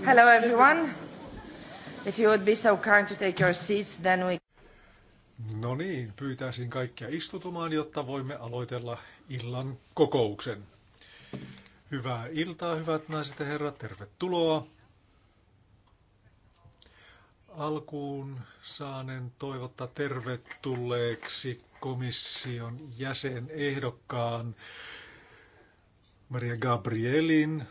Hello everyone. If you would be so kind to take your seats, then we... No niin, pyytäisin kaikkia istutumaan, jotta voimme aloitella illan kokouksen. Hyvää iltaa, hyvät naiset ja herrat, tervetuloa. Alkuun saanen toivottaa tervetulleeksi komission jäsenehdokkaan Maria Gabrielin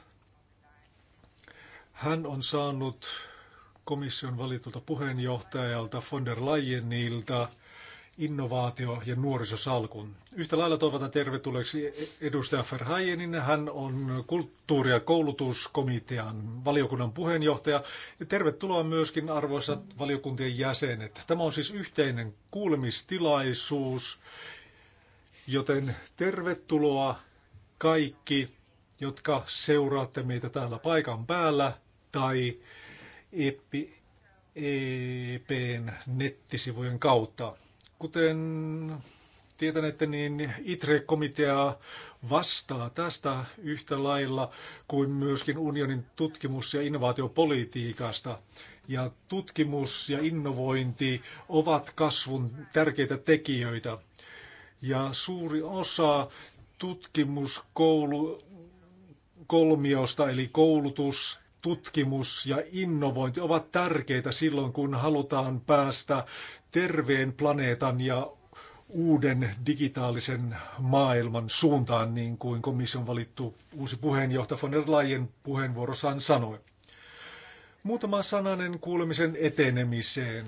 hän on saanut komission valitulta puheenjohtajalta von der Leyenilta innovaatio- ja nuorisosalkun. Yhtä lailla toivotan tervetulleeksi edustaja Ferhajenin. Hän on kulttuuri- ja koulutuskomitean valiokunnan puheenjohtaja. Ja tervetuloa myöskin arvoisat valiokuntien jäsenet. Tämä on siis yhteinen kuulemistilaisuus, joten tervetuloa kaikki, jotka seuraatte meitä täällä paikan päällä – tai EPn e nettisivujen kautta. Kuten tietänette, niin ITRE-komitea vastaa tästä yhtä lailla kuin myöskin unionin tutkimus- ja innovaatiopolitiikasta. Ja tutkimus ja innovointi ovat kasvun tärkeitä tekijöitä. Ja suuri osa tutkimuskoulu kolmiosta, eli koulutus, tutkimus ja innovointi ovat tärkeitä silloin, kun halutaan päästä terveen planeetan ja uuden digitaalisen maailman suuntaan, niin kuin komission valittu uusi puheenjohtaja von der Leyen puheenvuorossaan sanoi. Muutama sananen kuulemisen etenemiseen.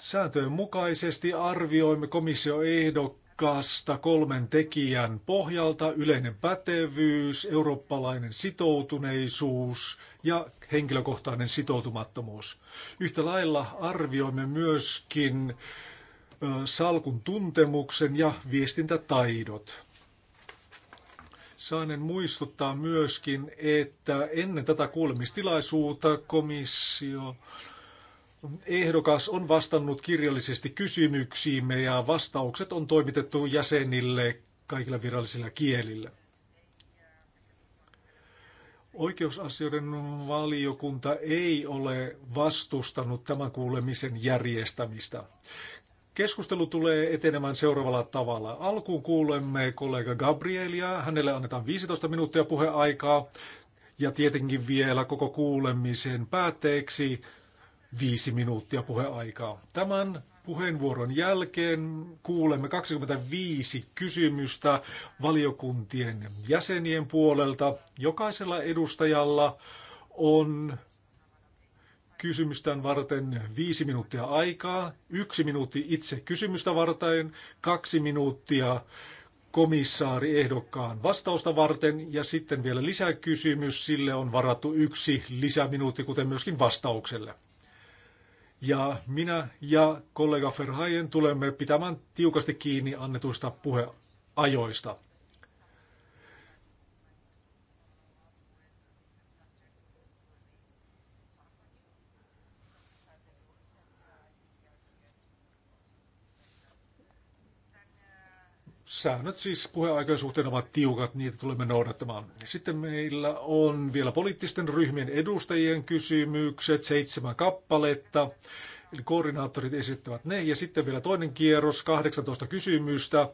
Sääntöjen mukaisesti arvioimme komissioehdokkaan kasta kolmen tekijän pohjalta yleinen pätevyys, eurooppalainen sitoutuneisuus ja henkilökohtainen sitoutumattomuus. Yhtä lailla arvioimme myöskin salkun tuntemuksen ja viestintätaidot. Saanen muistuttaa myöskin, että ennen tätä kuulemistilaisuutta komissio ehdokas on vastannut kirjallisesti kysymyksiimme ja vastaukset on toimitettu jäsenille kaikilla virallisilla kielillä. Oikeusasioiden valiokunta ei ole vastustanut tämän kuulemisen järjestämistä. Keskustelu tulee etenemään seuraavalla tavalla. Alkuun kuulemme kollega Gabrielia. Hänelle annetaan 15 minuuttia puheaikaa. Ja tietenkin vielä koko kuulemisen päätteeksi viisi minuuttia puheaikaa. Tämän puheenvuoron jälkeen kuulemme 25 kysymystä valiokuntien jäsenien puolelta. Jokaisella edustajalla on kysymystään varten viisi minuuttia aikaa, yksi minuutti itse kysymystä varten, kaksi minuuttia ehdokkaan vastausta varten ja sitten vielä lisäkysymys, sille on varattu yksi lisäminuutti, kuten myöskin vastaukselle. Ja minä ja kollega Ferhajen tulemme pitämään tiukasti kiinni annetuista puheajoista. säännöt siis puheaikojen suhteen ovat tiukat, niitä tulemme noudattamaan. Sitten meillä on vielä poliittisten ryhmien edustajien kysymykset, seitsemän kappaletta. Eli koordinaattorit esittävät ne. Ja sitten vielä toinen kierros, 18 kysymystä.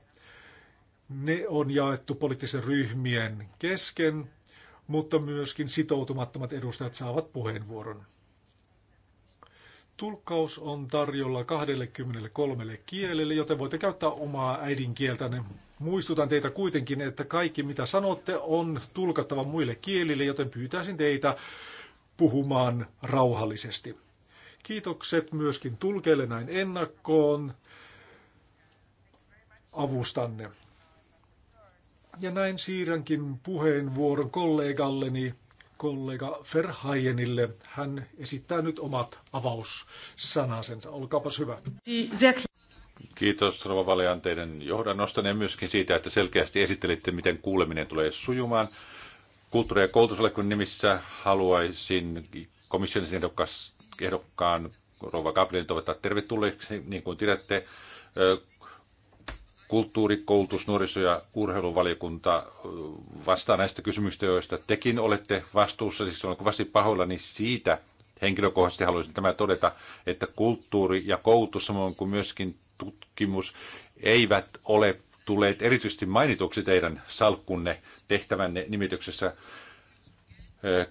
Ne on jaettu poliittisen ryhmien kesken, mutta myöskin sitoutumattomat edustajat saavat puheenvuoron. Tulkkaus on tarjolla 23 kielelle, joten voitte käyttää omaa äidinkieltänne. Muistutan teitä kuitenkin, että kaikki mitä sanotte on tulkattava muille kielille, joten pyytäisin teitä puhumaan rauhallisesti. Kiitokset myöskin tulkeille näin ennakkoon avustanne. Ja näin siirränkin puheenvuoron kollegalleni kollega Verhaajenille. Hän esittää nyt omat avaussanasensa. Olkaapas hyvä. Kiitos Rova Valean teidän johdannostanne ja myöskin siitä, että selkeästi esittelitte, miten kuuleminen tulee sujumaan. Kulttuuri- ja koulutusvaliokunnan nimissä haluaisin komission ehdokkaan Rova Gabrielin toivottaa tervetulleeksi. Niin kuin tiedätte, Kulttuuri, koulutus, nuoriso- ja urheiluvaliokunta vastaa näistä kysymyksistä, joista tekin olette vastuussa. siis on kovasti niin siitä, henkilökohtaisesti haluaisin tämä todeta, että kulttuuri ja koulutus, samoin kuin myöskin tutkimus, eivät ole tulleet erityisesti mainituksi teidän salkkunne tehtävänne nimityksessä.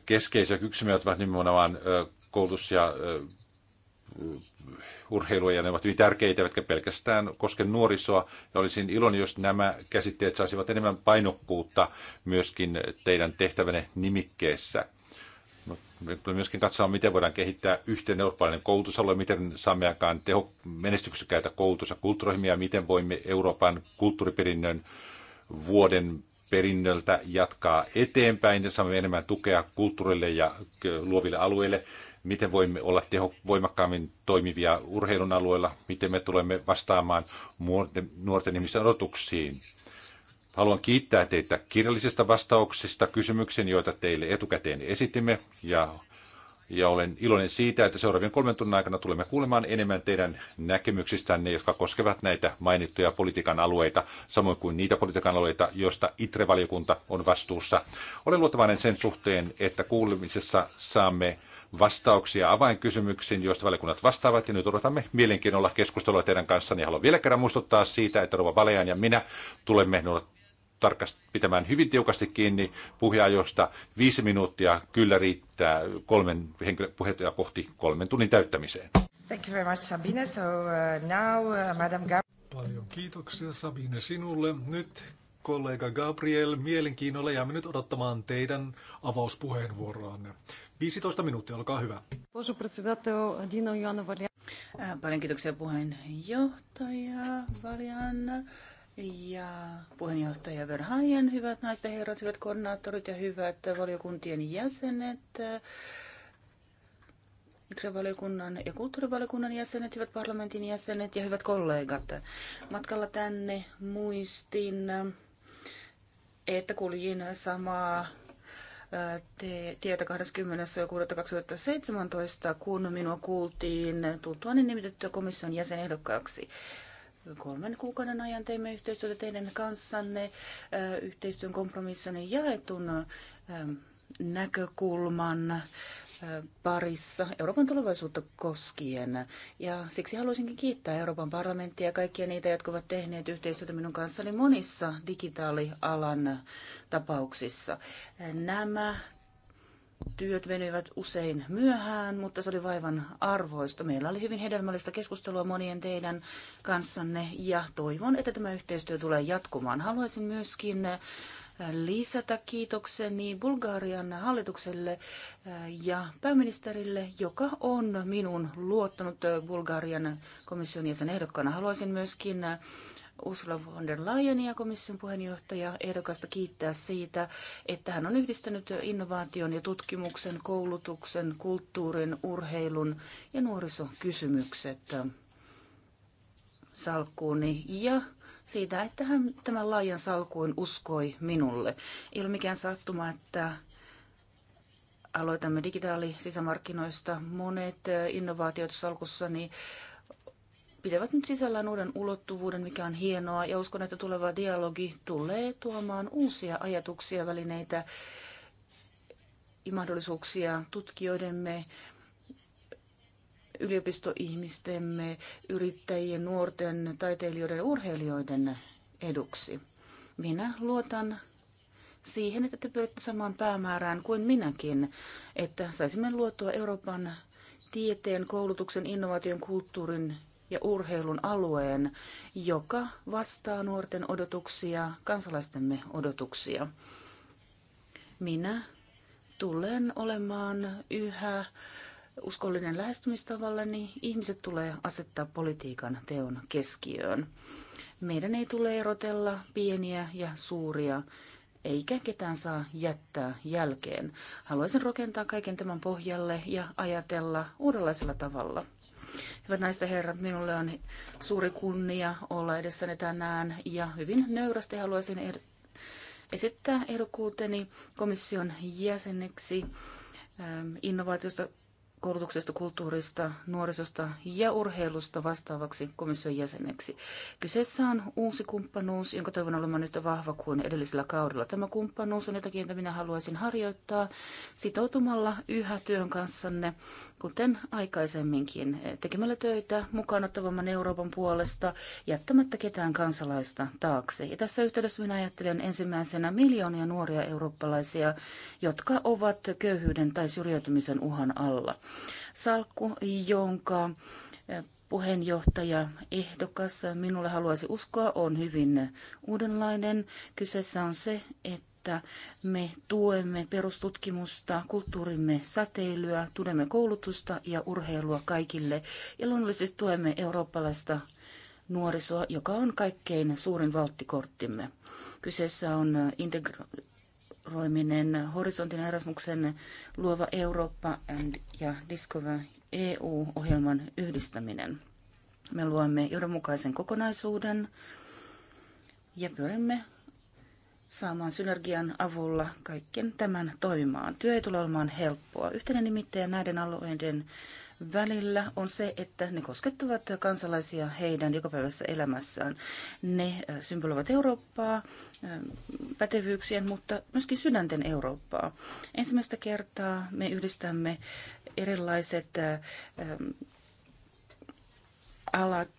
Keskeisiä kysymiä ovat nimenomaan koulutus ja urheilua ja ne ovat hyvin tärkeitä, eivätkä pelkästään koske nuorisoa. Ja olisin iloinen, jos nämä käsitteet saisivat enemmän painokkuutta myöskin teidän tehtävänne nimikkeessä. Mutta myöskin katsoa, miten voidaan kehittää yhteen eurooppalainen koulutusalue, miten saamme aikaan teho, menestyksekäitä koulutus- ja kulttuuriohjelmia, miten voimme Euroopan kulttuuriperinnön vuoden perinnöltä jatkaa eteenpäin ja saamme enemmän tukea kulttuurille ja luoville alueille miten voimme olla teho, voimakkaammin toimivia urheilun alueella, miten me tulemme vastaamaan nuorten, nuorten ihmisten odotuksiin. Haluan kiittää teitä kirjallisista vastauksista kysymyksiin, joita teille etukäteen esitimme, ja, ja olen iloinen siitä, että seuraavien kolmen tunnin aikana tulemme kuulemaan enemmän teidän näkemyksistänne, jotka koskevat näitä mainittuja politiikan alueita, samoin kuin niitä politiikan alueita, joista ITRE-valiokunta on vastuussa. Olen luottavainen sen suhteen, että kuulemisessa saamme vastauksia avainkysymyksiin, joista valiokunnat vastaavat. Ja nyt odotamme mielenkiinnolla keskustelua teidän kanssa, niin Haluan vielä kerran muistuttaa siitä, että Rova Valean ja minä tulemme tarkasti pitämään hyvin tiukasti kiinni puheajoista. Viisi minuuttia kyllä riittää kolmen henkilö, puheenjohtaja kohti kolmen tunnin täyttämiseen. Thank you very much, Sabine. So uh, now, uh, Madam Gab- Paljon kiitoksia Sabine sinulle. Nyt kollega Gabriel, mielenkiinnolla jäämme nyt odottamaan teidän avauspuheenvuoroanne. 15 minuuttia, olkaa hyvä. Äh, paljon kiitoksia puheenjohtaja Valjan ja puheenjohtaja Verhaajan, hyvät naiset ja herrat, hyvät koordinaattorit ja hyvät valiokuntien jäsenet. Itre-valiokunnan ja kulttuurivaliokunnan jäsenet, hyvät parlamentin jäsenet ja hyvät kollegat. Matkalla tänne muistin, että kuljin samaa 20. tietä 2017, kun minua kuultiin tuttuani niin nimitettyä komission jäsenehdokkaaksi. Kolmen kuukauden ajan teimme yhteistyötä teidän kanssanne yhteistyön kompromissanne jaetun näkökulman parissa Euroopan tulevaisuutta koskien. Ja siksi haluaisinkin kiittää Euroopan parlamenttia ja kaikkia niitä, jotka ovat tehneet yhteistyötä minun kanssani monissa digitaalialan tapauksissa. Nämä työt venyivät usein myöhään, mutta se oli vaivan arvoista. Meillä oli hyvin hedelmällistä keskustelua monien teidän kanssanne ja toivon, että tämä yhteistyö tulee jatkumaan. Haluaisin myöskin lisätä kiitokseni Bulgarian hallitukselle äh, ja pääministerille, joka on minun luottanut äh, Bulgarian komission ehdokkaana. Haluaisin myöskin äh, Ursula von der ja komission puheenjohtaja ehdokasta, kiittää siitä, että hän on yhdistänyt innovaation ja tutkimuksen, koulutuksen, kulttuurin, urheilun ja nuorisokysymykset salkkuuni. Ja siitä, että hän tämän laajan salkuun uskoi minulle. Ei ole mikään sattuma, että aloitamme digitaali sisämarkkinoista. Monet innovaatiot salkussani niin pitävät nyt sisällään uuden ulottuvuuden, mikä on hienoa, ja uskon, että tuleva dialogi tulee tuomaan uusia ajatuksia, välineitä ja mahdollisuuksia tutkijoidemme yliopistoihmistemme, yrittäjien, nuorten, taiteilijoiden ja urheilijoiden eduksi. Minä luotan siihen, että te pyritte samaan päämäärään kuin minäkin, että saisimme luotua Euroopan tieteen, koulutuksen, innovaation, kulttuurin ja urheilun alueen, joka vastaa nuorten odotuksia, kansalaistemme odotuksia. Minä tulen olemaan yhä uskollinen lähestymistavalla, niin ihmiset tulee asettaa politiikan teon keskiöön. Meidän ei tule erotella pieniä ja suuria, eikä ketään saa jättää jälkeen. Haluaisin rakentaa kaiken tämän pohjalle ja ajatella uudenlaisella tavalla. Hyvät naiset ja herrat, minulle on suuri kunnia olla edessäni tänään ja hyvin nöyrästi haluaisin er- esittää ehdokkuuteni komission jäseneksi innovaatiosta koulutuksesta, kulttuurista, nuorisosta ja urheilusta vastaavaksi komission jäseneksi. Kyseessä on uusi kumppanuus, jonka toivon olemaan nyt vahva kuin edellisellä kaudella. Tämä kumppanuus on jotakin, jota minä haluaisin harjoittaa sitoutumalla yhä työn kanssanne kuten aikaisemminkin, tekemällä töitä ottavamman Euroopan puolesta, jättämättä ketään kansalaista taakse. Ja tässä yhteydessä minä ajattelen ensimmäisenä miljoonia nuoria eurooppalaisia, jotka ovat köyhyyden tai syrjäytymisen uhan alla. Salkku, jonka eh, puheenjohtaja ehdokas minulle haluaisi uskoa on hyvin uudenlainen. Kyseessä on se, että että me tuemme perustutkimusta, kulttuurimme säteilyä, tuemme koulutusta ja urheilua kaikille ja luonnollisesti tuemme eurooppalaista nuorisoa, joka on kaikkein suurin valttikorttimme. Kyseessä on integroiminen Horisontin Erasmuksen luova Eurooppa ja Discover EU-ohjelman yhdistäminen. Me luomme johdonmukaisen kokonaisuuden ja pyrimme saamaan synergian avulla kaiken tämän toimimaan. Työ ei tule olemaan helppoa. Yhteinen nimittäjä näiden alueiden välillä on se, että ne koskettavat kansalaisia heidän jokapäiväisessä elämässään. Ne symboloivat Eurooppaa, pätevyyksien, mutta myöskin sydänten Eurooppaa. Ensimmäistä kertaa me yhdistämme erilaiset alat,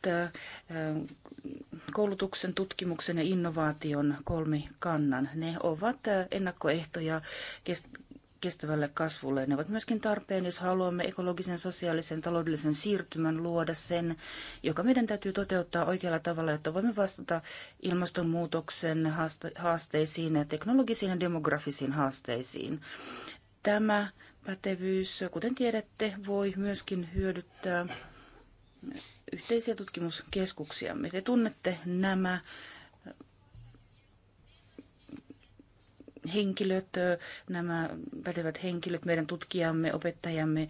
koulutuksen, tutkimuksen ja innovaation kolmikannan, ne ovat ennakkoehtoja kestävälle kasvulle. Ne ovat myöskin tarpeen, jos haluamme ekologisen, sosiaalisen, taloudellisen siirtymän luoda sen, joka meidän täytyy toteuttaa oikealla tavalla, jotta voimme vastata ilmastonmuutoksen haasteisiin, teknologisiin ja demografisiin haasteisiin. Tämä pätevyys, kuten tiedätte, voi myöskin hyödyttää yhteisiä tutkimuskeskuksia. Te tunnette nämä henkilöt, nämä pätevät henkilöt, meidän tutkijamme, opettajamme,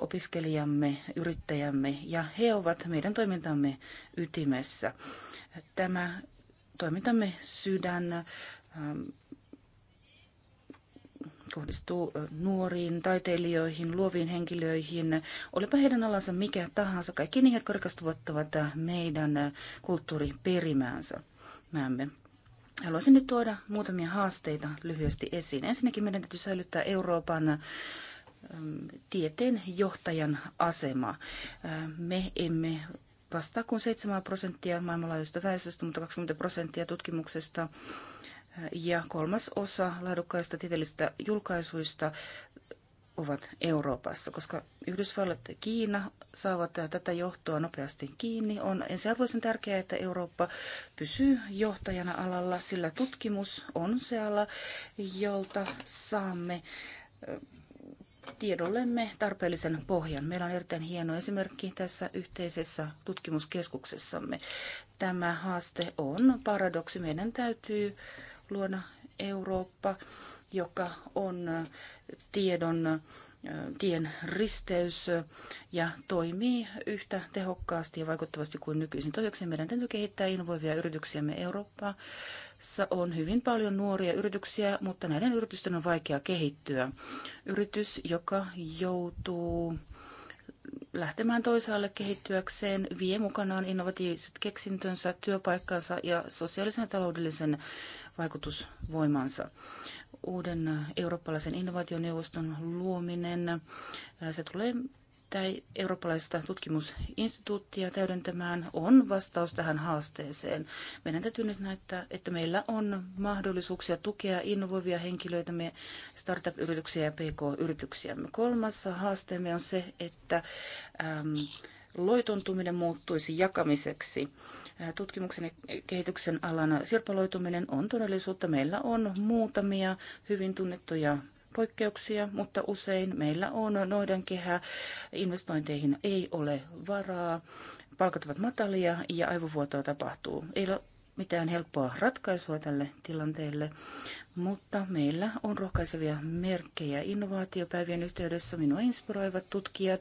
opiskelijamme, yrittäjämme ja he ovat meidän toimintamme ytimessä. Tämä toimintamme sydän ähm, kohdistuu nuoriin, taiteilijoihin, luoviin henkilöihin, olipa heidän alansa mikä tahansa. Kaikki niihin jotka rikastuvat meidän kulttuuriperimäänsä. Mämme. Haluaisin nyt tuoda muutamia haasteita lyhyesti esiin. Ensinnäkin meidän täytyy säilyttää Euroopan tieteen johtajan asema. Me emme vastaa kuin 7 prosenttia maailmanlaajuisesta väestöstä, mutta 20 prosenttia tutkimuksesta ja kolmas osa laadukkaista tieteellisistä julkaisuista ovat Euroopassa, koska Yhdysvallat ja Kiina saavat tätä johtoa nopeasti kiinni. On ensiarvoisen tärkeää, että Eurooppa pysyy johtajana alalla, sillä tutkimus on se ala, jolta saamme tiedollemme tarpeellisen pohjan. Meillä on erittäin hieno esimerkki tässä yhteisessä tutkimuskeskuksessamme. Tämä haaste on paradoksi. Meidän täytyy luona Eurooppa, joka on äh, tiedon äh, tien risteys äh, ja toimii yhtä tehokkaasti ja vaikuttavasti kuin nykyisin. Toiseksi meidän täytyy kehittää innovoivia yrityksiämme Euroopassa. On hyvin paljon nuoria yrityksiä, mutta näiden yritysten on vaikea kehittyä. Yritys, joka joutuu lähtemään toisaalle kehittyäkseen, vie mukanaan innovatiiviset keksintönsä, työpaikkansa ja sosiaalisen ja taloudellisen vaikutusvoimansa. Uuden eurooppalaisen innovaationeuvoston luominen, se tulee tai eurooppalaista tutkimusinstituuttia täydentämään on vastaus tähän haasteeseen. Meidän täytyy nyt näyttää, että meillä on mahdollisuuksia tukea innovoivia me startup-yrityksiä ja pk yrityksiä Kolmas haasteemme on se, että ähm, loitontuminen muuttuisi jakamiseksi. Tutkimuksen ja kehityksen alana sirpaloituminen on todellisuutta. Meillä on muutamia hyvin tunnettuja poikkeuksia, mutta usein meillä on noidankehä, investointeihin ei ole varaa, palkat ovat matalia ja aivovuotoa tapahtuu. Ei ole mitään helppoa ratkaisua tälle tilanteelle, mutta meillä on rohkaisevia merkkejä innovaatiopäivien yhteydessä. Minua inspiroivat tutkijat,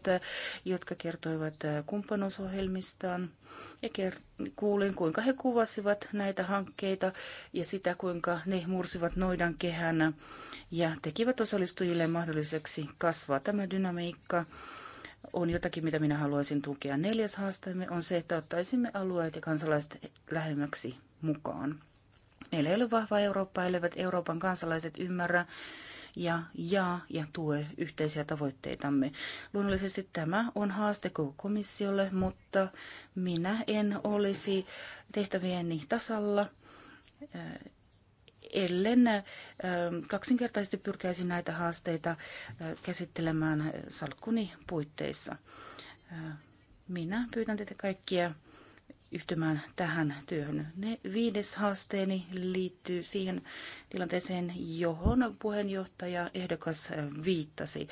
jotka kertoivat kumppanuusohjelmistaan ja ker- kuulin, kuinka he kuvasivat näitä hankkeita ja sitä, kuinka ne mursivat noidan kehän ja tekivät osallistujille mahdolliseksi kasvaa tämä dynamiikka on jotakin, mitä minä haluaisin tukea. Neljäs haasteemme on se, että ottaisimme alueet ja kansalaiset lähemmäksi mukaan. Meillä ei ole vahvaa Eurooppaa, elleivät Euroopan kansalaiset ymmärrä ja jaa ja tue yhteisiä tavoitteitamme. Luonnollisesti tämä on haaste koko komissiolle, mutta minä en olisi tehtävieni tasalla, ellen kaksinkertaisesti pyrkäisi näitä haasteita käsittelemään salkkuni puitteissa. Minä pyytän teitä kaikkia yhtymään tähän työhön. Ne viides haasteeni liittyy siihen tilanteeseen, johon puheenjohtaja ehdokas viittasi.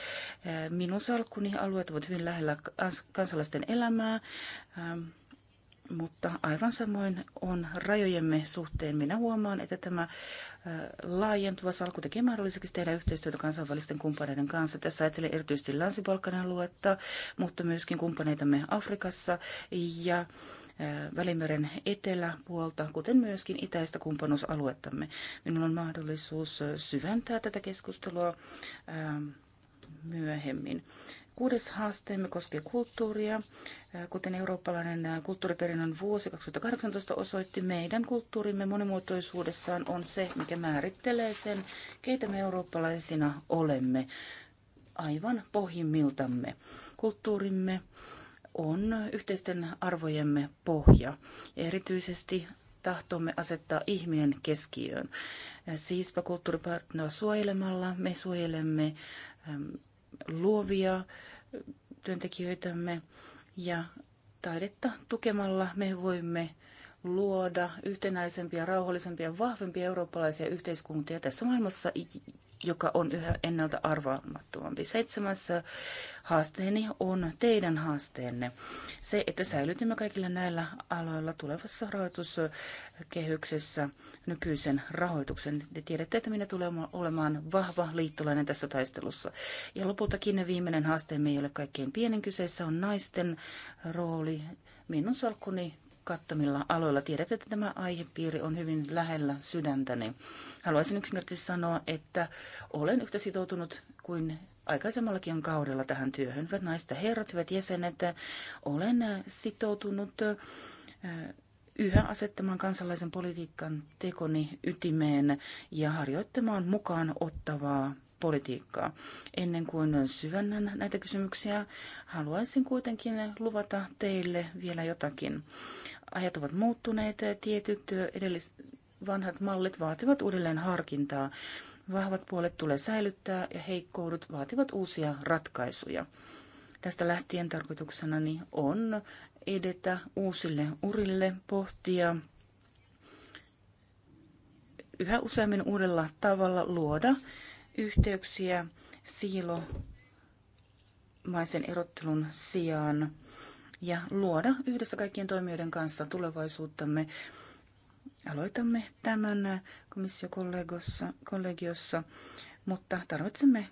Minun salkkuni alueet ovat hyvin lähellä kansalaisten elämää, ähm, mutta aivan samoin on rajojemme suhteen. Minä huomaan, että tämä äh, laajentuva salkku tekee mahdolliseksi tehdä yhteistyötä kansainvälisten kumppaneiden kanssa. Tässä ajattelen erityisesti Länsi-Balkanin aluetta, mutta myöskin kumppaneitamme Afrikassa ja Välimeren eteläpuolta, kuten myöskin itäistä kumppanuusaluettamme. Minulla on mahdollisuus syventää tätä keskustelua myöhemmin. Kuudes haasteemme koskee kulttuuria. Kuten eurooppalainen kulttuuriperinnön vuosi 2018 osoitti, meidän kulttuurimme monimuotoisuudessaan on se, mikä määrittelee sen, keitä me eurooppalaisina olemme aivan pohjimmiltamme. Kulttuurimme on yhteisten arvojemme pohja. Erityisesti tahtomme asettaa ihminen keskiöön. Siispä kulttuuripartnoa suojelemalla me suojelemme luovia työntekijöitämme ja taidetta tukemalla me voimme luoda yhtenäisempiä, rauhallisempia, vahvempia eurooppalaisia yhteiskuntia tässä maailmassa, joka on yhä ennalta arvaamattomampi. Seitsemässä haasteeni on teidän haasteenne. Se, että säilytimme kaikilla näillä aloilla tulevassa rahoituskehyksessä nykyisen rahoituksen. Te tiedätte, että minä tulee olemaan vahva liittolainen tässä taistelussa. Ja lopultakin viimeinen haasteemme ei ole kaikkein pienen kyseessä, on naisten rooli. Minun salkkuni kattamilla aloilla. Tiedät, että tämä aihepiiri on hyvin lähellä sydäntäni. Haluaisin yksinkertaisesti sanoa, että olen yhtä sitoutunut kuin aikaisemmallakin on kaudella tähän työhön. Hyvät naiset ja herrat, hyvät jäsenet, olen sitoutunut eh, yhä asettamaan kansalaisen politiikan tekoni ytimeen ja harjoittamaan mukaan ottavaa politiikkaa. Ennen kuin syvennän näitä kysymyksiä, haluaisin kuitenkin luvata teille vielä jotakin. Ajat ovat muuttuneet, tietyt edelliset vanhat mallit vaativat uudelleen harkintaa. Vahvat puolet tulee säilyttää ja heikkoudut vaativat uusia ratkaisuja. Tästä lähtien tarkoituksenani on edetä uusille urille, pohtia yhä useammin uudella tavalla luoda yhteyksiä siilomaisen erottelun sijaan ja luoda yhdessä kaikkien toimijoiden kanssa tulevaisuuttamme. Aloitamme tämän komissiokollegiossa, mutta tarvitsemme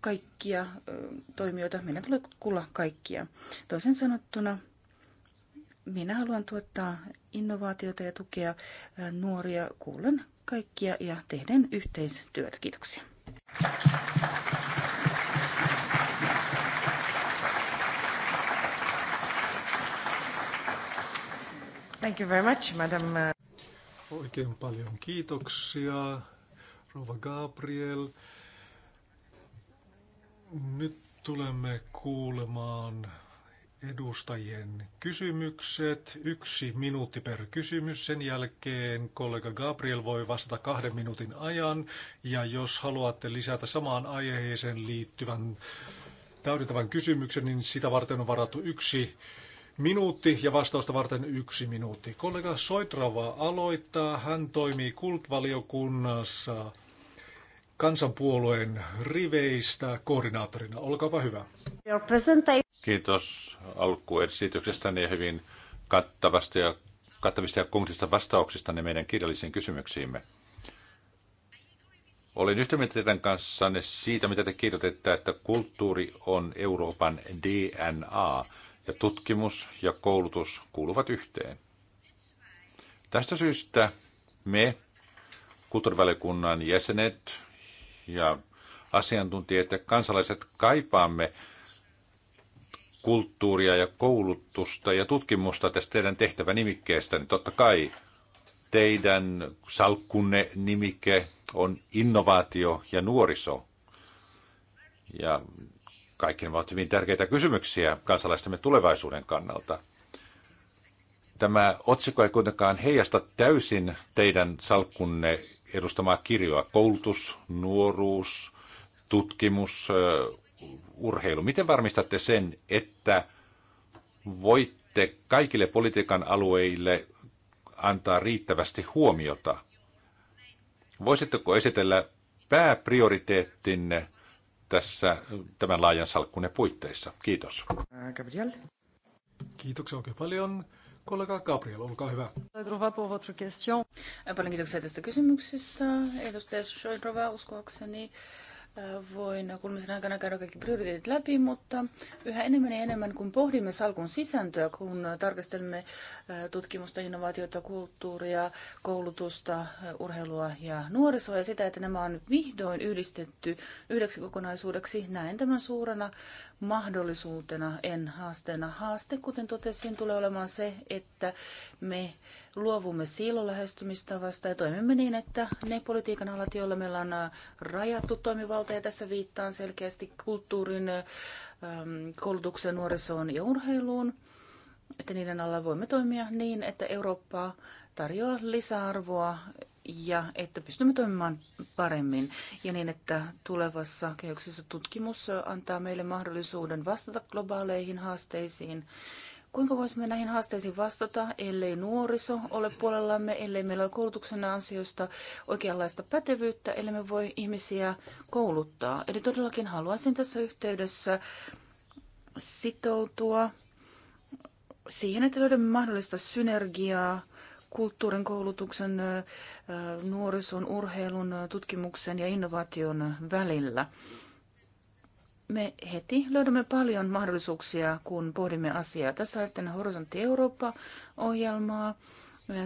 kaikkia toimijoita. Meidän tulee kuulla kaikkia. Toisen sanottuna minä haluan tuottaa innovaatioita ja tukea nuoria. Kuulen kaikkia ja tehden yhteistyötä. Kiitoksia. Thank you very much, madam. Uh, Oikein paljon kiitoksia, Rova Gabriel. Nyt tulemme kuulemaan edustajien kysymykset. Yksi minuutti per kysymys. Sen jälkeen kollega Gabriel voi vastata kahden minuutin ajan. Ja jos haluatte lisätä samaan aiheeseen liittyvän täydentävän kysymyksen, niin sitä varten on varattu yksi minuutti ja vastausta varten yksi minuutti. Kollega Soitrava aloittaa. Hän toimii kultvaliokunnassa kansanpuolueen riveistä koordinaattorina. Olkaapa hyvä. Kiitos alkuesityksestäni ja hyvin kattavasta ja kattavista ja kunnista vastauksista ne meidän kirjallisiin kysymyksiimme. Olen yhtä mieltä teidän kanssanne siitä, mitä te kirjoitette, että kulttuuri on Euroopan DNA ja tutkimus ja koulutus kuuluvat yhteen. Tästä syystä me, kulttuurivaliokunnan jäsenet ja asiantuntijat ja kansalaiset kaipaamme kulttuuria ja koulutusta ja tutkimusta tästä teidän tehtävänimikkeestä, niin totta kai teidän salkkunne nimike on innovaatio ja nuoriso. Ja kaikki nämä ovat hyvin tärkeitä kysymyksiä kansalaistemme tulevaisuuden kannalta. Tämä otsikko ei kuitenkaan heijasta täysin teidän salkkunne edustamaa kirjoa. Koulutus, nuoruus, tutkimus, urheilu. Miten varmistatte sen, että voitte kaikille politiikan alueille antaa riittävästi huomiota? Voisitteko esitellä pääprioriteettinne tässä tämän laajan salkkunne puitteissa. Kiitos. Gabriel. Kiitoksia oikein paljon. Kollega Gabriel, olkaa hyvä. Paljon kiitoksia tästä kysymyksestä. Edustaja Shoidrova, uskoakseni voin kulmisen aikana käydä kaikki prioriteetit läpi, mutta yhä enemmän ja enemmän, kun pohdimme salkun sisäntöä, kun tarkastelemme äh, tutkimusta, innovaatioita, kulttuuria, koulutusta, äh, urheilua ja nuorisoa ja sitä, että nämä on vihdoin yhdistetty yhdeksi kokonaisuudeksi, näen tämän suurena mahdollisuutena, en haasteena. Haaste, kuten totesin, tulee olemaan se, että me luovumme siilolähestymistavasta ja toimimme niin, että ne politiikan alat, joilla meillä on äh, rajattu toimivalta, ja tässä viittaan selkeästi kulttuurin, ähm, koulutuksen, nuorisoon ja urheiluun, että niiden alla voimme toimia niin, että Eurooppa tarjoaa lisäarvoa ja että pystymme toimimaan paremmin ja niin, että tulevassa kehyksessä tutkimus antaa meille mahdollisuuden vastata globaaleihin haasteisiin. Kuinka voisimme näihin haasteisiin vastata, ellei nuoriso ole puolellamme, ellei meillä ole koulutuksen ansiosta oikeanlaista pätevyyttä, ellei me voi ihmisiä kouluttaa. Eli todellakin haluaisin tässä yhteydessä sitoutua siihen, että löydämme mahdollista synergiaa kulttuurin, koulutuksen, nuorison, urheilun, tutkimuksen ja innovaation välillä. Me heti löydämme paljon mahdollisuuksia, kun pohdimme asiaa. Tässä ajattelen Horisontti Eurooppa-ohjelmaa,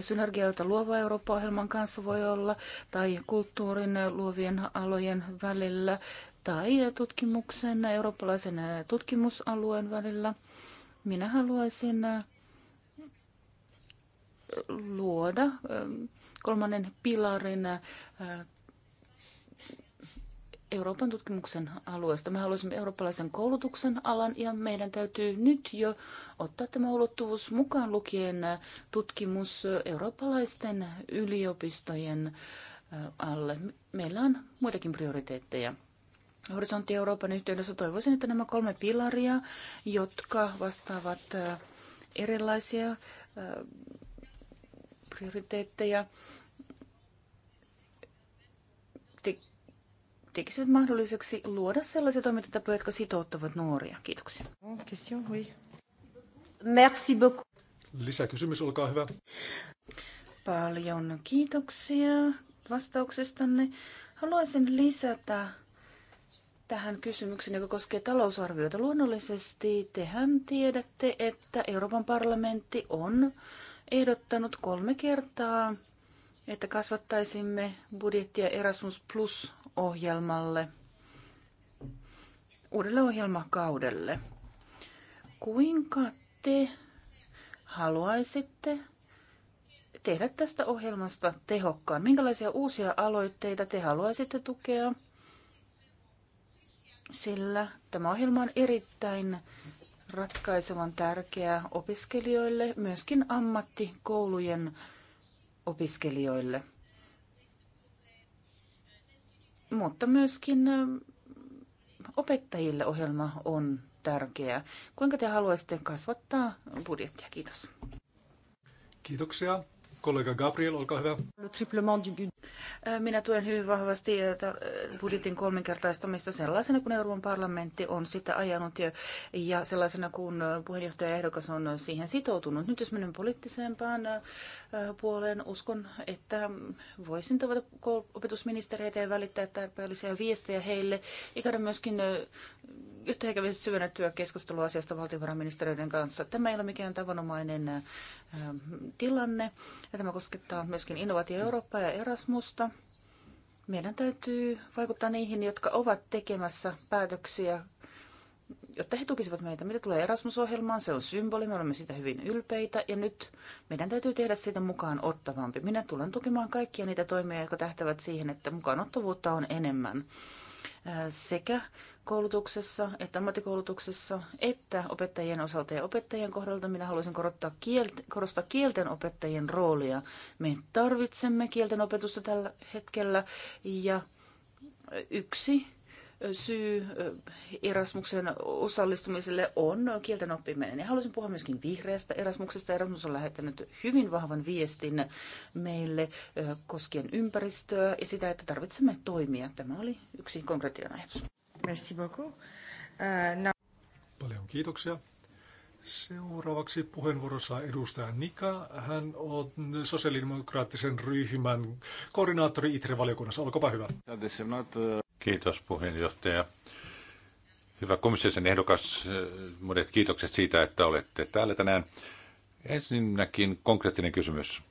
synergioita Luova Eurooppa-ohjelman kanssa voi olla, tai kulttuurin luovien alojen välillä, tai tutkimuksen eurooppalaisen tutkimusalueen välillä. Minä haluaisin luoda ähm, kolmannen pilarin äh, Euroopan tutkimuksen alueesta. Me haluaisimme eurooppalaisen koulutuksen alan ja meidän täytyy nyt jo ottaa tämä ulottuvuus mukaan lukien äh, tutkimus eurooppalaisten yliopistojen äh, alle. Meillä on muitakin prioriteetteja. Horisontti Euroopan yhteydessä toivoisin, että nämä kolme pilaria, jotka vastaavat erilaisia prioriteetteja te- tekisivät mahdolliseksi luoda sellaisia toimintatapoja, jotka sitouttavat nuoria. Kiitoksia. Oh, question, oui. Merci beaucoup. Lisäkysymys, olkaa hyvä. Paljon kiitoksia vastauksestanne. Haluaisin lisätä tähän kysymykseen, joka koskee talousarviota. Luonnollisesti tehän tiedätte, että Euroopan parlamentti on ehdottanut kolme kertaa, että kasvattaisimme budjettia Erasmus Plus-ohjelmalle uudelle ohjelmakaudelle. Kuinka te haluaisitte tehdä tästä ohjelmasta tehokkaan? Minkälaisia uusia aloitteita te haluaisitte tukea? Sillä tämä ohjelma on erittäin ratkaisevan tärkeää opiskelijoille, myöskin ammattikoulujen opiskelijoille. Mutta myöskin opettajille ohjelma on tärkeä. Kuinka te haluaisitte kasvattaa budjettia? Kiitos. Kiitoksia. Kollega Gabriel, olkaa hyvä. Äh, minä tuen hyvin vahvasti äh, budjetin kolminkertaistamista sellaisena kuin Euroopan parlamentti on sitä ajanut ja sellaisena kuin äh, puheenjohtaja ehdokas on siihen sitoutunut. Nyt jos menen poliittisempaan puoleen, uskon, että mm, voisin tavata opetusministeriöitä ja välittää tarpeellisia viestejä heille ja myöskin jotta he kävisivät syvennettyä keskustelua asiasta valtiovarainministeriöiden kanssa. Tämä ei ole mikään tavanomainen äh, tilanne. Ja tämä koskettaa myöskin Innovaatio Eurooppaa ja Erasmusta. Meidän täytyy vaikuttaa niihin, jotka ovat tekemässä päätöksiä, jotta he tukisivat meitä. Mitä tulee Erasmus-ohjelmaan, se on symboli, me olemme siitä hyvin ylpeitä ja nyt meidän täytyy tehdä siitä mukaan ottavampi. Minä tulen tukemaan kaikkia niitä toimia, jotka tähtävät siihen, että mukaan ottavuutta on enemmän äh, sekä koulutuksessa, että ammattikoulutuksessa, että opettajien osalta ja opettajien kohdalta. Minä haluaisin korottaa kielt, korostaa kielten opettajien roolia. Me tarvitsemme kielten opetusta tällä hetkellä ja yksi syy eh, Erasmuksen osallistumiselle on kielten oppiminen. Ja haluaisin puhua myöskin vihreästä Erasmuksesta. Erasmus on lähettänyt hyvin vahvan viestin meille eh, koskien ympäristöä ja sitä, että tarvitsemme toimia. Tämä oli yksi konkreettinen ajatus. Merci beaucoup. Uh, now... Paljon kiitoksia. Seuraavaksi puheenvuorossa edustaja Nika. Hän on sosiaalidemokraattisen ryhmän koordinaattori ITRE-valiokunnassa. Olkaapa hyvä. Kiitos puheenjohtaja. Hyvä komission ehdokas, monet kiitokset siitä, että olette täällä tänään. Ensinnäkin konkreettinen kysymys.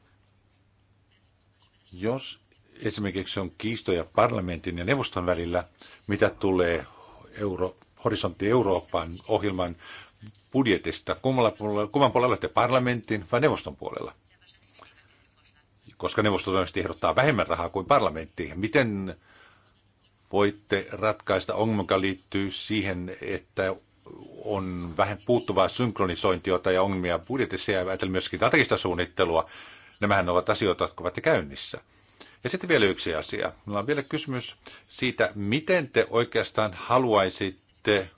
Jos esimerkiksi on kiistoja parlamentin ja neuvoston välillä, mitä tulee Euro, Horisontti Euroopan ohjelman budjetista. Kummalla puolella, kumman puolella olette parlamentin vai neuvoston puolella? Koska neuvosto todennäköisesti ehdottaa vähemmän rahaa kuin parlamentti. Miten voitte ratkaista ongelman, joka liittyy siihen, että on vähän puuttuvaa synkronisointiota ja ongelmia budjetissa ja ajatellen myöskin strategista suunnittelua. Nämähän ovat asioita, jotka ovat käynnissä. Ja sitten vielä yksi asia. Minulla on vielä kysymys siitä, miten te oikeastaan haluaisitte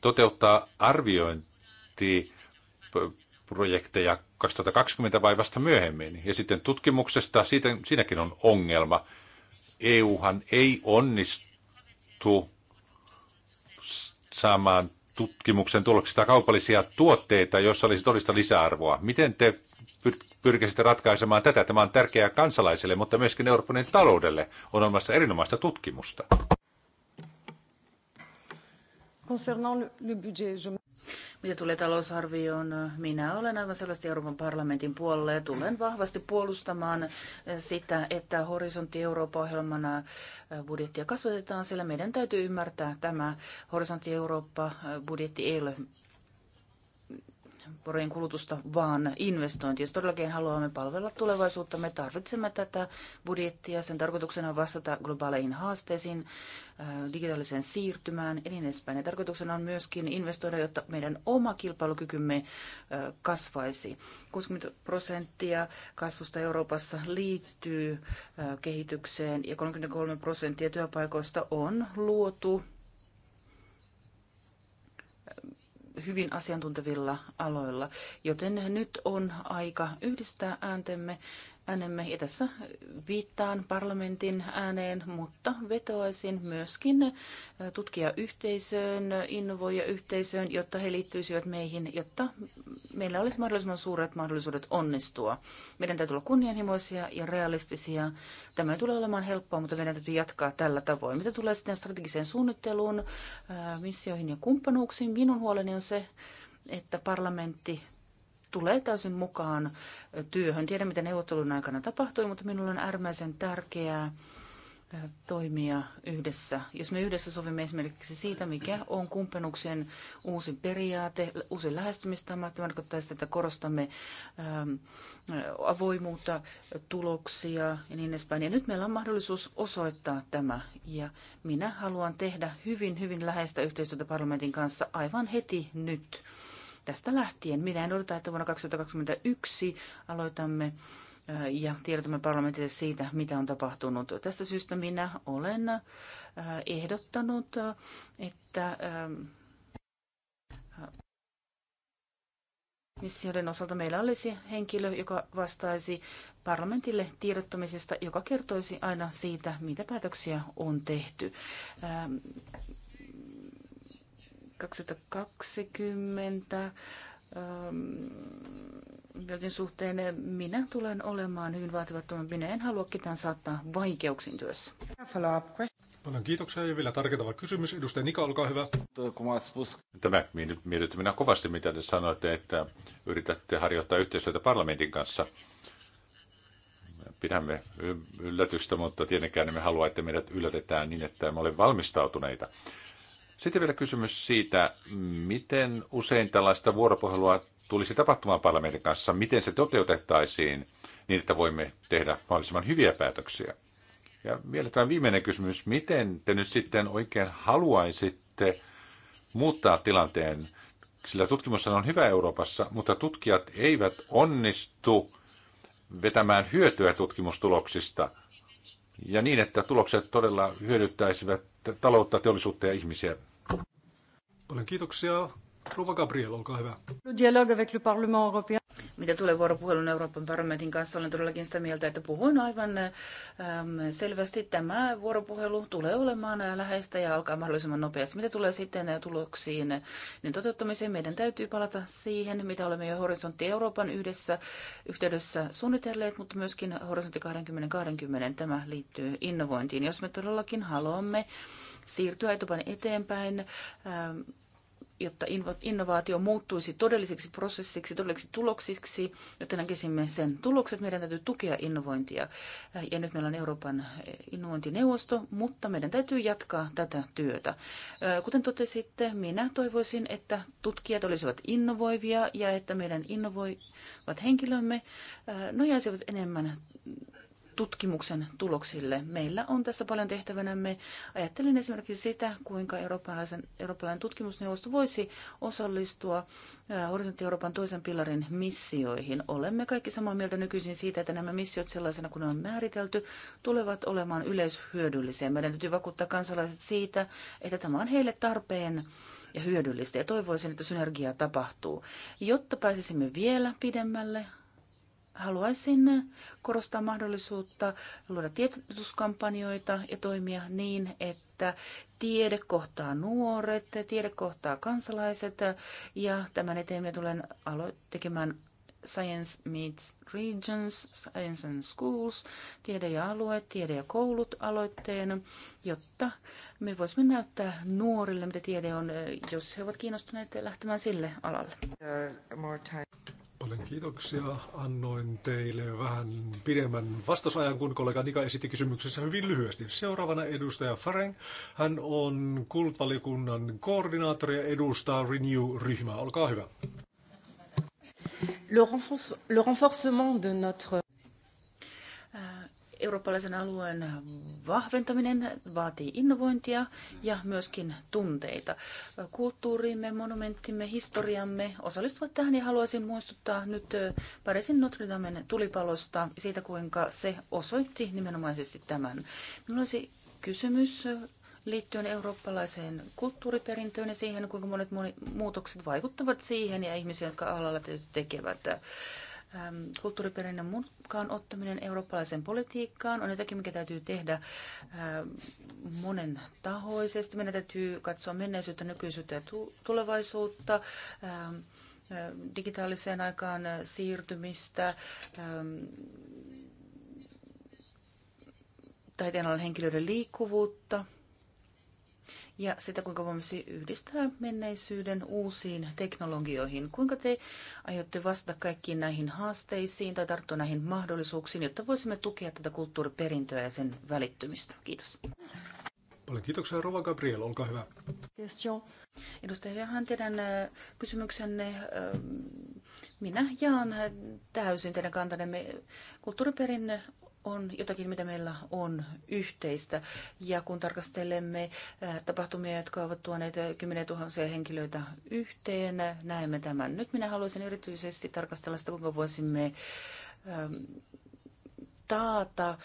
toteuttaa arviointiprojekteja 2020 vai vasta myöhemmin. Ja sitten tutkimuksesta, siitä, siinäkin on ongelma. EUhan ei onnistu saamaan tutkimuksen tuloksista kaupallisia tuotteita, joissa olisi todista lisäarvoa. Miten te pyrkisitte ratkaisemaan tätä? Tämä on tärkeää kansalaisille, mutta myöskin Euroopan taloudelle on olemassa erinomaista tutkimusta. Mitä tulee talousarvioon, minä olen aivan selvästi Euroopan parlamentin puolella ja tulen vahvasti puolustamaan sitä, että Horisontti Eurooppa-ohjelmana äh, budjettia kasvatetaan, sillä meidän täytyy ymmärtää tämä Horisontti Eurooppa-budjetti ei ole varojen kulutusta, vaan investointi. Jos todellakin haluamme palvella tulevaisuutta, me tarvitsemme tätä budjettia. Sen tarkoituksena on vastata globaaleihin haasteisiin, digitaaliseen siirtymään ja niin edespäin. Ja tarkoituksena on myöskin investoida, jotta meidän oma kilpailukykymme kasvaisi. 60 prosenttia kasvusta Euroopassa liittyy kehitykseen ja 33 prosenttia työpaikoista on luotu hyvin asiantuntevilla aloilla, joten nyt on aika yhdistää ääntemme äänemme. Ja tässä viittaan parlamentin ääneen, mutta vetoaisin myöskin tutkijayhteisöön, innovoijayhteisöön, jotta he liittyisivät meihin, jotta meillä olisi mahdollisimman suuret mahdollisuudet onnistua. Meidän täytyy olla kunnianhimoisia ja realistisia. Tämä ei tule olemaan helppoa, mutta meidän täytyy jatkaa tällä tavoin. Mitä tulee sitten strategiseen suunnitteluun, missioihin ja kumppanuuksiin, minun huoleni on se, että parlamentti tulee täysin mukaan työhön. Tiedän, mitä neuvottelun aikana tapahtui, mutta minulle on äärimmäisen tärkeää toimia yhdessä. Jos me yhdessä sovimme esimerkiksi siitä, mikä on kumppanuksen uusi periaate, uusi lähestymistapa, tämä tarkoittaa sitä, että korostamme ähm, avoimuutta, tuloksia ja niin edespäin. Ja nyt meillä on mahdollisuus osoittaa tämä ja minä haluan tehdä hyvin, hyvin läheistä yhteistyötä parlamentin kanssa aivan heti nyt tästä lähtien. Minä en odota, että vuonna 2021 aloitamme ja tiedotamme parlamentille siitä, mitä on tapahtunut. Tästä syystä minä olen ehdottanut, että missioiden osalta meillä olisi henkilö, joka vastaisi parlamentille tiedottamisesta, joka kertoisi aina siitä, mitä päätöksiä on tehty. 2020 joten ähm, suhteen minä tulen olemaan hyvin vaativattoman. Minä en halua ketään saattaa vaikeuksiin työssä. Paljon kiitoksia ja vielä tarkentava kysymys. Edustaja Nika, olkaa hyvä. Tämä mietitty minä kovasti, mitä te sanoitte, että yritätte harjoittaa yhteistyötä parlamentin kanssa. Pidämme yllätystä, mutta tietenkään me haluamme, että meidät yllätetään niin, että me olemme valmistautuneita. Sitten vielä kysymys siitä, miten usein tällaista vuoropuhelua tulisi tapahtumaan parlamentin kanssa, miten se toteutettaisiin niin, että voimme tehdä mahdollisimman hyviä päätöksiä. Ja vielä tämä viimeinen kysymys, miten te nyt sitten oikein haluaisitte muuttaa tilanteen, sillä tutkimus on hyvä Euroopassa, mutta tutkijat eivät onnistu vetämään hyötyä tutkimustuloksista ja niin, että tulokset todella hyödyttäisivät taloutta, teollisuutta ja ihmisiä. Paljon kiitoksia. Rova Gabriel, olkaa hyvä. Mitä tulee vuoropuhelun Euroopan parlamentin kanssa, olen todellakin sitä mieltä, että puhuin aivan äm, selvästi. Tämä vuoropuhelu tulee olemaan äh, läheistä ja alkaa mahdollisimman nopeasti. Mitä tulee sitten äh, tuloksiin, niin toteuttamiseen meidän täytyy palata siihen, mitä olemme jo Horisontti Euroopan yhdessä yhteydessä suunnitelleet, mutta myöskin Horisontti 2020. Tämä liittyy innovointiin. Jos me todellakin haluamme siirtyä etupan eteenpäin, äm, jotta innovaatio muuttuisi todelliseksi prosessiksi, todelliseksi tuloksiksi, jotta näkisimme sen tulokset. Meidän täytyy tukea innovointia. Äh, ja nyt meillä on Euroopan äh, innovointineuvosto, mutta meidän täytyy jatkaa tätä työtä. Äh, kuten totesitte, minä toivoisin, että tutkijat olisivat innovoivia ja että meidän innovoivat henkilömme nojaisivat enemmän tutkimuksen tuloksille. Meillä on tässä paljon tehtävänämme. Ajattelin esimerkiksi sitä, kuinka eurooppalaisen, eurooppalainen tutkimusneuvosto voisi osallistua Horisontti Euroopan toisen pilarin missioihin. Olemme kaikki samaa mieltä nykyisin siitä, että nämä missiot sellaisena kuin ne on määritelty, tulevat olemaan yleishyödyllisiä. Meidän täytyy vakuuttaa kansalaiset siitä, että tämä on heille tarpeen ja hyödyllistä. Ja toivoisin, että synergiaa tapahtuu. Jotta pääsisimme vielä pidemmälle, haluaisin korostaa mahdollisuutta luoda tiedotuskampanjoita ja toimia niin, että tiede kohtaa nuoret, tiede kohtaa kansalaiset ja tämän eteen minä tulen alo- tekemään Science Meets Regions, Science and Schools, tiede ja alueet, tiede ja koulut aloitteen, jotta me voisimme näyttää nuorille, mitä tiede on, jos he ovat kiinnostuneet lähtemään sille alalle. Uh, Paljon kiitoksia. Annoin teille vähän pidemmän vastausajan, kun kollega Nika esitti kysymyksensä hyvin lyhyesti. Seuraavana edustaja Fareng. Hän on kultvalikunnan koordinaattori ja edustaa Renew-ryhmää. Olkaa hyvä. Le renforcement de notre eurooppalaisen alueen vahventaminen vaatii innovointia ja myöskin tunteita. Kulttuurimme, monumenttimme, historiamme osallistuvat tähän ja haluaisin muistuttaa nyt Pariisin Notre Damen tulipalosta siitä, kuinka se osoitti nimenomaisesti tämän. Minulla olisi kysymys liittyen eurooppalaiseen kulttuuriperintöön ja siihen, kuinka monet muutokset vaikuttavat siihen ja ihmisiä, jotka alalla tekevät. Ähm, kulttuuriperinnön mukaan ottaminen eurooppalaiseen politiikkaan on jotakin, mikä täytyy tehdä ähm, monen tahoisesti. Meidän täytyy katsoa menneisyyttä, nykyisyyttä ja tulevaisuutta, ähm, äh, digitaaliseen aikaan äh, siirtymistä, taiteenalan henkilöiden liikkuvuutta – ja sitä, kuinka voimme yhdistää menneisyyden uusiin teknologioihin. Kuinka te aiotte vastata kaikkiin näihin haasteisiin tai tarttua näihin mahdollisuuksiin, jotta voisimme tukea tätä kulttuuriperintöä ja sen välittymistä? Kiitos. Paljon kiitoksia, Rova Gabriel, olkaa hyvä. Question. Edustaja Verhan, teidän äh, kysymyksenne. Äh, minä jaan täysin teidän kantanne. Kulttuuriperinne on jotakin, mitä meillä on yhteistä. Ja kun tarkastelemme äh, tapahtumia, jotka ovat tuoneet kymmeniä tuhansia henkilöitä yhteen, näemme tämän. Nyt minä haluaisin erityisesti tarkastella sitä, kuinka voisimme ähm, taata äh,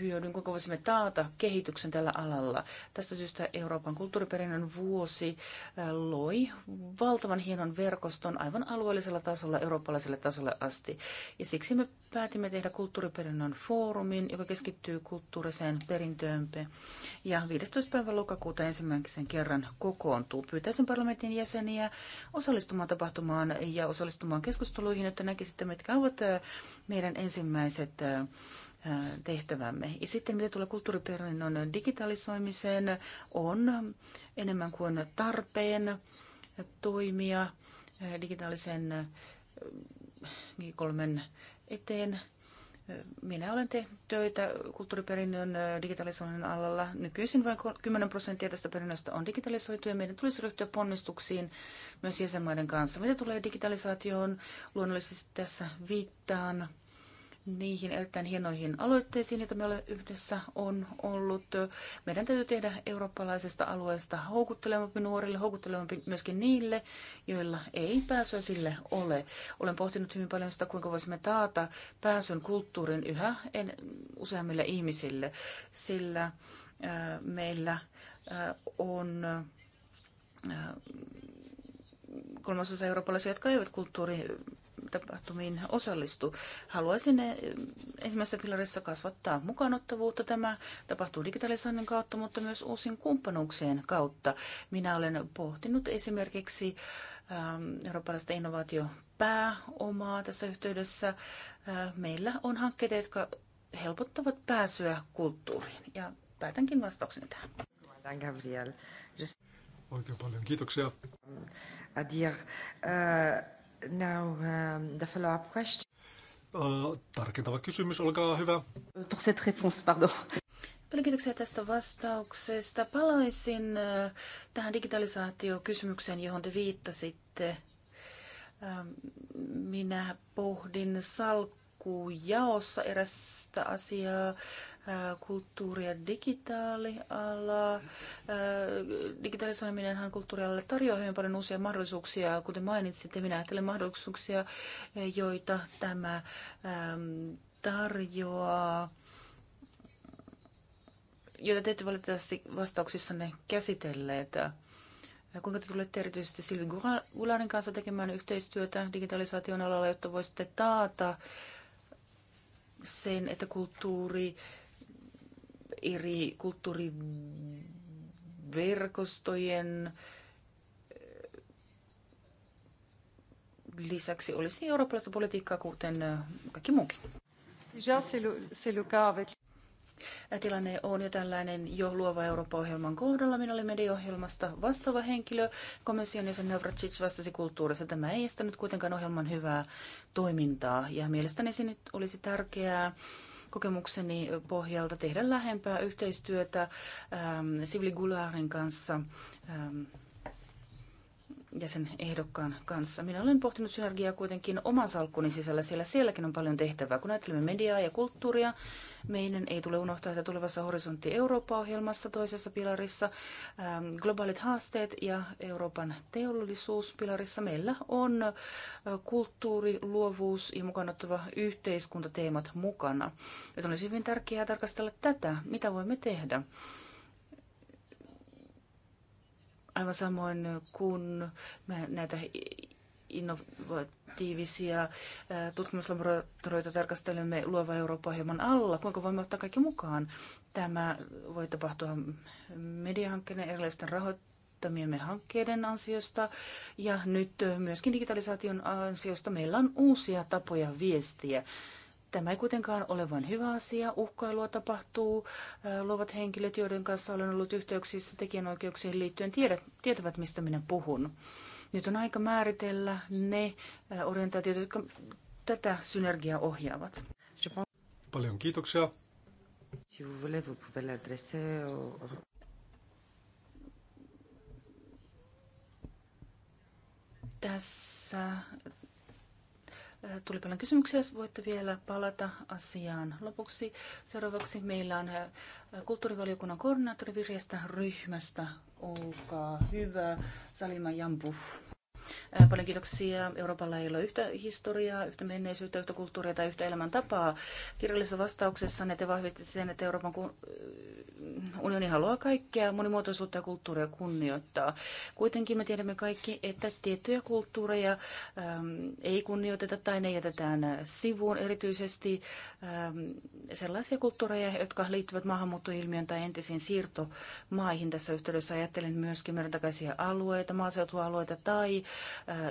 hyödyn, kuinka voisimme taata kehityksen tällä alalla. Tästä syystä Euroopan kulttuuriperinnön vuosi äh, loi valtavan hienon verkoston aivan alueellisella tasolla, eurooppalaiselle tasolle asti. Ja siksi me päätimme tehdä kulttuuriperinnön foorumin, joka keskittyy kulttuuriseen perintöön. Ja 15. päivä lokakuuta ensimmäisen kerran kokoontuu. Pyytäisin parlamentin jäseniä osallistumaan tapahtumaan ja osallistumaan keskusteluihin, että näkisitte, mitkä ovat äh, meidän ensimmäiset äh, äh, tehtävämme. Ja sitten mitä tulee kulttuuriperinnön digitalisoimiseen, on enemmän kuin tarpeen toimia digitaalisen kolmen eteen. Minä olen tehnyt töitä kulttuuriperinnön digitalisoinnin alalla. Nykyisin vain 10 prosenttia tästä perinnöstä on digitalisoitu ja meidän tulisi ryhtyä ponnistuksiin myös jäsenmaiden kanssa. Mitä tulee digitalisaatioon, luonnollisesti tässä viittaan niihin erittäin hienoihin aloitteisiin, joita meillä yhdessä on ollut. Meidän täytyy tehdä eurooppalaisesta alueesta houkuttelevampi nuorille, houkuttelevampi myöskin niille, joilla ei pääsyä sille ole. Olen pohtinut hyvin paljon sitä, kuinka voisimme taata pääsyn kulttuurin yhä en, useammille ihmisille, sillä äh, meillä äh, on äh, kolmasosa eurooppalaisia, jotka eivät kulttuuritapahtumiin osallistu. Haluaisin eh, ensimmäisessä pilarissa kasvattaa mukaanottavuutta. Tämä tapahtuu digitalisoinnin kautta, mutta myös uusin kumppanuuksien kautta. Minä olen pohtinut esimerkiksi ähm, eurooppalaista innovaatiopääomaa tässä yhteydessä. Äh, meillä on hankkeita, jotka helpottavat pääsyä kulttuuriin. Ja päätänkin vastaukseni tähän. Gabriel. Just... Oikein paljon kiitoksia. Adir, uh, now uh, the follow-up question. Uh, tarkentava kysymys, olkaa hyvä. Pour cette réponse, pardon. Paljon kiitoksia tästä vastauksesta. Palaisin uh, tähän digitalisaatiokysymykseen, johon te viittasitte. Um, minä pohdin salkkujaossa erästä asiaa kulttuuri- ja digitaaliala. Digitalisoiminenhan kulttuurialalle tarjoaa hyvin paljon uusia mahdollisuuksia, kuten mainitsitte. Minä ajattelen mahdollisuuksia, joita tämä tarjoaa joita te ette valitettavasti vastauksissanne käsitelleet. Kuinka te tulette erityisesti Silvi Gularin kanssa tekemään yhteistyötä digitalisaation alalla, jotta voisitte taata sen, että kulttuuri, eri kulttuuriverkostojen eh, lisäksi olisi eurooppalaista politiikkaa, kuten eh, kaikki muukin. Tilanne on jo tällainen jo Luova Eurooppa-ohjelman kohdalla. Minä olin mediaohjelmasta vastaava henkilö. Komission jäsen Navracic vastasi kulttuurissa. Tämä ei estänyt kuitenkaan ohjelman hyvää toimintaa. Ja mielestäni se nyt olisi tärkeää kokemukseni pohjalta tehdä lähempää yhteistyötä ähm, Sivli Gularin kanssa ähm, ja sen ehdokkaan kanssa. Minä olen pohtinut synergiaa kuitenkin oman salkkuni sisällä, sillä sielläkin on paljon tehtävää. Kun ajattelemme mediaa ja kulttuuria, meidän ei tule unohtaa, että tulevassa Horisontti Eurooppa-ohjelmassa toisessa pilarissa ähm, globaalit haasteet ja Euroopan teollisuuspilarissa meillä on äh, kulttuuri, luovuus ja mukanottava yhteiskuntateemat mukana. Joten olisi hyvin tärkeää tarkastella tätä, mitä voimme tehdä. Aivan samoin äh, kun näitä innovatiivisia äh, tutkimuslaboratorioita tarkastelemme Luova eurooppa hieman alla, kuinka voimme ottaa kaikki mukaan. Tämä voi tapahtua mediahankkeiden erilaisten rahoittamiemme hankkeiden ansiosta ja nyt myöskin digitalisaation ansiosta meillä on uusia tapoja viestiä. Tämä ei kuitenkaan ole vain hyvä asia. Uhkailua tapahtuu. Luovat henkilöt, joiden kanssa olen ollut yhteyksissä tekijänoikeuksiin liittyen, tiedät, tietävät, mistä minä puhun. Nyt on aika määritellä ne orientaatiot, jotka tätä synergiaa ohjaavat. Paljon kiitoksia. Tässä Äh, tuli paljon kysymyksiä, voitte vielä palata asiaan lopuksi. Seuraavaksi meillä on äh, kulttuurivaliokunnan koordinaattori ryhmästä. Olkaa hyvä, Salima Jambu. Paljon kiitoksia. Euroopalla ei ole yhtä historiaa, yhtä menneisyyttä, yhtä kulttuuria tai yhtä elämäntapaa. Kirjallisessa vastauksessa te vahvistitte sen, että Euroopan äh, unioni haluaa kaikkea monimuotoisuutta ja kulttuuria kunnioittaa. Kuitenkin me tiedämme kaikki, että tiettyjä kulttuureja äm, ei kunnioiteta tai ne jätetään äh, sivuun, erityisesti äm, sellaisia kulttuureja, jotka liittyvät maahanmuuttoilmiön tai entisiin siirtomaihin. Tässä yhteydessä ajattelen myöskin merentakaisia alueita, maaseutualueita tai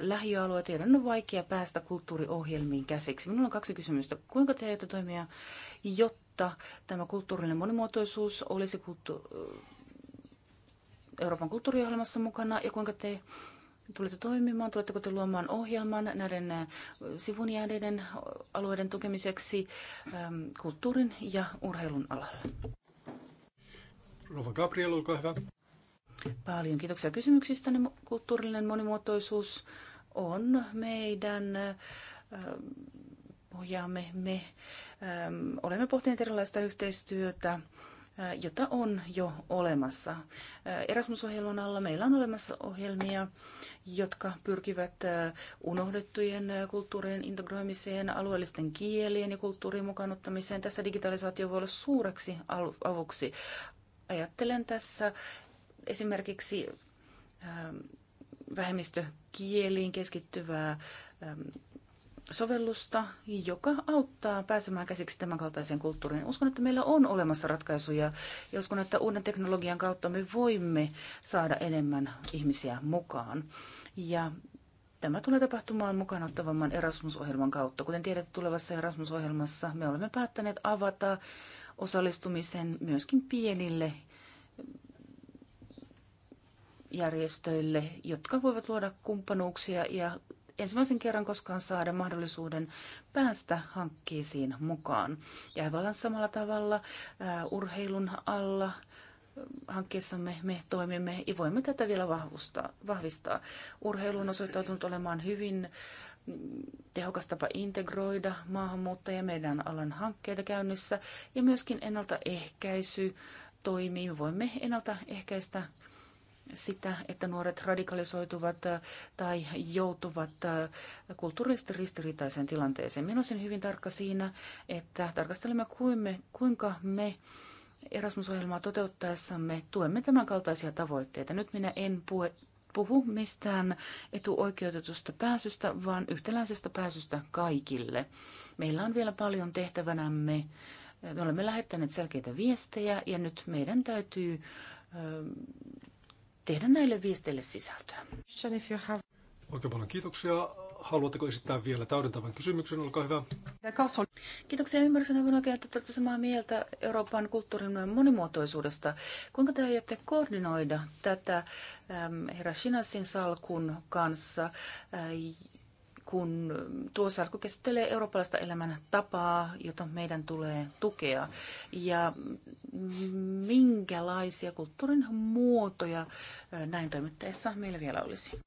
lähialue. Teidän on vaikea päästä kulttuuriohjelmiin käsiksi. Minulla on kaksi kysymystä. Kuinka te aiotte toimia, jotta tämä kulttuurinen monimuotoisuus olisi kulttu- Euroopan kulttuuriohjelmassa mukana ja kuinka te tulette toimimaan? Tuletteko te luomaan ohjelman näiden sivun jääneiden alueiden tukemiseksi kulttuurin ja urheilun alalla? Rova Gabriel, olkaa hyvä. Paljon kiitoksia kysymyksistä. Kulttuurillinen monimuotoisuus on meidän ähm, pohjaamme. Me ähm, olemme pohtineet erilaista yhteistyötä äh, jota on jo olemassa. Äh, Erasmus-ohjelman alla meillä on olemassa ohjelmia, jotka pyrkivät äh, unohdettujen kulttuurien integroimiseen, alueellisten kielien ja kulttuurien mukaanottamiseen. Tässä digitalisaatio voi olla suureksi avuksi. Ajattelen tässä esimerkiksi ähm, vähemmistökieliin keskittyvää ähm, sovellusta, joka auttaa pääsemään käsiksi tämänkaltaiseen kulttuuriin. Uskon, että meillä on olemassa ratkaisuja ja uskon, että uuden teknologian kautta me voimme saada enemmän ihmisiä mukaan. Ja Tämä tulee tapahtumaan mukana ottavamman Erasmus-ohjelman kautta. Kuten tiedätte, tulevassa Erasmus-ohjelmassa me olemme päättäneet avata osallistumisen myöskin pienille järjestöille, jotka voivat luoda kumppanuuksia ja ensimmäisen kerran koskaan saada mahdollisuuden päästä hankkeisiin mukaan. Ja aivan samalla tavalla ää, urheilun alla hankkeessamme me toimimme ja voimme tätä vielä vahvistaa. Urheilu on osoittautunut olemaan hyvin mm, tehokas tapa integroida maahanmuuttajia meidän alan hankkeita käynnissä ja myöskin ennaltaehkäisy toimii. Me voimme ennaltaehkäistä sitä, että nuoret radikalisoituvat äh, tai joutuvat äh, kulttuurisesti ristiriitaiseen tilanteeseen. Minä olisin hyvin tarkka siinä, että tarkastelemme kuinka me Erasmus-ohjelmaa toteuttaessamme tuemme tämän kaltaisia tavoitteita. Nyt minä en pue, puhu mistään etuoikeutetusta pääsystä, vaan yhtäläisestä pääsystä kaikille. Meillä on vielä paljon tehtävänämme. Me olemme lähettäneet selkeitä viestejä ja nyt meidän täytyy tehdä näille viesteille sisältöä. Oikein paljon kiitoksia. Haluatteko esittää vielä täydentävän kysymyksen? Olkaa hyvä. Kiitoksia. Ymmärsin aivan oikein, että olette samaa mieltä Euroopan kulttuurin monimuotoisuudesta. Kuinka te aiotte koordinoida tätä herra Shinasin salkun kanssa, kun tuo salkku käsittelee eurooppalaista tapaa, jota meidän tulee tukea. Ja minkälaisia kulttuurin muotoja näin toimittaessa meillä vielä olisi?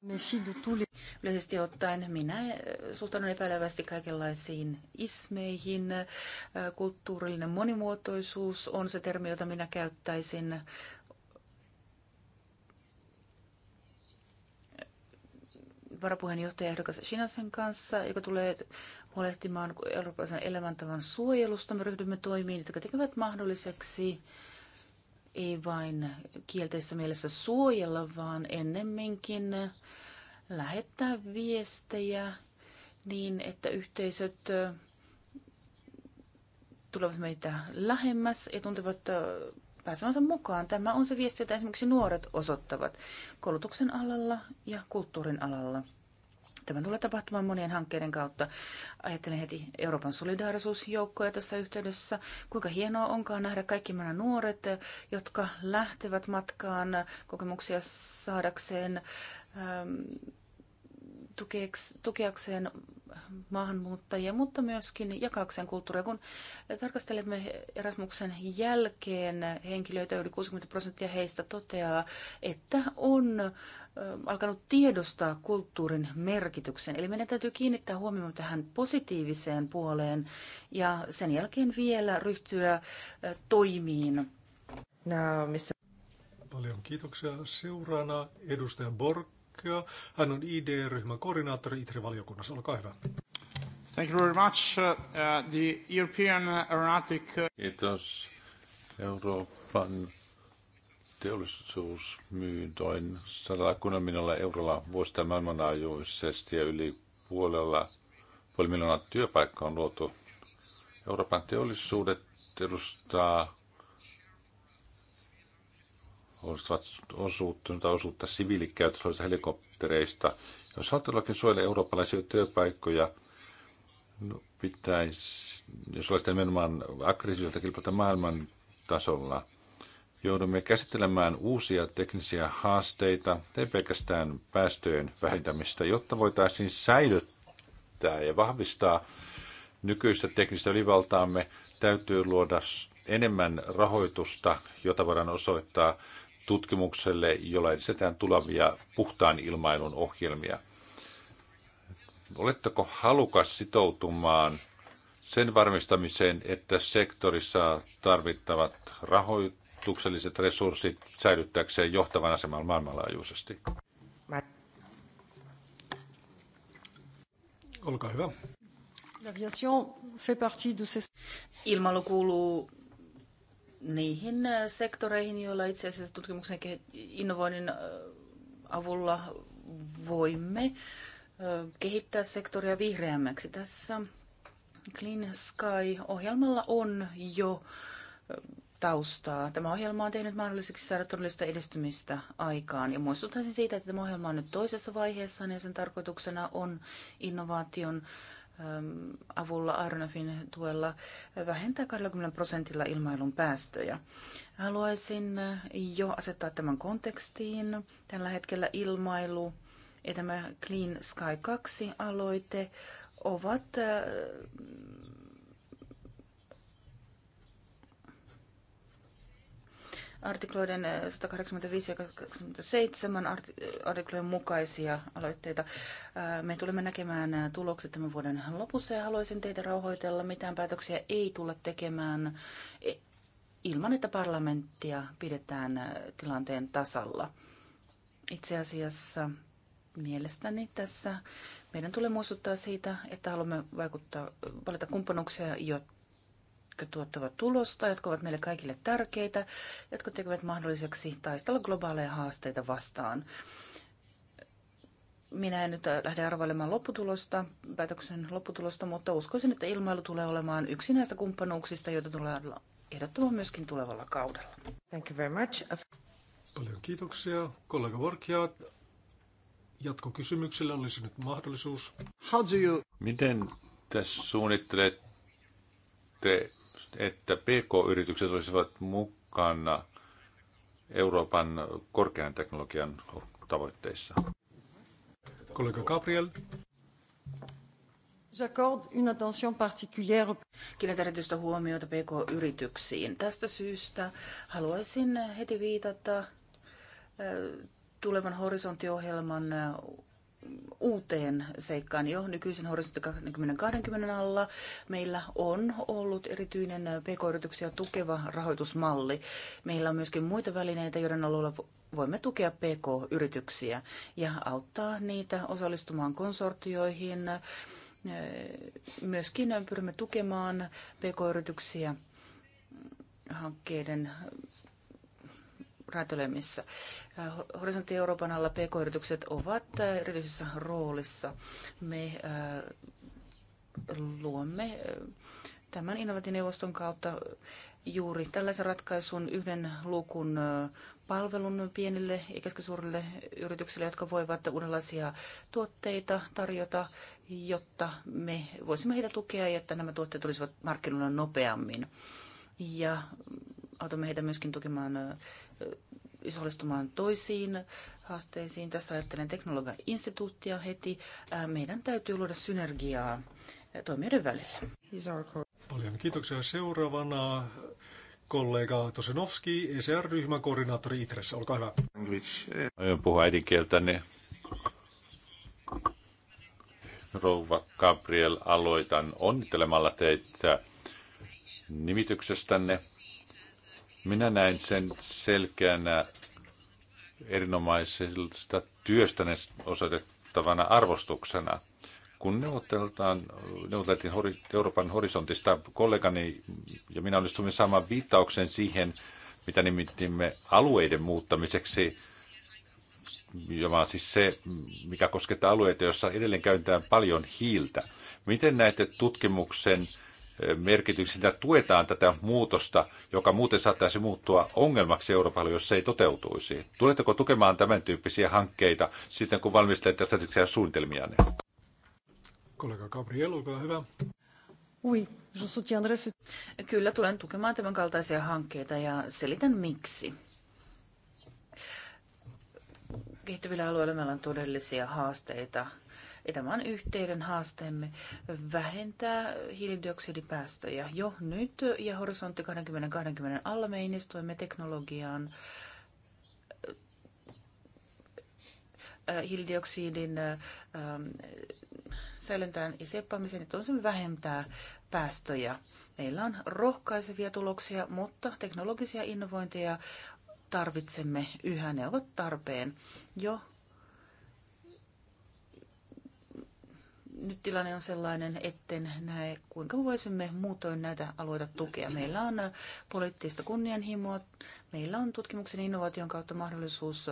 Yleisesti ottaen minä suhtaudun epäilevästi kaikenlaisiin ismeihin. Kulttuurillinen monimuotoisuus on se termi, jota minä käyttäisin varapuheenjohtajaehdokas Shinasen kanssa, joka tulee huolehtimaan eurooppalaisen elämäntavan suojelusta. Me ryhdymme toimiin, jotka tekevät mahdolliseksi ei vain kielteisessä mielessä suojella, vaan ennemminkin lähettää viestejä niin, että yhteisöt tulevat meitä lähemmäs ja tuntevat pääsemänsä mukaan. Tämä on se viesti, jota esimerkiksi nuoret osoittavat koulutuksen alalla ja kulttuurin alalla. Tämä tulee tapahtumaan monien hankkeiden kautta. Ajattelen heti Euroopan solidaarisuusjoukkoja tässä yhteydessä. Kuinka hienoa onkaan nähdä kaikki nämä nuoret, jotka lähtevät matkaan kokemuksia saadakseen ähm, tukeakseen maahanmuuttajia, mutta myöskin jakaakseen kulttuuria. Kun tarkastelemme Erasmuksen jälkeen henkilöitä, yli 60 prosenttia heistä toteaa, että on alkanut tiedostaa kulttuurin merkityksen. Eli meidän täytyy kiinnittää huomioon tähän positiiviseen puoleen ja sen jälkeen vielä ryhtyä toimiin. No, missä... Paljon kiitoksia. Seuraavana edustaja Borg Backia. Hän on ID-ryhmän koordinaattori ITRI-valiokunnassa. Olkaa hyvä. Thank you very much. Uh, the European Aeronautic... Uh, Kiitos. Euroopan teollisuus myy noin 110 miljoonalla eurolla vuosittain maailmanlaajuisesti ja yli puolella puoli miljoonaa työpaikkaa on luotu. Euroopan teollisuudet edustaa olisivat osuutta, osuutta siviilikäytössä helikoptereista. Jos haluatte suojella eurooppalaisia työpaikkoja, no, pitäisi, jos olisi nimenomaan aggressiivista kilpailta maailman tasolla, joudumme käsittelemään uusia teknisiä haasteita, ei pelkästään päästöjen vähentämistä, jotta voitaisiin säilyttää ja vahvistaa nykyistä teknistä ylivaltaamme, täytyy luoda enemmän rahoitusta, jota voidaan osoittaa tutkimukselle, jolla edistetään tulevia puhtaan ilmailun ohjelmia. Oletteko halukas sitoutumaan sen varmistamiseen, että sektorissa tarvittavat rahoitukselliset resurssit säilyttääkseen johtavan aseman maailmanlaajuisesti? Olkaa hyvä. Ilmailu kuuluu niihin äh, sektoreihin, joilla itse asiassa tutkimuksen innovoinnin äh, avulla voimme äh, kehittää sektoria vihreämmäksi. Tässä Clean Sky-ohjelmalla on jo taustaa. Tämä ohjelma on tehnyt mahdolliseksi saada todellista edistymistä aikaan. Ja muistuttaisin siitä, että tämä ohjelma on nyt toisessa vaiheessa ja niin sen tarkoituksena on innovaation Ähm, avulla Arnafin tuella vähentää 20 prosentilla ilmailun päästöjä. Haluaisin äh, jo asettaa tämän kontekstiin. Tällä hetkellä ilmailu ja tämä Clean Sky 2-aloite ovat äh, artikloiden 185 äh, ja 27 äh, artiklojen mukaisia aloitteita. Äh, me tulemme näkemään tulokset tämän vuoden lopussa ja haluaisin teitä rauhoitella. Mitään päätöksiä ei tulla tekemään e, ilman, että parlamenttia pidetään tilanteen tasalla. Itse asiassa mielestäni tässä meidän tulee muistuttaa siitä, että haluamme vaikuttaa, valita kumppanuksia, jotta jotka tuottavat tulosta, jotka ovat meille kaikille tärkeitä, jotka tekevät mahdolliseksi taistella globaaleja haasteita vastaan. Minä en nyt äh, lähde arvailemaan lopputulosta, päätöksen lopputulosta, mutta uskoisin, että ilmailu tulee olemaan yksi näistä kumppanuuksista, joita tulee ehdottoman myöskin tulevalla kaudella. Thank you very much. Paljon kiitoksia. Kollega Vorkia, Jatkokysymyksellä olisi nyt mahdollisuus. How do you... Miten te suunnittelet sanoitte, että PK-yritykset olisivat mukana Euroopan korkean teknologian tavoitteissa. Kollega Gabriel. Kiinnitän erityistä huomiota PK-yrityksiin. Tästä syystä haluaisin heti viitata tulevan horisonttiohjelman uuteen seikkaan jo nykyisen horisontti 2020 alla. Meillä on ollut erityinen pk-yrityksiä tukeva rahoitusmalli. Meillä on myöskin muita välineitä, joiden alueella voimme tukea pk-yrityksiä ja auttaa niitä osallistumaan konsortioihin. Myöskin pyrimme tukemaan pk-yrityksiä hankkeiden räätälöimissä. Äh, Horisontti Euroopan alla pk-yritykset ovat äh, erityisessä roolissa. Me äh, luomme tämän innovaationeuvoston kautta juuri tällaisen ratkaisun yhden luukun palvelun pienille ja keskisuurille yrityksille, jotka voivat uudenlaisia tuotteita tarjota, jotta me voisimme heitä tukea ja että nämä tuotteet tulisivat markkinoille nopeammin. Ja autamme heitä myöskin tukemaan osallistumaan toisiin haasteisiin. Tässä ajattelen teknologian instituuttia heti. Äh, meidän täytyy luoda synergiaa äh, toimijoiden välillä. Paljon kiitoksia. Seuraavana kollega Tosenovski, ECR-ryhmän koordinaattori Itressä. Olkaa hyvä. Aion puhua äidinkieltäni. Rouva Gabriel, aloitan onnittelemalla teitä nimityksestänne. Minä näin sen selkeänä erinomaisesta työstä osoitettavana arvostuksena. Kun neuvoteltiin Euroopan horisontista, kollegani ja minä olisimme saamaan viittauksen siihen, mitä nimittimme alueiden muuttamiseksi, joka siis se, mikä koskettaa alueita, joissa edelleen käytetään paljon hiiltä. Miten näette tutkimuksen merkityksen ja tuetaan tätä muutosta, joka muuten saattaisi muuttua ongelmaksi Euroopalle, jos se ei toteutuisi. Tuletteko tukemaan tämän tyyppisiä hankkeita sitten, kun valmistelette strategisia suunnitelmia? Kollega Gabriel, olkaa hyvä. Oui, je soutiendrai ce... Kyllä tulen tukemaan tämän kaltaisia hankkeita ja selitän miksi. Kehittyvillä alueilla meillä on todellisia haasteita ja tämä on yhteinen haasteemme vähentää hiilidioksidipäästöjä jo nyt ja horisontti 2020 alla me investoimme teknologiaan äh, hiilidioksidin äh, äh, säilyntään ja seppaamiseen, että on sen vähentää päästöjä. Meillä on rohkaisevia tuloksia, mutta teknologisia innovointeja tarvitsemme yhä, ne ovat tarpeen. Jo nyt tilanne on sellainen, etten näe, kuinka voisimme muutoin näitä alueita tukea. Meillä on poliittista kunnianhimoa, meillä on tutkimuksen innovaation kautta mahdollisuus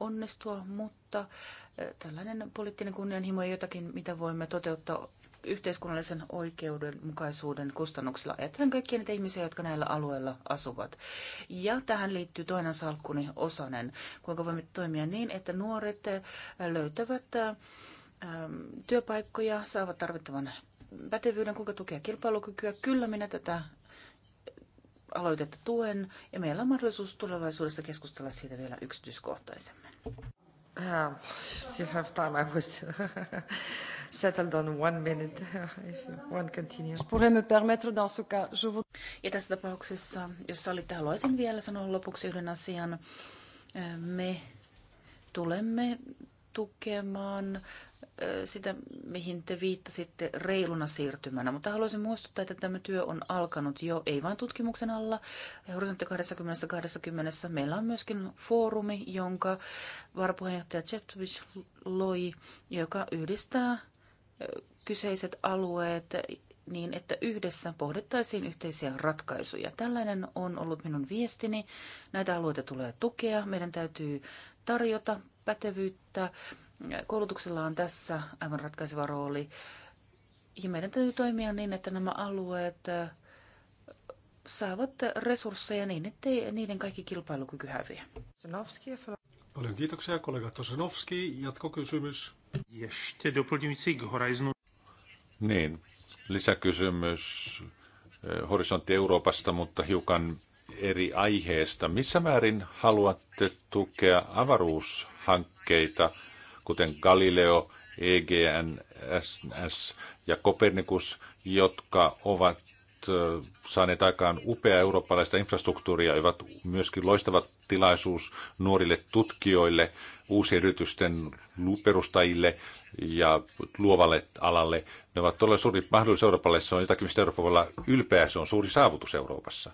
onnistua, mutta eh, tällainen poliittinen kunnianhimo ei jotakin, mitä voimme toteuttaa yhteiskunnallisen oikeudenmukaisuuden kustannuksella Ajattelen kaikkia niitä ihmisiä, jotka näillä alueilla asuvat. Ja tähän liittyy toinen salkkuni Osanen. Kuinka voimme toimia niin, että nuoret eh, löytävät eh, Ähm, työpaikkoja, saavat tarvittavan pätevyyden, kuinka tukea kilpailukykyä. Kyllä minä tätä aloitetta tuen ja meillä on mahdollisuus tulevaisuudessa keskustella siitä vielä yksityiskohtaisemmin. Uh, still have time. I was settled on one minute. If one continues. Je me permettre dans ce cas, je vous... Ja tässä tapauksessa, jos sallitte, haluaisin vielä sanoa lopuksi yhden asian. Äh, me tulemme tukemaan sitä, mihin te viittasitte reiluna siirtymänä, mutta haluaisin muistuttaa, että tämä työ on alkanut jo, ei vain tutkimuksen alla. Horisontti 2020, meillä on myöskin foorumi, jonka varapuheenjohtaja Cheptovich loi, joka yhdistää kyseiset alueet niin, että yhdessä pohdittaisiin yhteisiä ratkaisuja. Tällainen on ollut minun viestini. Näitä alueita tulee tukea. Meidän täytyy tarjota pätevyyttä Koulutuksella on tässä aivan ratkaiseva rooli. Ja meidän täytyy toimia niin, että nämä alueet saavat resursseja niin, ettei niiden kaikki kilpailukyky häviä. Paljon kiitoksia kollega Tosanovski. Jatkokysymys. Niin, lisäkysymys e, Horisontti Euroopasta, mutta hiukan eri aiheesta. Missä määrin haluatte tukea avaruushankkeita – kuten Galileo, EGNS ja Kopernikus, jotka ovat saaneet aikaan upea eurooppalaista infrastruktuuria, ovat myöskin loistavat tilaisuus nuorille tutkijoille, uusien yritysten perustajille ja luovalle alalle. Ne ovat todella suuri mahdollisuus Euroopalle. Se on jotakin, mistä Eurooppa voi olla ylpeä. Se on suuri saavutus Euroopassa.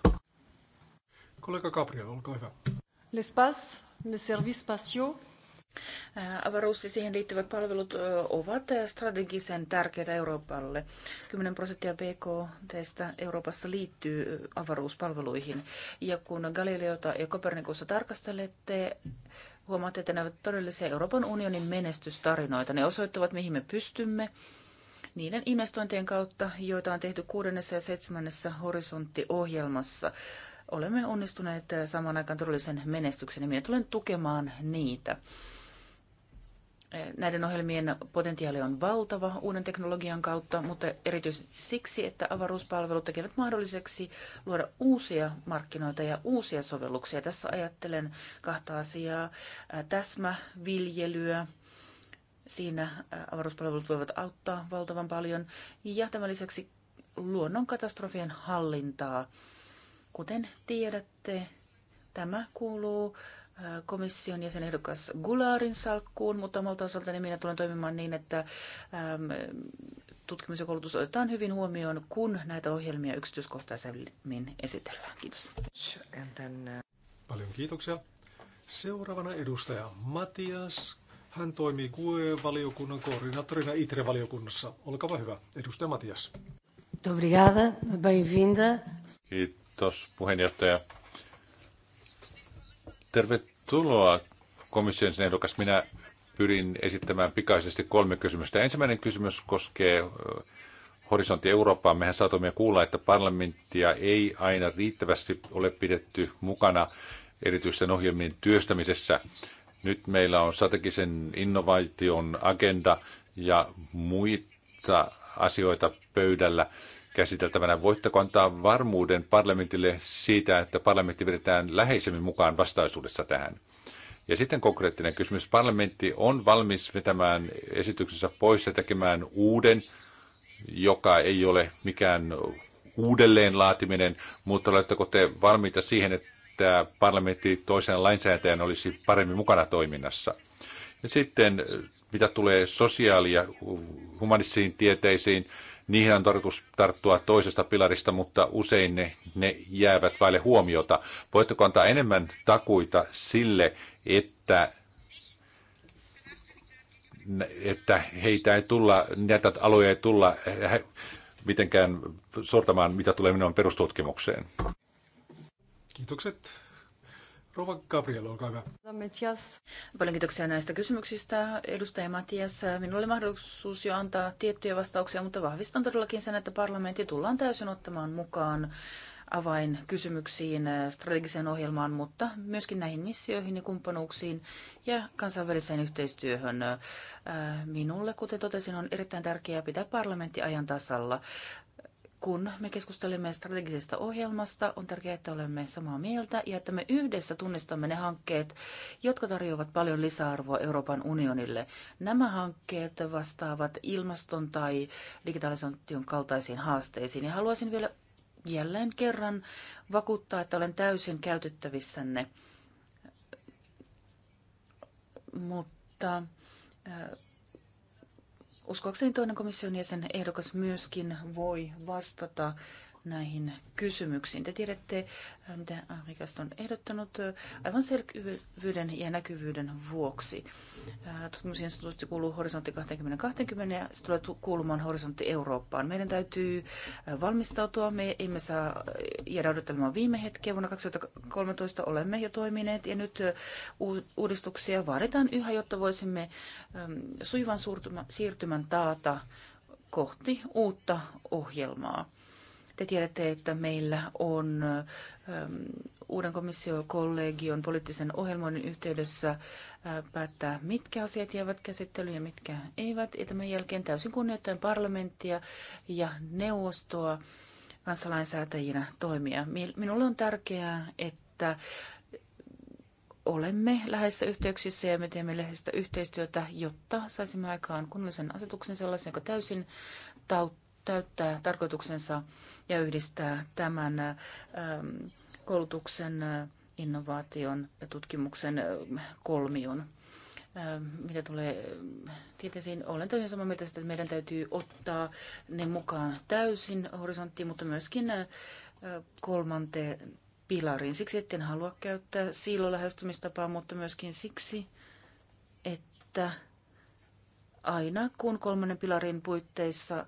Kollega Gabriel, olkaa hyvä. L'espace, les services spatiaux, Avaruus ja siihen liittyvät palvelut ovat strategisen tärkeitä Euroopalle. 10 prosenttia BKTstä Euroopassa liittyy avaruuspalveluihin. Ja kun Galileota ja Kopernikusta tarkastelette, huomaatte, että ne ovat todellisia Euroopan unionin menestystarinoita. Ne osoittavat, mihin me pystymme niiden investointien kautta, joita on tehty kuudennessa ja seitsemännessä horisonttiohjelmassa olemme onnistuneet saman aikaan todellisen menestyksen ja minä tulen tukemaan niitä. Näiden ohjelmien potentiaali on valtava uuden teknologian kautta, mutta erityisesti siksi, että avaruuspalvelut tekevät mahdolliseksi luoda uusia markkinoita ja uusia sovelluksia. Tässä ajattelen kahta asiaa. Täsmäviljelyä, siinä avaruuspalvelut voivat auttaa valtavan paljon, ja tämän lisäksi luonnonkatastrofien hallintaa. Kuten tiedätte, tämä kuuluu komission jäsenehdokas Gularin salkkuun, mutta omalta osaltani minä tulen toimimaan niin, että ähm, tutkimus ja koulutus otetaan hyvin huomioon, kun näitä ohjelmia yksityiskohtaisemmin esitellään. Kiitos. Uh, Paljon kiitoksia. Seuraavana edustaja Matias. Hän toimii QE-valiokunnan koordinaattorina ITRE-valiokunnassa. Olkaa hyvä, edustaja Matias. Kiitos puheenjohtaja. Tervetuloa komission ehdokas. Minä pyrin esittämään pikaisesti kolme kysymystä. Ensimmäinen kysymys koskee Horisontti Eurooppaan. Mehän saatoimme kuulla, että parlamenttia ei aina riittävästi ole pidetty mukana erityisten ohjelmien työstämisessä. Nyt meillä on strategisen innovaation agenda ja muita asioita pöydällä käsiteltävänä. Voitteko antaa varmuuden parlamentille siitä, että parlamentti vedetään läheisemmin mukaan vastaisuudessa tähän? Ja sitten konkreettinen kysymys. Parlamentti on valmis vetämään esityksensä pois ja tekemään uuden, joka ei ole mikään uudelleen laatiminen, mutta oletteko te valmiita siihen, että parlamentti toisen lainsäätäjän olisi paremmin mukana toiminnassa? Ja sitten mitä tulee sosiaali- ja humanistisiin tieteisiin, Niihin on tarkoitus tarttua toisesta pilarista, mutta usein ne, ne jäävät vaille huomiota. Voitteko antaa enemmän takuita sille, että että heitä ei tulla, näitä aloja ei tulla mitenkään sortamaan, mitä tulee minun perustutkimukseen. Kiitokset. Rova Gabriel, olkaa hyvä. Matias. Paljon kiitoksia näistä kysymyksistä. Edustaja Matias, minulla oli mahdollisuus jo antaa tiettyjä vastauksia, mutta vahvistan todellakin sen, että parlamentti tullaan täysin ottamaan mukaan avainkysymyksiin, äh, strategiseen ohjelmaan, mutta myöskin näihin missioihin ja kumppanuuksiin ja kansainväliseen yhteistyöhön. Äh, minulle, kuten totesin, on erittäin tärkeää pitää parlamentti ajan tasalla kun me keskustelemme strategisesta ohjelmasta, on tärkeää, että olemme samaa mieltä ja että me yhdessä tunnistamme ne hankkeet, jotka tarjoavat paljon lisäarvoa Euroopan unionille. Nämä hankkeet vastaavat ilmaston tai digitalisaation kaltaisiin haasteisiin. Ja haluaisin vielä jälleen kerran vakuuttaa, että olen täysin käytettävissänne. Mutta äh, Uskoakseni toinen komission jäsen ehdokas myöskin voi vastata näihin kysymyksiin. Te tiedätte, äh, mitä Amerikasta on ehdottanut äh, aivan selkyvyyden ja näkyvyyden vuoksi. Äh, tutkimusinstituutti kuuluu horisontti 2020 ja se tulee kuulumaan horisontti Eurooppaan. Meidän täytyy valmistautua. Me emme saa jäädä odottelemaan viime hetkeä. Vuonna 2013 olemme jo toimineet ja nyt uudistuksia vaaditaan yhä, jotta voisimme sujuvan siirtymän taata kohti uutta ohjelmaa. Te tiedätte, että meillä on ähm, uuden komissiokollegion poliittisen ohjelman yhteydessä äh, päättää, mitkä asiat jäävät käsittelyyn ja mitkä eivät. Ja tämän jälkeen täysin kunnioittaen parlamenttia ja neuvostoa kansalainsäätäjinä toimia. Minulle on tärkeää, että olemme läheisissä yhteyksissä ja me teemme läheistä yhteistyötä, jotta saisimme aikaan kunnollisen asetuksen sellaisen, joka täysin tautta täyttää tarkoituksensa ja yhdistää tämän ähm, koulutuksen, äh, innovaation ja tutkimuksen äh, kolmion. Ähm, mitä tulee äh, tieteisiin, olen täysin samaa mieltä että meidän täytyy ottaa ne mukaan täysin horisonttiin, mutta myöskin kolmanteen pilariin. Siksi etten halua käyttää lähestymistapaa, mutta myöskin siksi, että aina kun kolmannen pilarin puitteissa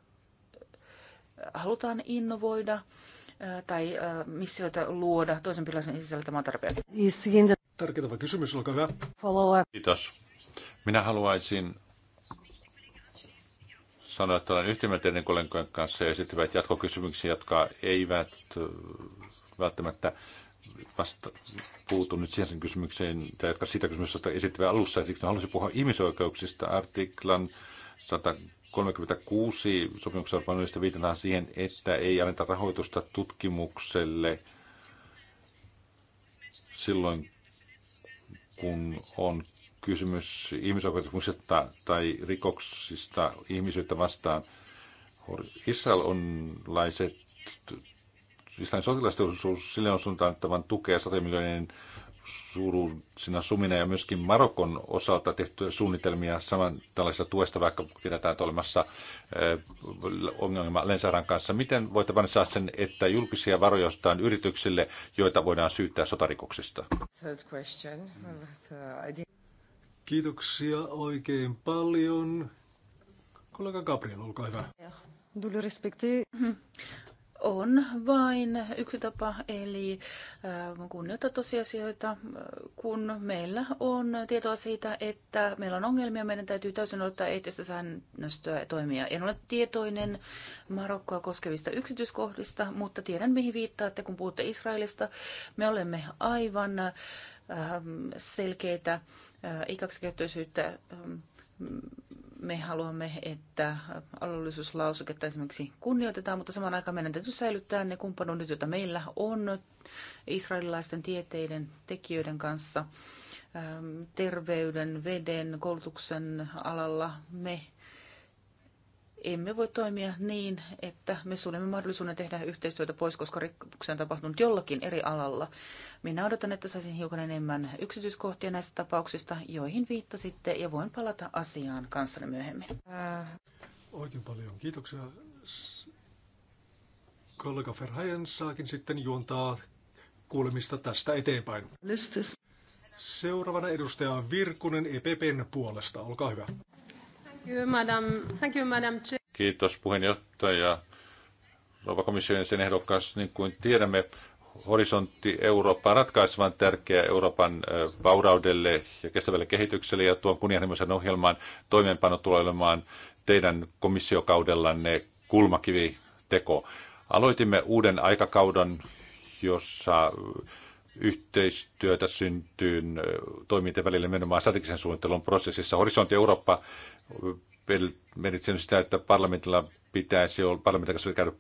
halutaan innovoida tai missioita luoda toisen pilarin sisällä tämä on tarpeen. Tarkentava kysymys, olkaa hyvä. Follow up. Kiitos. Minä haluaisin sanoa, että olen yhtä kollegojen kanssa ja jatkokysymyksiä, jotka eivät välttämättä vasta puutu nyt siihen kysymykseen, tai jotka sitä kysymystä esittävät alussa. Ja siksi haluaisin puhua ihmisoikeuksista artiklan 100 36 sopimuksen Euroopan viitataan siihen, että ei anneta rahoitusta tutkimukselle silloin, kun on kysymys ihmisoikeuksista tai rikoksista ihmisyyttä vastaan. Israelilaiset Israelin sotilasteollisuus, sille on suuntaan tukea 100 miljoonien siinä sumina ja myöskin Marokon osalta tehty suunnitelmia saman tällaisesta tuesta, vaikka pidetään olemassa eh, ongelma Lensaran kanssa. Miten voitte saada sen, että julkisia varoja ostetaan yrityksille, joita voidaan syyttää sotarikoksista? Uh, Kiitoksia oikein paljon. Kollega Gabriel, olkaa hyvä on vain yksi tapa, eli äh, kunnioittaa tosiasioita, äh, kun meillä on tietoa siitä, että meillä on ongelmia, meidän täytyy täysin odottaa eettistä säännöstöä ja toimia. En ole tietoinen Marokkoa koskevista yksityiskohdista, mutta tiedän mihin viittaatte, kun puhutte Israelista. Me olemme aivan äh, selkeitä ikäksikäyttöisyyttä ähm, me haluamme, että alueellisuuslauseketta esimerkiksi kunnioitetaan, mutta samaan aikaan meidän täytyy säilyttää ne kumppanuudet, joita meillä on israelilaisten tieteiden tekijöiden kanssa, terveyden, veden, koulutuksen alalla. Me emme voi toimia niin, että me suljemme mahdollisuuden tehdä yhteistyötä pois, koska rikkomuksia on tapahtunut jollakin eri alalla. Minä odotan, että saisin hiukan enemmän yksityiskohtia näistä tapauksista, joihin viittasitte, ja voin palata asiaan kanssanne myöhemmin. Oikein paljon kiitoksia. Kollega Ferhajen saakin sitten juontaa kuulemista tästä eteenpäin. Listis. Seuraavana edustaja Virkunen EPPn puolesta. Olkaa hyvä. Kiitos puheenjohtaja. Rouva komission sen ehdokas, niin kuin tiedämme, horisontti Eurooppa on ratkaisevan tärkeä Euroopan vauraudelle ja kestävälle kehitykselle ja tuon kunnianhimoisen ohjelman toimeenpano tulee olemaan teidän komissiokaudellanne kulmakivi teko. Aloitimme uuden aikakauden, jossa yhteistyötä syntyy toimintien välillä nimenomaan strategisen suunnittelun prosessissa. Horisontti Eurooppa merkitsee sitä, että parlamentilla pitäisi olla, parlamentin kanssa käydä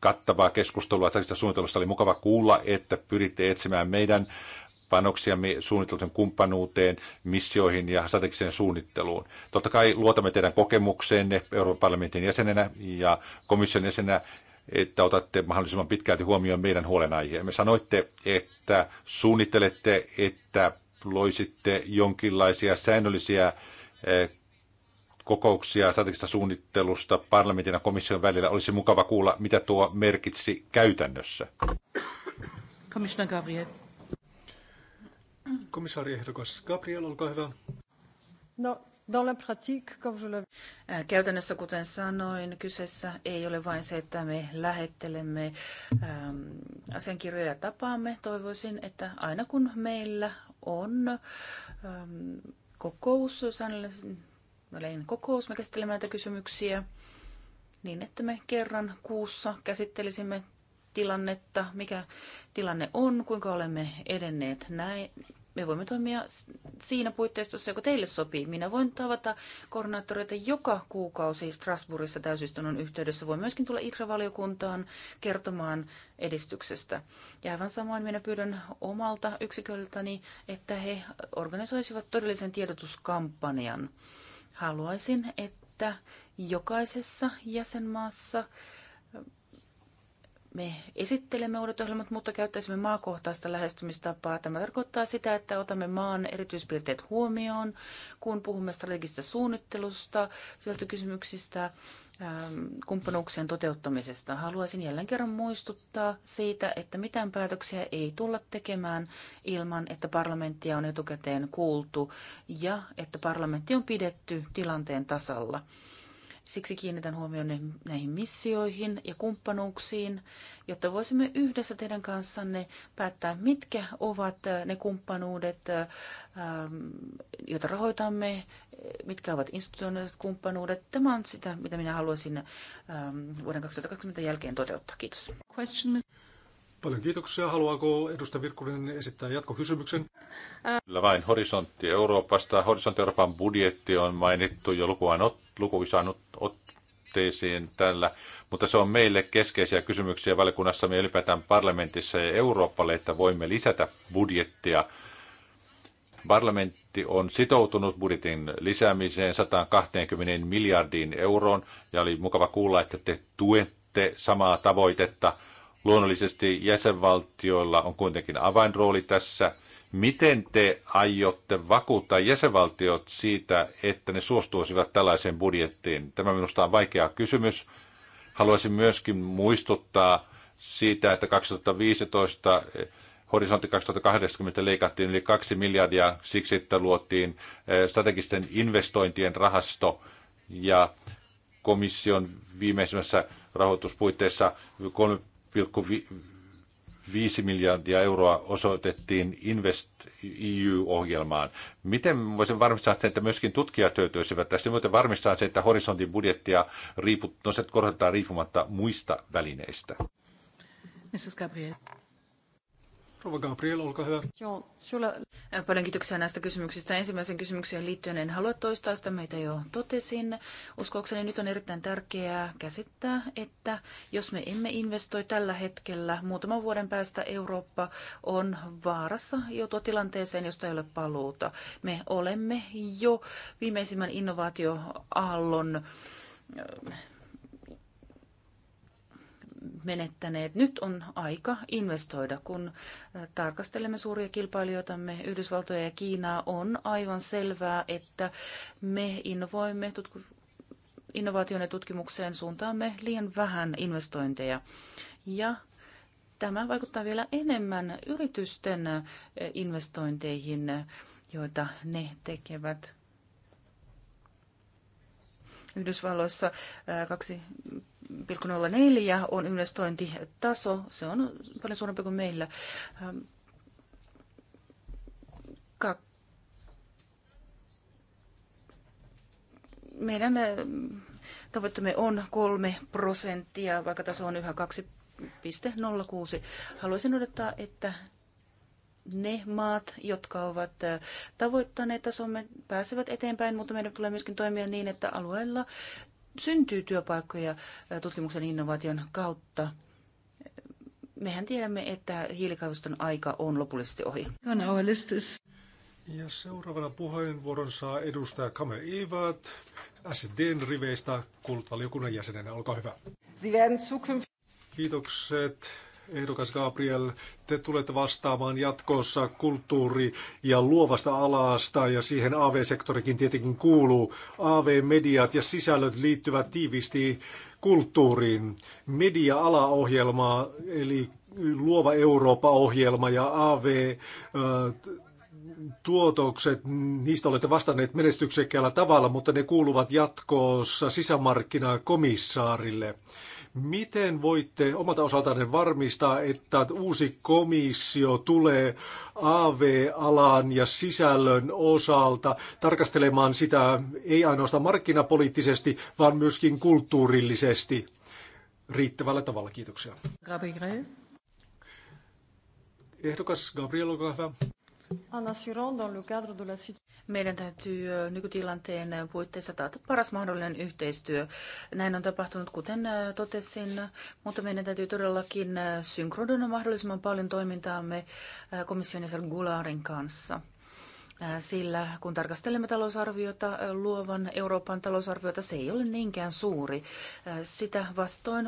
kattavaa keskustelua strategisesta suunnittelusta. Oli mukava kuulla, että pyritte etsimään meidän panoksiamme suunnittelun kumppanuuteen, missioihin ja strategiseen suunnitteluun. Totta kai luotamme teidän kokemukseenne Euroopan parlamentin jäsenenä ja komission jäsenenä että otatte mahdollisimman pitkälti huomioon meidän huolenaiheemme. Sanoitte, että suunnittelette, että loisitte jonkinlaisia säännöllisiä eh, kokouksia strategisesta suunnittelusta parlamentin ja komission välillä. Olisi mukava kuulla, mitä tuo merkitsi käytännössä. Commissioner Gabriel. Komissaari ehdokas Gabriel, olkaa hyvä. No, Äh, käytännössä, kuten sanoin, kyseessä ei ole vain se, että me lähettelemme ähm, asiankirjoja ja tapaamme. Toivoisin, että aina kun meillä on ähm, kokous, sanallinen kokous, me käsittelemme näitä kysymyksiä niin, että me kerran kuussa käsittelisimme tilannetta, mikä tilanne on, kuinka olemme edenneet näin me voimme toimia siinä puitteistossa, joka teille sopii. Minä voin tavata koordinaattoreita joka kuukausi Strasbourgissa täysistunnon yhteydessä. Voin myöskin tulla ITRA-valiokuntaan kertomaan edistyksestä. Ja aivan samoin minä pyydän omalta yksiköltäni, että he organisoisivat todellisen tiedotuskampanjan. Haluaisin, että jokaisessa jäsenmaassa – me esittelemme uudet ohjelmat, mutta käyttäisimme maakohtaista lähestymistapaa. Tämä tarkoittaa sitä, että otamme maan erityispiirteet huomioon, kun puhumme strategisesta suunnittelusta, sieltä kysymyksistä, ähm, kumppanuuksien toteuttamisesta. Haluaisin jälleen kerran muistuttaa siitä, että mitään päätöksiä ei tulla tekemään ilman, että parlamenttia on etukäteen kuultu ja että parlamentti on pidetty tilanteen tasalla. Siksi kiinnitän huomioon näihin missioihin ja kumppanuuksiin, jotta voisimme yhdessä teidän kanssanne päättää, mitkä ovat äh, ne kumppanuudet, äh, ähm, joita rahoitamme, äh, mitkä ovat institutionaaliset kumppanuudet. Tämä on sitä, mitä minä haluaisin ähm, vuoden 2020 jälkeen toteuttaa. Kiitos. Paljon kiitoksia. Haluaako edustaja Virkkunen esittää jatkokysymyksen? Kyllä vain. Horisontti Euroopasta. Horisontti Euroopan budjetti on mainittu jo lukuaan ottaa lukuisaan otteeseen tällä, mutta se on meille keskeisiä kysymyksiä valiokunnassa, me ylipäätään parlamentissa ja Euroopalle, että voimme lisätä budjettia. Parlamentti on sitoutunut budjetin lisäämiseen 120 miljardiin euroon ja oli mukava kuulla, että te tuette samaa tavoitetta. Luonnollisesti jäsenvaltioilla on kuitenkin avainrooli tässä Miten te aiotte vakuuttaa jäsenvaltiot siitä, että ne suostuisivat tällaiseen budjettiin? Tämä minusta on vaikea kysymys. Haluaisin myöskin muistuttaa siitä, että 2015 eh, horisontti 2020 leikattiin yli 2 miljardia siksi, että luotiin eh, strategisten investointien rahasto ja komission viimeisimmässä rahoituspuitteissa 5 miljardia euroa osoitettiin Invest EU-ohjelmaan. Miten voisin varmistaa sen, että myöskin tutkijat hyötyisivät tässä, Miten varmistaa se, että horisontin budjettia riiput, no, korotetaan riippumatta muista välineistä? Mrs. Gabriel. Rova Gabriel, olkaa hyvä. Joo, sulla... Äh, paljon kiitoksia näistä kysymyksistä. Ensimmäisen kysymykseen liittyen en halua toistaa sitä, meitä jo totesin. Uskoakseni nyt on erittäin tärkeää käsittää, että jos me emme investoi tällä hetkellä, muutaman vuoden päästä Eurooppa on vaarassa joutua tilanteeseen, josta ei ole paluuta. Me olemme jo viimeisimmän innovaatioaallon äh, menettäneet. Nyt on aika investoida. Kun äh, tarkastelemme suuria kilpailijoitamme, Yhdysvaltoja ja Kiinaa, on aivan selvää, että me innovoimme tutku- innovaation ja tutkimukseen suuntaamme liian vähän investointeja. Ja tämä vaikuttaa vielä enemmän yritysten äh, investointeihin, joita ne tekevät. Yhdysvalloissa äh, kaksi 0,04 on investointitaso. Se on paljon suurempi kuin meillä. Ähm, meidän äh, tavoitteemme on kolme prosenttia, vaikka taso on yhä 2,06. Haluaisin odottaa, että ne maat, jotka ovat äh, tavoittaneet tasomme, pääsevät eteenpäin, mutta meidän tulee myöskin toimia niin, että alueella syntyy työpaikkoja tutkimuksen innovaation kautta. Mehän tiedämme, että hiilikaivoston aika on lopullisesti ohi. Ja seuraavana puheenvuoron saa edustaja Kame Ivat, SDn riveistä kulttuurivaliokunnan jäsenenä. Olkaa hyvä. Kiitokset ehdokas Gabriel, te tulette vastaamaan jatkossa kulttuuri- ja luovasta alasta ja siihen AV-sektorikin tietenkin kuuluu. AV-mediat ja sisällöt liittyvät tiiviisti kulttuuriin. Media-alaohjelma eli Luova Eurooppa-ohjelma ja AV tuotokset, niistä olette vastanneet menestyksekkäällä tavalla, mutta ne kuuluvat jatkoossa sisämarkkinakomissaarille. komissaarille Miten voitte omalta osaltanne varmistaa, että uusi komissio tulee AV-alan ja sisällön osalta tarkastelemaan sitä ei ainoastaan markkinapoliittisesti, vaan myöskin kulttuurillisesti riittävällä tavalla? Kiitoksia. Gabriel. Ehdokas Gabriel, olkaa hyvä. Meidän täytyy nykytilanteen puitteissa taata paras mahdollinen yhteistyö. Näin on tapahtunut, kuten totesin, mutta meidän täytyy todellakin synkronoida mahdollisimman paljon toimintaamme komission jäsen Gularin kanssa sillä kun tarkastelemme talousarviota, luovan Euroopan talousarviota, se ei ole niinkään suuri. Sitä vastoin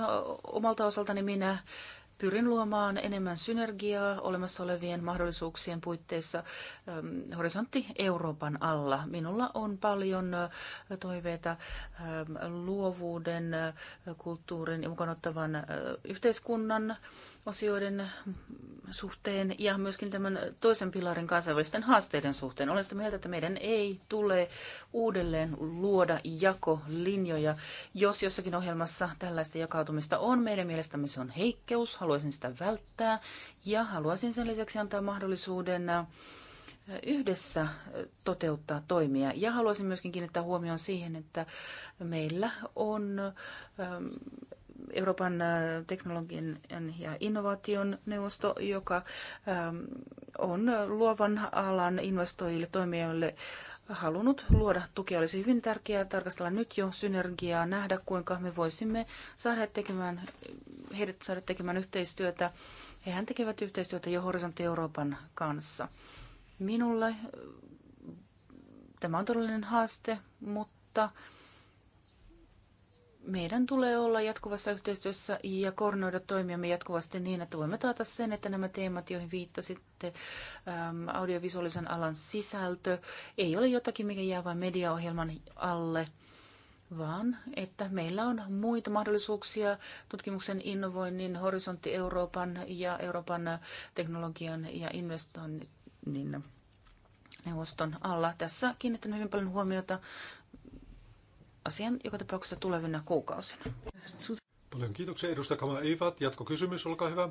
omalta osaltani minä pyrin luomaan enemmän synergiaa olemassa olevien mahdollisuuksien puitteissa ähm, horisontti Euroopan alla. Minulla on paljon äh, toiveita ähm, luovuuden, äh, kulttuurin ja ottavan äh, yhteiskunnan osioiden suhteen ja myöskin tämän toisen pilarin kansainvälisten haasteiden suhteen. Olen sitä mieltä, että meidän ei tule uudelleen luoda jakolinjoja. Jos jossakin ohjelmassa tällaista jakautumista on, meidän mielestämme se on heikkeus, haluaisin sitä välttää ja haluaisin sen lisäksi antaa mahdollisuuden yhdessä toteuttaa toimia. Ja haluaisin myöskin kiinnittää huomioon siihen, että meillä on Euroopan äh, teknologian ja innovaation neuvosto, joka ähm, on luovan alan investoijille, toimijoille halunnut luoda tukea. Olisi hyvin tärkeää tarkastella nyt jo synergiaa, nähdä kuinka me voisimme saada tekemään, heidät saada tekemään yhteistyötä. Hehän tekevät yhteistyötä jo Horisontti Euroopan kanssa. Minulle äh, tämä on todellinen haaste, mutta meidän tulee olla jatkuvassa yhteistyössä ja koordinoida toimiamme jatkuvasti niin, että voimme taata sen, että nämä teemat, joihin viittasitte, äm, audiovisuaalisen alan sisältö, ei ole jotakin, mikä jää vain mediaohjelman alle, vaan että meillä on muita mahdollisuuksia tutkimuksen, innovoinnin, horisontti Euroopan ja Euroopan teknologian ja investoinnin neuvoston alla. Tässä kiinnittänyt hyvin paljon huomiota asian joka tapauksessa tulevina kuukausina. Paljon kiitoksia edustaja Eivat. Jatko Jatkokysymys, olkaa hyvä.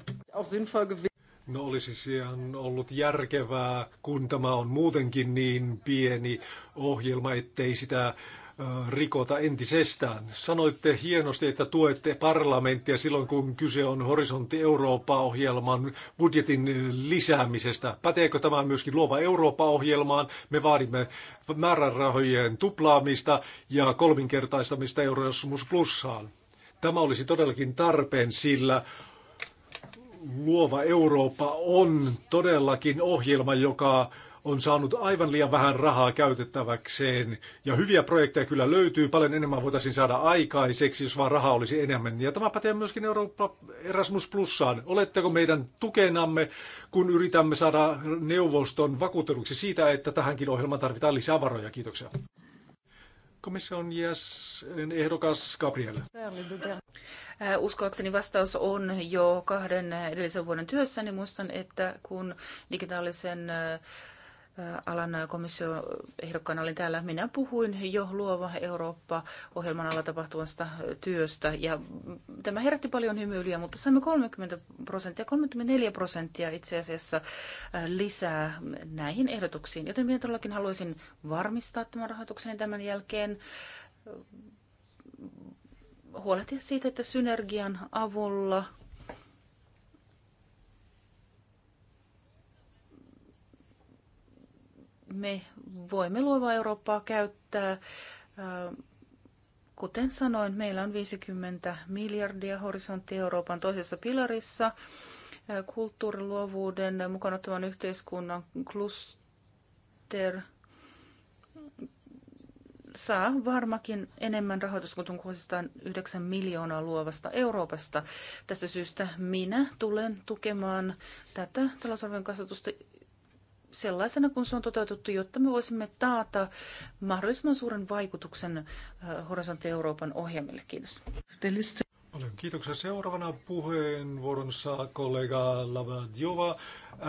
No olisi ihan ollut järkevää, kun tämä on muutenkin niin pieni ohjelma, ettei sitä Äh, rikota entisestään. Sanoitte hienosti, että tuette parlamenttia silloin, kun kyse on Horisontti Eurooppa-ohjelman budjetin äh, lisäämisestä. Päteekö tämä myöskin Luova Eurooppa-ohjelmaan? Me vaadimme määrärahojen tuplaamista ja kolminkertaistamista Eurosmus Plussaan. Tämä olisi todellakin tarpeen, sillä Luova Eurooppa on todellakin ohjelma, joka on saanut aivan liian vähän rahaa käytettäväkseen. Ja hyviä projekteja kyllä löytyy, paljon enemmän voitaisiin saada aikaiseksi, jos vaan rahaa olisi enemmän. Ja tämä pätee myöskin Eurooppa Erasmus Plussaan. Oletteko meidän tukenamme, kun yritämme saada neuvoston vakuutteluksi siitä, että tähänkin ohjelmaan tarvitaan lisää varoja? Kiitoksia. Komission jäsen ehdokas Gabriel. Äh, uskoakseni vastaus on jo kahden edellisen vuoden työssäni. Niin muistan, että kun digitaalisen äh, alan ja ehdokkaana olin täällä. Minä puhuin jo Luova Eurooppa-ohjelman alla tapahtuvasta työstä ja tämä herätti paljon hymyilyä, mutta saimme 30 prosenttia, 34 prosenttia itse asiassa äh, lisää näihin ehdotuksiin. Joten minä todellakin haluaisin varmistaa tämän rahoituksen tämän jälkeen äh, huolehtia siitä, että synergian avulla me voimme luovaa Eurooppaa käyttää. Äh, kuten sanoin, meillä on 50 miljardia horisontti Euroopan toisessa pilarissa. Äh, kulttuuriluovuuden mukana ottavan yhteiskunnan kluster saa varmakin enemmän rahoitusta kuin 609 miljoonaa luovasta Euroopasta. Tästä syystä minä tulen tukemaan tätä talousarvion kasvatusta sellaisena kuin se on toteutettu, jotta me voisimme taata mahdollisimman suuren vaikutuksen äh, Horisontti Euroopan ohjelmille. Kiitos. Paljon kiitoksia. Seuraavana puheenvuoron saa kollega Lavadjova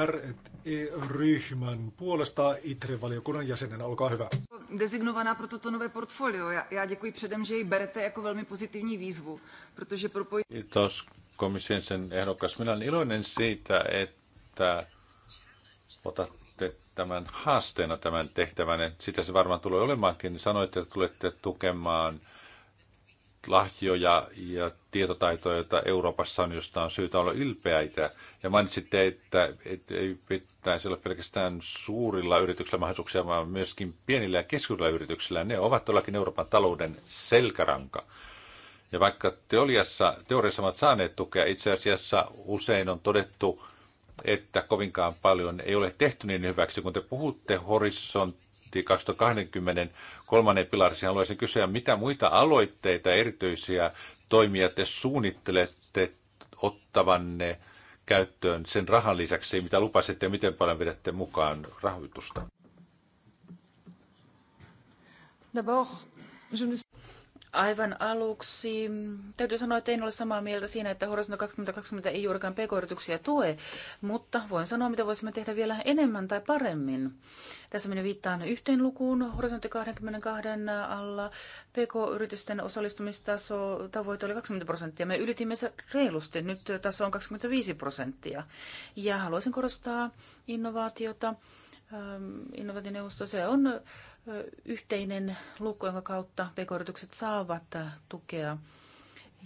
R&E-ryhmän puolesta ITRE-valiokunnan jäsenenä. Olkaa hyvä. Designovaná pro toto nové portfolio. Ja ja děkuji předem, že ji berete jako velmi pozitivní výzvu, protože propoj... Kiitos komission sen ehdokas. Minä olen iloinen siitä, että otat näette tämän haasteena tämän tehtävän? Sitä se varmaan tulee olemaankin. Sanoitte, että tulette tukemaan lahjoja ja tietotaitoja, joita Euroopassa on, josta on syytä olla ylpeitä. Ja mainitsitte, että ei pitäisi olla pelkästään suurilla yrityksillä mahdollisuuksia, vaan myöskin pienillä ja keskuudella yrityksillä. Ne ovat todellakin Euroopan talouden selkäranka. Ja vaikka teoriassa, teoriassa ovat saaneet tukea, itse asiassa usein on todettu, että kovinkaan paljon ei ole tehty niin hyväksi. Kun te puhutte horisontti 2020 kolmannen pilarissa, niin haluaisin kysyä, mitä muita aloitteita, erityisiä toimia te suunnittelette ottavanne käyttöön sen rahan lisäksi, mitä lupasitte ja miten paljon vedätte mukaan rahoitusta? Aivan aluksi täytyy sanoa, että en ole samaa mieltä siinä, että Horisont 2020 ei juurikaan pk-yrityksiä tue, mutta voin sanoa, mitä voisimme tehdä vielä enemmän tai paremmin. Tässä minä viittaan yhteen lukuun Horisontti 22 alla. PK-yritysten osallistumistaso tavoite oli 20 prosenttia. Me ylitimme se reilusti. Nyt taso on 25 prosenttia. Ja haluaisin korostaa innovaatiota. Innovaationeuvosto, se on yhteinen lukko, jonka kautta pk saavat tukea.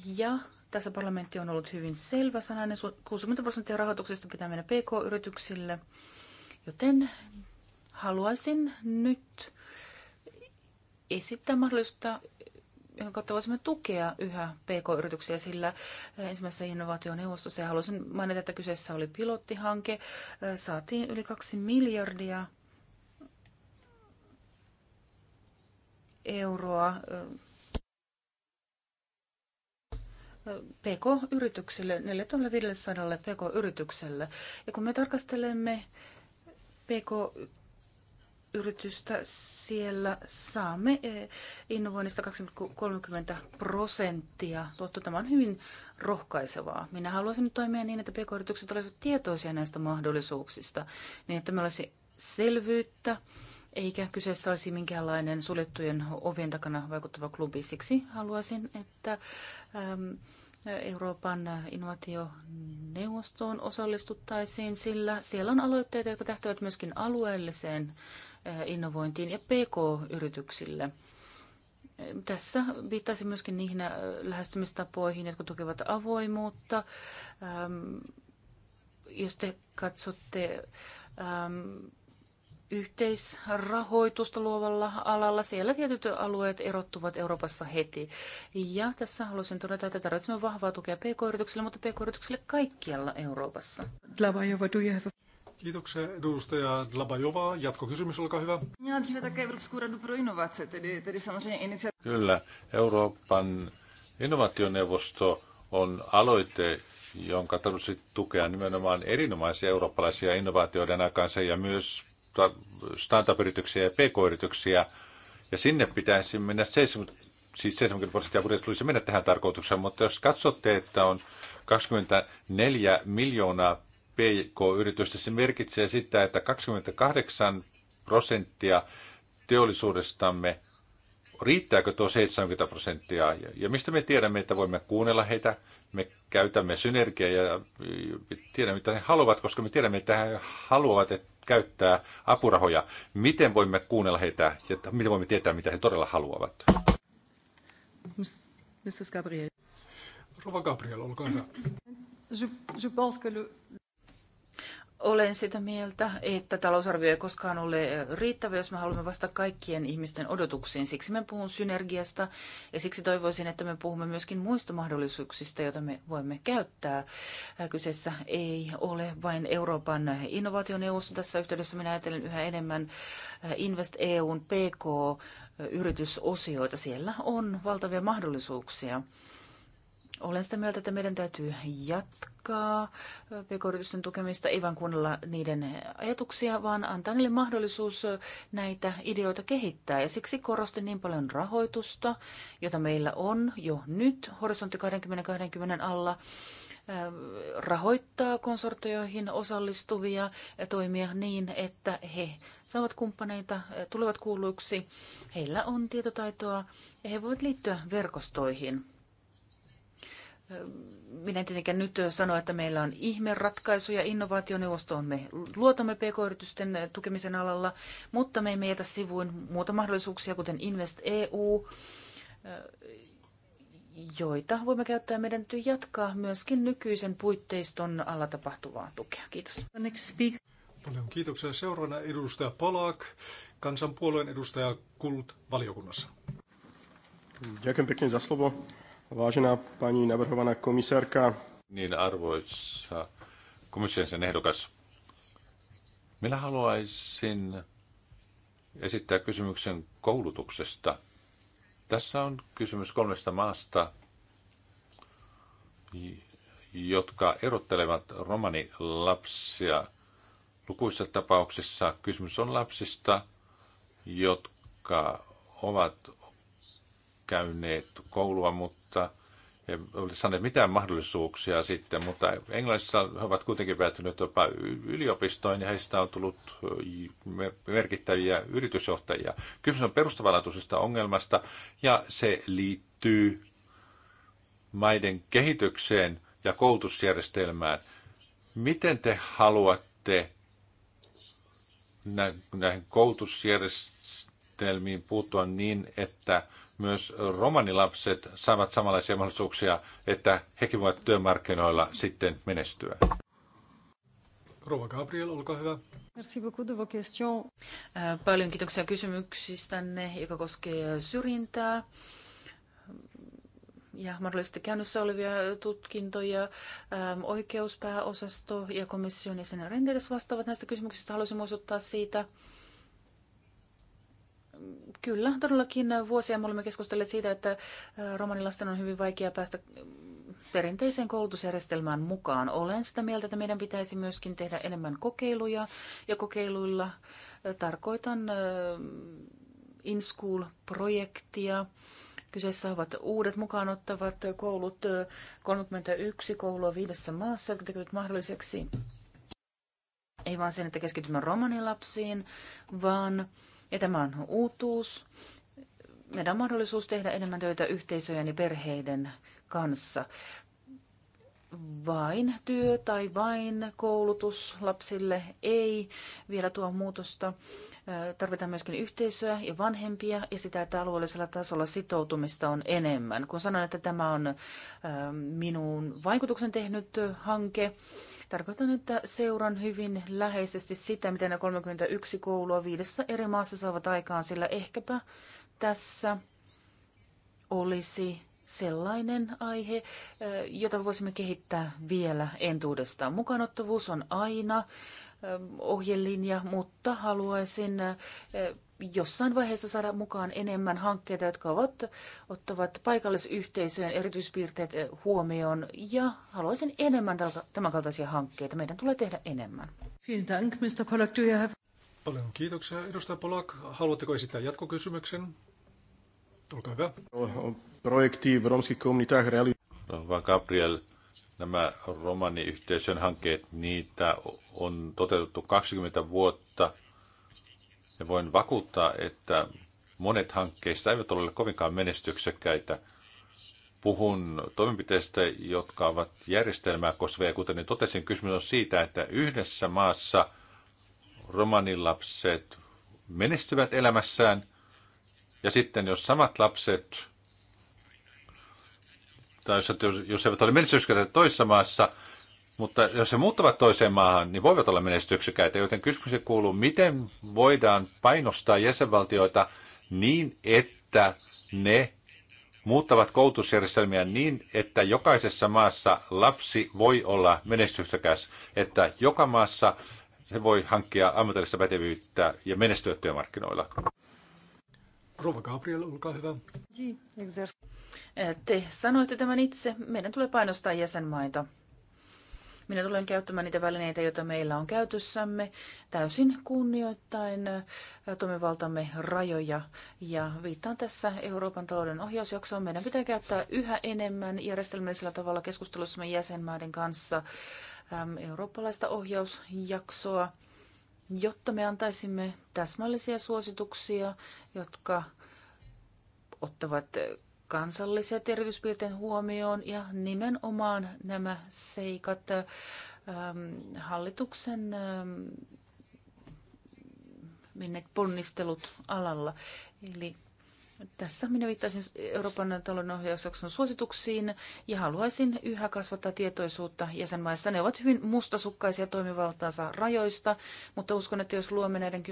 Ja tässä parlamentti on ollut hyvin selvä sanainen. 60 prosenttia rahoituksesta pitää mennä pk-yrityksille, joten haluaisin nyt esittää mahdollisuutta, jonka kautta voisimme tukea yhä PK-yrityksiä, sillä ensimmäisessä innovaationeuvostossa, ja haluaisin mainita, että kyseessä oli pilottihanke, saatiin yli kaksi miljardia euroa PK-yrityksille, 4500 PK-yritykselle. Ja kun me tarkastelemme PK-yritystä, siellä saamme innovoinnista 2,30 prosenttia. Tuotto, tämä on hyvin rohkaisevaa. Minä haluaisin nyt toimia niin, että PK-yritykset olisivat tietoisia näistä mahdollisuuksista, niin että meillä olisi selvyyttä eikä kyseessä olisi minkäänlainen suljettujen ovien takana vaikuttava klubi. Siksi haluaisin, että ähm, Euroopan innovaationeuvostoon osallistuttaisiin, sillä siellä on aloitteita, jotka tähtävät myöskin alueelliseen äh, innovointiin ja PK-yrityksille. Tässä viittaisin myöskin niihin äh, lähestymistapoihin, jotka tukevat avoimuutta. Ähm, jos te katsotte ähm, yhteisrahoitusta luovalla alalla. Siellä tietyt alueet erottuvat Euroopassa heti. Ja tässä haluaisin todeta, että tarvitsemme vahvaa tukea pk-yrityksille, mutta pk-yrityksille kaikkialla Euroopassa. Dlabajova, Kiitoksia edustaja Dlabajova. Jatkokysymys, olkaa hyvä. Kyllä, Euroopan innovaationeuvosto on aloite, jonka tarvitsisi tukea nimenomaan erinomaisia eurooppalaisia innovaatioiden aikaansa ja myös startup-yrityksiä ja pk-yrityksiä, ja sinne pitäisi mennä 70, siis 70 prosenttia budjetista tulisi mennä tähän tarkoitukseen, mutta jos katsotte, että on 24 miljoonaa PK-yritystä, se merkitsee sitä, että 28 prosenttia teollisuudestamme, riittääkö tuo 70 prosenttia? Ja mistä me tiedämme, että voimme kuunnella heitä? Me käytämme synergiaa ja tiedämme, mitä he haluavat, koska me tiedämme, että he haluavat, että käyttää apurahoja. Miten voimme kuunnella heitä ja miten voimme tietää, mitä he todella haluavat? Mrs. Gabriel. Rova Gabriel, olkaa hyvä. Je, je pense que le... Olen sitä mieltä, että talousarvio ei koskaan ole riittävä, jos me haluamme vastata kaikkien ihmisten odotuksiin. Siksi me puhun synergiasta ja siksi toivoisin, että me puhumme myöskin muista mahdollisuuksista, joita me voimme käyttää. Kyseessä ei ole vain Euroopan innovaationeuvosto. Tässä yhteydessä minä ajattelen yhä enemmän Invest EUn PK-yritysosioita. Siellä on valtavia mahdollisuuksia. Olen sitä mieltä, että meidän täytyy jatkaa pk tukemista, ei vain kuunnella niiden ajatuksia, vaan antaa niille mahdollisuus näitä ideoita kehittää. Ja siksi korostin niin paljon rahoitusta, jota meillä on jo nyt horisontti 2020 alla äh, rahoittaa konsortioihin osallistuvia toimia niin, että he saavat kumppaneita, äh, tulevat kuulluiksi, heillä on tietotaitoa ja he voivat liittyä verkostoihin. Minä en tietenkään nyt sano, että meillä on ihme ja innovaationeuvostoon me luotamme pk-yritysten tukemisen alalla, mutta me emme jätä sivuun muuta mahdollisuuksia, kuten Invest EU, joita voimme käyttää. Meidän täytyy jatkaa myöskin nykyisen puitteiston alla tapahtuvaa tukea. Kiitos. Paljon kiitoksia. Seuraavana edustaja Palak, kansanpuolueen edustaja Kult valiokunnassa. Ďakujem pekne za slovo. Vážená paní navrhovaná komisárka. Niin arvoisa komission sen ehdokas. Minä haluaisin esittää kysymyksen koulutuksesta. Tässä on kysymys kolmesta maasta, jotka erottelevat romanilapsia. Lukuissa tapauksissa kysymys on lapsista, jotka ovat käyneet koulua, mutta he olivat saaneet mitään mahdollisuuksia sitten, mutta Englannissa he ovat kuitenkin päätyneet jopa yliopistoon ja heistä on tullut eh, merkittäviä yritysjohtajia. Kysymys on perustavanlaatuisesta ongelmasta ja se liittyy maiden kehitykseen ja koulutusjärjestelmään. Miten te haluatte näihin koulutusjärjestelmiin puuttua niin, että myös romanilapset saavat samanlaisia mahdollisuuksia, että hekin voivat työmarkkinoilla sitten menestyä. Rouva Gabriel, olkaa hyvä. Merci beaucoup de vos questions. Äh, paljon kiitoksia kysymyksistänne, joka koskee syrjintää ja mahdollisesti käynnissä olevia tutkintoja. Ähm, oikeuspääosasto ja komission jäsenen Renders vastaavat näistä kysymyksistä. Haluaisin muistuttaa siitä, Kyllä, todellakin vuosia me olemme keskustelleet siitä, että äh, romanilasten on hyvin vaikea päästä mm, perinteiseen koulutusjärjestelmään mukaan. Olen sitä mieltä, että meidän pitäisi myöskin tehdä enemmän kokeiluja ja kokeiluilla äh, tarkoitan äh, in-school-projektia. Kyseessä ovat uudet mukaanottavat koulut, 31 koulua viidessä maassa, jotka tekevät mahdolliseksi ei vain sen, että keskitymme romanilapsiin, vaan ja tämä on uutuus. Meidän on mahdollisuus tehdä enemmän töitä yhteisöjen ja perheiden kanssa. Vain työ tai vain koulutus lapsille ei vielä tuo muutosta. Tarvitaan myöskin yhteisöä ja vanhempia ja sitä, että alueellisella tasolla sitoutumista on enemmän. Kun sanon, että tämä on minun vaikutuksen tehnyt hanke, Tarkoitan, että seuran hyvin läheisesti sitä, miten ne 31 koulua viidessä eri maassa saavat aikaan, sillä ehkäpä tässä olisi sellainen aihe, jota voisimme kehittää vielä entuudestaan. Mukanottavuus on aina ohjelinja, mutta haluaisin jossain vaiheessa saada mukaan enemmän hankkeita, jotka ovat, ottavat paikallisyhteisöjen erityispiirteet eh, huomioon ja haluaisin enemmän tämänkaltaisia hankkeita. Meidän tulee tehdä enemmän. Dank, Mr. Polak. Do you have... Paljon kiitoksia, edustaja Polak. Haluatteko esittää jatkokysymyksen? Olkaa hyvä. Projekti v romských reali... Gabriel, nämä romaniyhteisön hankkeet, niitä on toteutettu 20 vuotta ja voin vakuuttaa, että monet hankkeista eivät ole kovinkaan menestyksekkäitä. Puhun toimenpiteistä, jotka ovat järjestelmää koskevia. Kuten totesin, kysymys on siitä, että yhdessä maassa romanilapset menestyvät elämässään, ja sitten jos samat lapset, tai jos, jos eivät ole menestyksekkäitä toisessa maassa, mutta jos he muuttavat toiseen maahan, niin voivat olla menestyksekäitä, joten kysymys kuuluu, miten voidaan painostaa jäsenvaltioita niin, että ne muuttavat koulutusjärjestelmiä niin, että jokaisessa maassa lapsi voi olla menestyksekäs, että joka maassa se voi hankkia ammatillista pätevyyttä ja menestyä työmarkkinoilla. Rova Gabriel, olkaa hyvä. Eh, te sanoitte tämän itse. Meidän tulee painostaa jäsenmaita minä tulen käyttämään niitä välineitä, joita meillä on käytössämme täysin kunnioittain toimivaltamme rajoja. Ja viittaan tässä Euroopan talouden ohjausjaksoon. Meidän pitää käyttää yhä enemmän järjestelmällisellä tavalla keskustelussamme jäsenmaiden kanssa eurooppalaista ohjausjaksoa, jotta me antaisimme täsmällisiä suosituksia, jotka ottavat kansalliset erityispiirteet huomioon ja nimenomaan nämä seikat ähm, hallituksen ähm, menneet ponnistelut alalla. Eli tässä minä viittaisin Euroopan talouden ohjausjakson suosituksiin ja haluaisin yhä kasvattaa tietoisuutta jäsenmaissa. Ne ovat hyvin mustasukkaisia toimivaltaansa rajoista, mutta uskon, että jos luomme näiden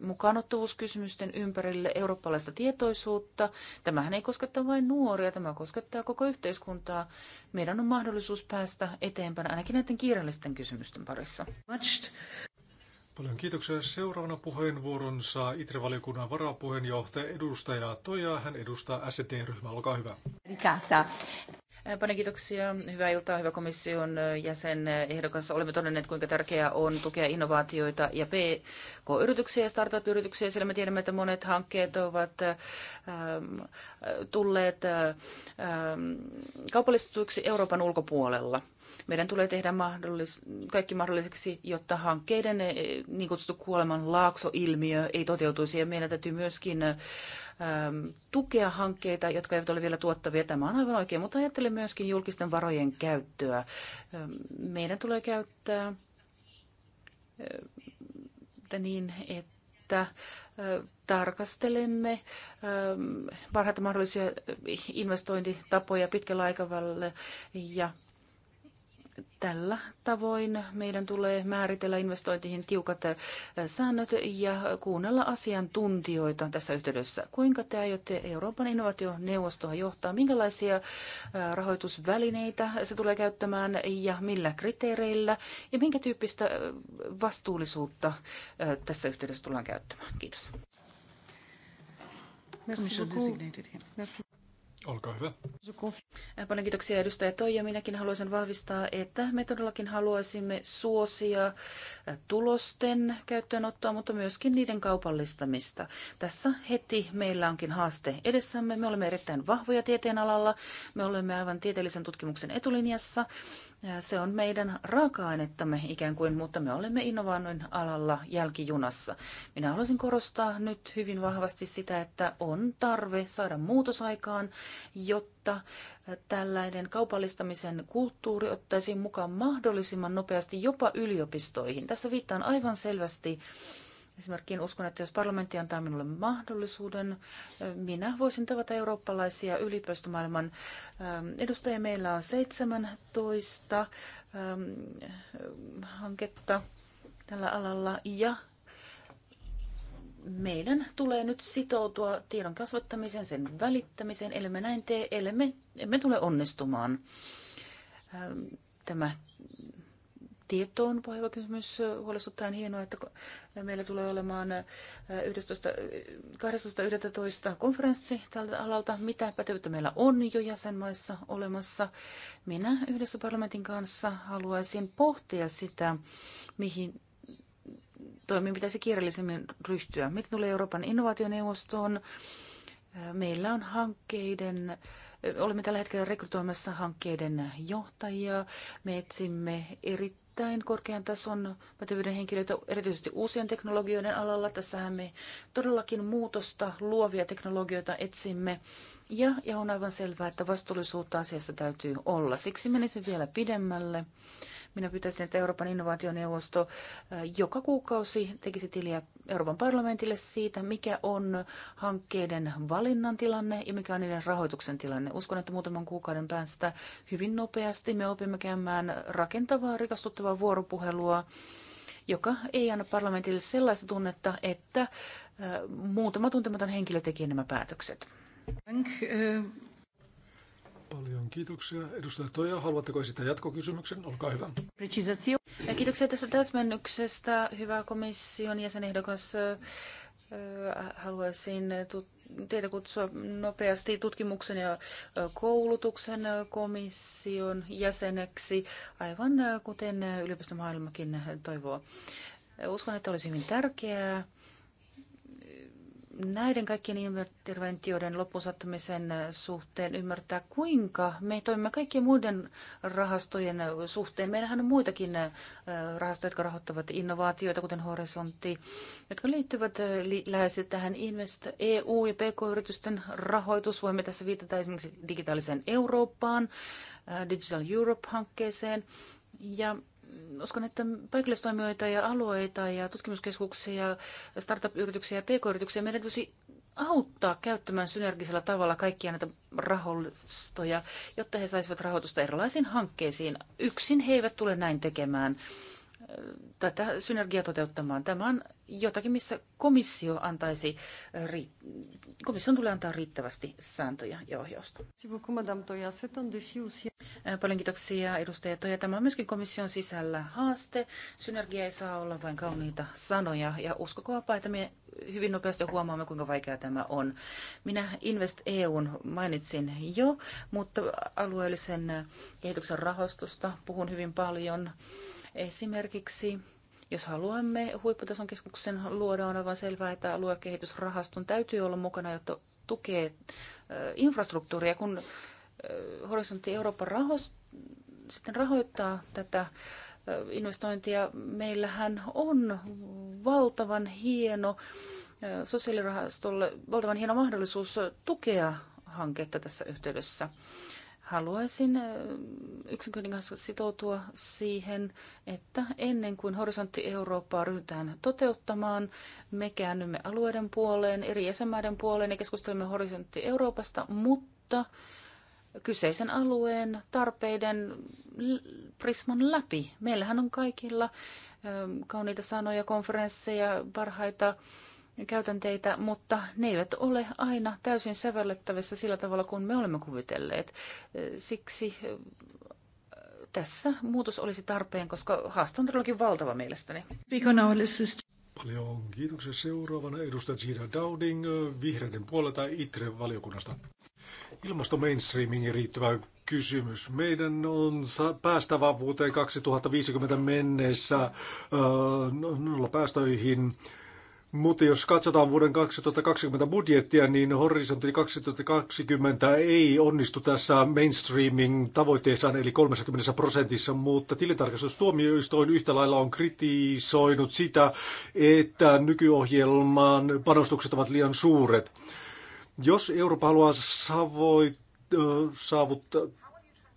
mukaanottavuuskysymysten ympärille eurooppalaista tietoisuutta. Tämähän ei kosketa vain nuoria, tämä koskettaa koko yhteiskuntaa. Meidän on mahdollisuus päästä eteenpäin ainakin näiden kiireellisten kysymysten parissa. Paljon kiitoksia. Seuraavana puheenvuoron saa ITRE-valiokunnan varapuheenjohtaja edustaja Toja. Hän edustaa ST-ryhmää. Olkaa hyvä. Paljon kiitoksia. Hyvää iltaa, hyvä komission jäsen ehdokas. Olemme todenneet, kuinka tärkeää on tukea innovaatioita ja PK-yrityksiä ja startup-yrityksiä, sillä me tiedämme, että monet hankkeet ovat ähm, tulleet ähm, kaupallistetuiksi Euroopan ulkopuolella. Meidän tulee tehdä mahdollis- kaikki mahdolliseksi, jotta hankkeiden eh, niin kutsuttu kuoleman laaksoilmiö ei toteutuisi. Ja meidän täytyy myöskin äm, tukea hankkeita, jotka eivät ole vielä tuottavia. Tämä on aivan oikein, mutta ajattelen myöskin julkisten varojen käyttöä. Ähm, meidän tulee käyttää äh, niin, että äh, tarkastelemme ähm, parhaita mahdollisia äh, investointitapoja pitkällä aikavälillä ja Tällä tavoin meidän tulee määritellä investointiin tiukat äh, säännöt ja kuunnella asiantuntijoita tässä yhteydessä. Kuinka te aiotte Euroopan innovaationeuvostoa johtaa? Minkälaisia äh, rahoitusvälineitä se tulee käyttämään ja millä kriteereillä? Ja minkä tyyppistä äh, vastuullisuutta tässä yhteydessä tullaan käyttämään? Kiitos. Merci Olkaa hyvä. Paljon kiitoksia edustaja Toija. Minäkin haluaisin vahvistaa, että me todellakin haluaisimme suosia tulosten käyttöönottoa, mutta myöskin niiden kaupallistamista. Tässä heti meillä onkin haaste edessämme. Me olemme erittäin vahvoja tieteen alalla. Me olemme aivan tieteellisen tutkimuksen etulinjassa. Se on meidän raaka-ainettamme ikään kuin, mutta me olemme innovaannoin alalla jälkijunassa. Minä haluaisin korostaa nyt hyvin vahvasti sitä, että on tarve saada muutosaikaan, jotta tällainen kaupallistamisen kulttuuri ottaisi mukaan mahdollisimman nopeasti jopa yliopistoihin. Tässä viittaan aivan selvästi Esimerkiksi uskon, että jos parlamentti antaa minulle mahdollisuuden, minä voisin tavata eurooppalaisia yliopistomaailman ähm, edustajia. Meillä on 17 ähm, hanketta tällä alalla ja meidän tulee nyt sitoutua tiedon kasvattamiseen, sen välittämiseen. me näin tee, me, me tule onnistumaan. Ähm, tämä tietoon pohjava kysymys. Huolestuttaa on hienoa, että meillä tulee olemaan 12.11. konferenssi tältä alalta. Mitä pätevyyttä meillä on jo jäsenmaissa olemassa? Minä yhdessä parlamentin kanssa haluaisin pohtia sitä, mihin toimiin pitäisi kiireellisemmin ryhtyä. Mitä tulee Euroopan innovaationeuvostoon? Meillä on hankkeiden olemme tällä hetkellä rekrytoimassa hankkeiden johtajia. Me etsimme erittäin erittäin korkean tason pätevyyden henkilöitä, erityisesti uusien teknologioiden alalla. Tässähän me todellakin muutosta luovia teknologioita etsimme ja, ja on aivan selvää, että vastuullisuutta asiassa täytyy olla. Siksi menisin vielä pidemmälle. Minä pyytäisin, että Euroopan innovaationeuvosto äh, joka kuukausi tekisi tiliä Euroopan parlamentille siitä, mikä on hankkeiden valinnan tilanne ja mikä on niiden rahoituksen tilanne. Uskon, että muutaman kuukauden päästä hyvin nopeasti me opimme käymään rakentavaa, rikastuttavaa vuoropuhelua joka ei anna parlamentille sellaista tunnetta, että äh, muutama tuntematon henkilö tekee nämä päätökset. Äh, Paljon kiitoksia. Edustaja Toja, haluatteko esittää jatkokysymyksen? Olkaa hyvä. Kiitoksia tästä täsmennyksestä, hyvä komission jäsenehdokas. Äh, haluaisin teitä kutsua nopeasti tutkimuksen ja äh, koulutuksen komission jäseneksi, aivan kuten yliopistomaailmakin toivoo. Uskon, että olisi hyvin tärkeää näiden kaikkien interventioiden loppusattamisen suhteen ymmärtää, kuinka me toimimme kaikkien muiden rahastojen suhteen. Meillähän on muitakin äh, rahastoja, jotka rahoittavat innovaatioita, kuten Horisontti, jotka liittyvät äh, lähes tähän Invest EU- ja PK-yritysten rahoitus. Voimme tässä viitata esimerkiksi digitaaliseen Eurooppaan, äh, Digital Europe-hankkeeseen. Ja uskon, että paikallistoimijoita ja alueita ja tutkimuskeskuksia, startup-yrityksiä ja pk-yrityksiä meidän tulisi auttaa käyttämään synergisellä tavalla kaikkia näitä rahoistoja, jotta he saisivat rahoitusta erilaisiin hankkeisiin. Yksin he eivät tule näin tekemään äh, tätä synergiaa toteuttamaan. Tämä on jotakin, missä komissio antaisi, komission tulee antaa riittävästi sääntöjä ja ohjausta. Paljon kiitoksia edustaja Toja. Tämä on myöskin komission sisällä haaste. Synergia ei saa olla vain kauniita sanoja ja uskokoapa, että me hyvin nopeasti huomaamme, kuinka vaikea tämä on. Minä Invest EUn mainitsin jo, mutta alueellisen kehityksen rahoitusta puhun hyvin paljon. Esimerkiksi jos haluamme huipputason keskuksen luoda, on aivan selvää, että aluekehitysrahaston täytyy olla mukana, jotta tukee infrastruktuuria. Kun Horisontti Eurooppa rahos, sitten rahoittaa tätä investointia. Meillähän on valtavan hieno sosiaalirahastolle valtavan hieno mahdollisuus tukea hanketta tässä yhteydessä. Haluaisin yksinkertaisesti kanssa sitoutua siihen, että ennen kuin Horisontti Eurooppaa ryhdytään toteuttamaan, me käännymme alueiden puoleen, eri jäsenmaiden puoleen ja keskustelemme Horisontti Euroopasta, mutta kyseisen alueen tarpeiden prisman läpi. Meillähän on kaikilla ähm, kauniita sanoja, konferensseja, parhaita käytänteitä, mutta ne eivät ole aina täysin sävellettävissä sillä tavalla kuin me olemme kuvitelleet. Äh, siksi äh, tässä muutos olisi tarpeen, koska haaste on todellakin valtava mielestäni. Paljon kiitoksia seuraavana edustaja Gina Dowding äh, vihreiden puolelta ITRE-valiokunnasta. Ilmastomainstreamingiin riittyvä kysymys. Meidän on päästävä vuoteen 2050 mennessä no- nolla päästöihin. Mutta jos katsotaan vuoden 2020 budjettia, niin horisontti 2020 ei onnistu tässä mainstreaming tavoitteessaan, eli 30 prosentissa, mutta tilintarkastustuomioistuin yhtä lailla on kritisoinut sitä, että nykyohjelman panostukset ovat liian suuret. Jos Eurooppa haluaa saavuttaa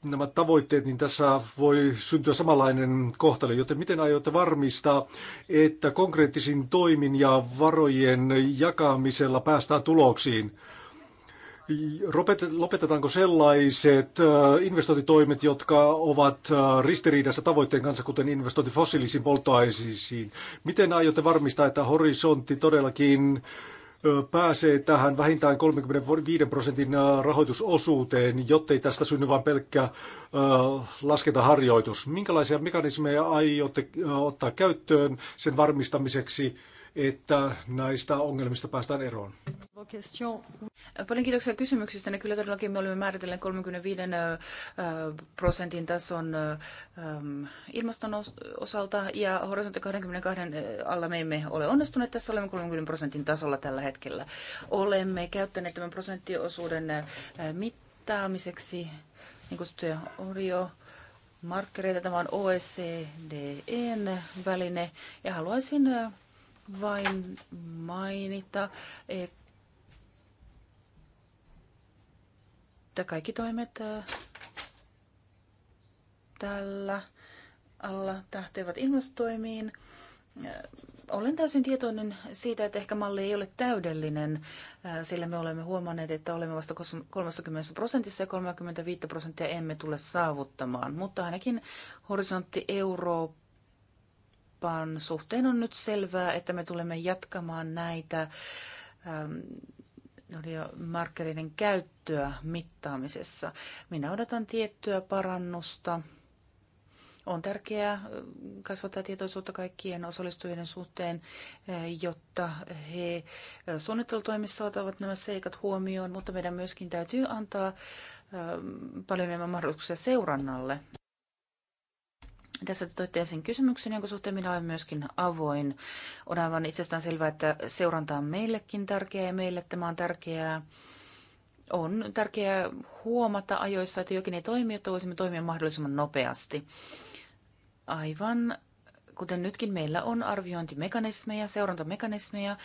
nämä tavoitteet, niin tässä voi syntyä samanlainen kohtalo. Joten miten aiotte varmistaa, että konkreettisin toimin ja varojen jakamisella päästään tuloksiin? Lopetetaanko sellaiset investointitoimet, jotka ovat ristiriidassa tavoitteen kanssa, kuten investointi fossiilisiin polttoaineisiin? Miten aiotte varmistaa, että horisontti todellakin pääsee tähän vähintään 35 prosentin rahoitusosuuteen, jottei tästä synny vain pelkkä laskentaharjoitus. Minkälaisia mekanismeja aiotte ottaa käyttöön sen varmistamiseksi, että näistä ongelmista päästään eroon. Paljon kiitoksia kysymyksistä. Ne kyllä todellakin me olemme määritelleet 35 prosentin tason ähm, ilmaston osalta ja horisontti 22 alla me emme ole onnistuneet. Tässä olemme 30 prosentin tasolla tällä hetkellä. Olemme käyttäneet tämän prosenttiosuuden mittaamiseksi niin kutsuttuja orio markkereita. Tämä on OECDn väline ja haluaisin vain mainita, että kaikki toimet äh, tällä alla tähtevät investoimiin. Äh, olen täysin tietoinen siitä, että ehkä malli ei ole täydellinen, äh, sillä me olemme huomanneet, että olemme vasta 30 prosentissa ja 35 prosenttia emme tule saavuttamaan. Mutta ainakin horisontti Eurooppa Euroopan suhteen on nyt selvää, että me tulemme jatkamaan näitä ähm, markkereiden käyttöä mittaamisessa. Minä odotan tiettyä parannusta. On tärkeää äh, kasvattaa tietoisuutta kaikkien osallistujien suhteen, äh, jotta he äh, suunnittelutoimissa ottavat nämä seikat huomioon, mutta meidän myöskin täytyy antaa paljon enemmän mahdollisuuksia seurannalle. Tässä te toitte sen kysymyksen, jonka suhteen minä olen myöskin avoin. On aivan itsestään selvää, että seuranta on meillekin tärkeää ja meille tämä on tärkeää. On tärkeää huomata ajoissa, että jokin ei toimi, että voisimme toimia mahdollisimman nopeasti. Aivan kuten nytkin meillä on arviointimekanismeja, seurantamekanismeja,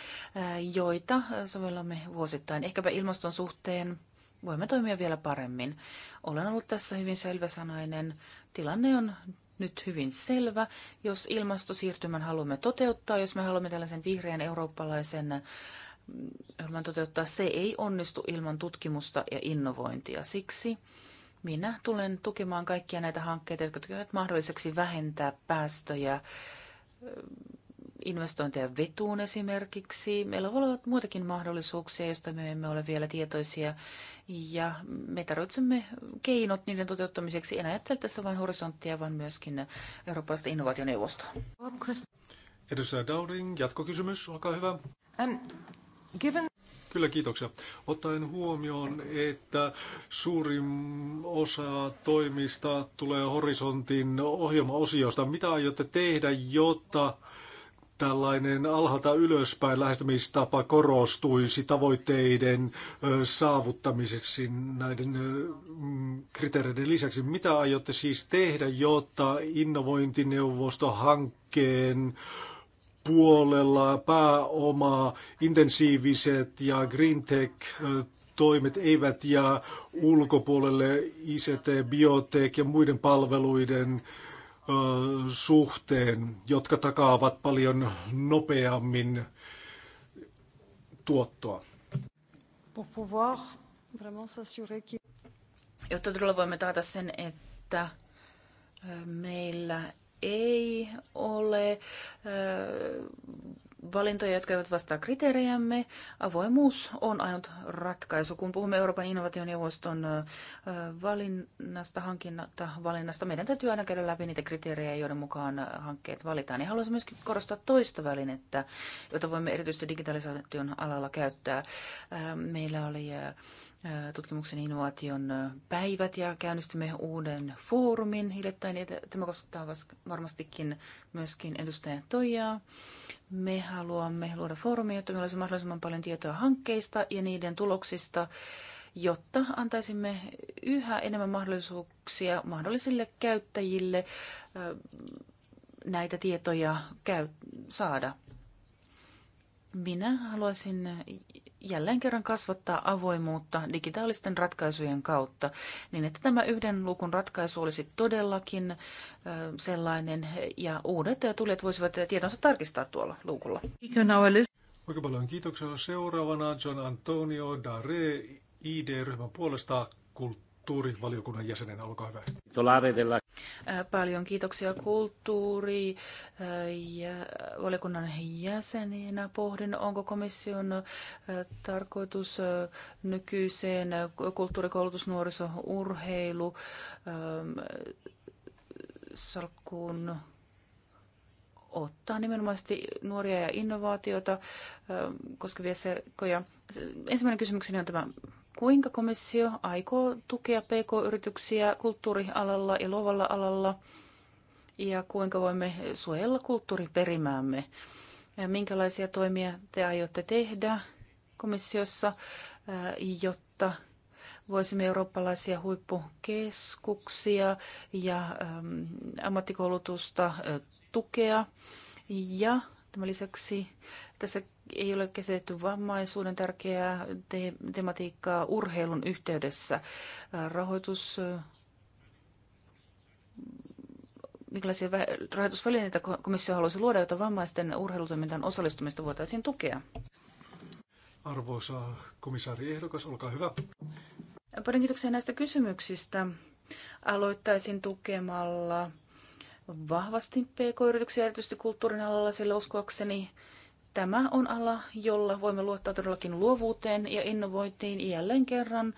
joita sovellamme vuosittain. Ehkäpä ilmaston suhteen voimme toimia vielä paremmin. Olen ollut tässä hyvin selväsanainen. Tilanne on nyt hyvin selvä. Jos ilmastosiirtymän haluamme toteuttaa, jos me haluamme tällaisen vihreän eurooppalaisen ohjelman mm, toteuttaa, se ei onnistu ilman tutkimusta ja innovointia. Siksi minä tulen tukemaan kaikkia näitä hankkeita, jotka tekevät mahdolliseksi vähentää päästöjä mm, investointeja vetuun esimerkiksi. Meillä voi olla muitakin mahdollisuuksia, joista me emme ole vielä tietoisia. Ja me tarvitsemme keinot niiden toteuttamiseksi. En ajattele tässä vain horisonttia, vaan myöskin eurooppalaista innovaationeuvostoa. Edustaja Dowding, jatkokysymys, olkaa hyvä. Um, given... Kyllä, kiitoksia. Ottaen huomioon, että suurin osa toimista tulee horisontin ohjelmaosiosta, mitä aiotte tehdä, jotta tällainen alhaalta ylöspäin lähestymistapa korostuisi tavoitteiden saavuttamiseksi näiden mm, kriteereiden lisäksi. Mitä aiotte siis tehdä, jotta innovointineuvostohankkeen puolella pääoma, intensiiviset ja green tech toimet eivät jää ulkopuolelle ICT, biotech ja muiden palveluiden äh, suhteen, jotka takaavat paljon nopeammin tuottoa. Jotta todella voimme taata sen, että meillä ei ole valintoja, jotka eivät vastaa kriteerejämme. Avoimuus on ainut ratkaisu. Kun puhumme Euroopan innovaationeuvoston valinnasta, hankinnasta, valinnasta, meidän täytyy aina käydä läpi niitä kriteerejä, joiden mukaan hankkeet valitaan. Ja haluaisin myöskin korostaa toista välinettä, jota voimme erityisesti digitalisaation alalla käyttää. Meillä oli tutkimuksen innovaation päivät ja käynnistimme uuden foorumin hiljattain. Tämä koskettaa varmastikin myöskin edustajan Toijaa. Me haluamme luoda foorumia, jotta meillä olisi mahdollisimman paljon tietoa hankkeista ja niiden tuloksista, jotta antaisimme yhä enemmän mahdollisuuksia mahdollisille käyttäjille näitä tietoja käy, saada. Minä haluaisin jälleen kerran kasvattaa avoimuutta digitaalisten ratkaisujen kautta, niin että tämä yhden lukun ratkaisu olisi todellakin sellainen, ja uudet tulijat voisivat tietonsa tarkistaa tuolla luukulla. Oikein paljon kiitoksia. Seuraavana John Antonio Dare, ID-ryhmän puolesta kulttuuri valiokunnan jäsenenä. Olkaa hyvä. Paljon kiitoksia kulttuuri ja valiokunnan jäsenenä. Pohdin, onko komission tarkoitus nykyiseen kulttuurikoulutus, nuoriso, urheilu salkkuun ottaa nimenomaisesti nuoria ja innovaatiota koskevia sekoja. Ensimmäinen kysymykseni on tämä Kuinka komissio aikoo tukea PK-yrityksiä kulttuurialalla ja luovalla alalla? Ja kuinka voimme suojella kulttuuriperimäämme? Ja minkälaisia toimia te aiotte tehdä komissiossa, jotta voisimme eurooppalaisia huippukeskuksia ja ammattikoulutusta tukea? Ja tämän lisäksi tässä ei ole käsitetty vammaisuuden tärkeää te- tematiikkaa urheilun yhteydessä. Rahoitus, minkälaisia rahoitusvälineitä komissio haluaisi luoda, jotta vammaisten urheilutoimintaan osallistumista voitaisiin tukea? Arvoisa komissaari ehdokas, olkaa hyvä. Paljon kiitoksia näistä kysymyksistä. Aloittaisin tukemalla vahvasti PK-yrityksiä, erityisesti kulttuurin alalla, sillä uskoakseni Tämä on ala, jolla voimme luottaa todellakin luovuuteen ja innovointiin jälleen kerran.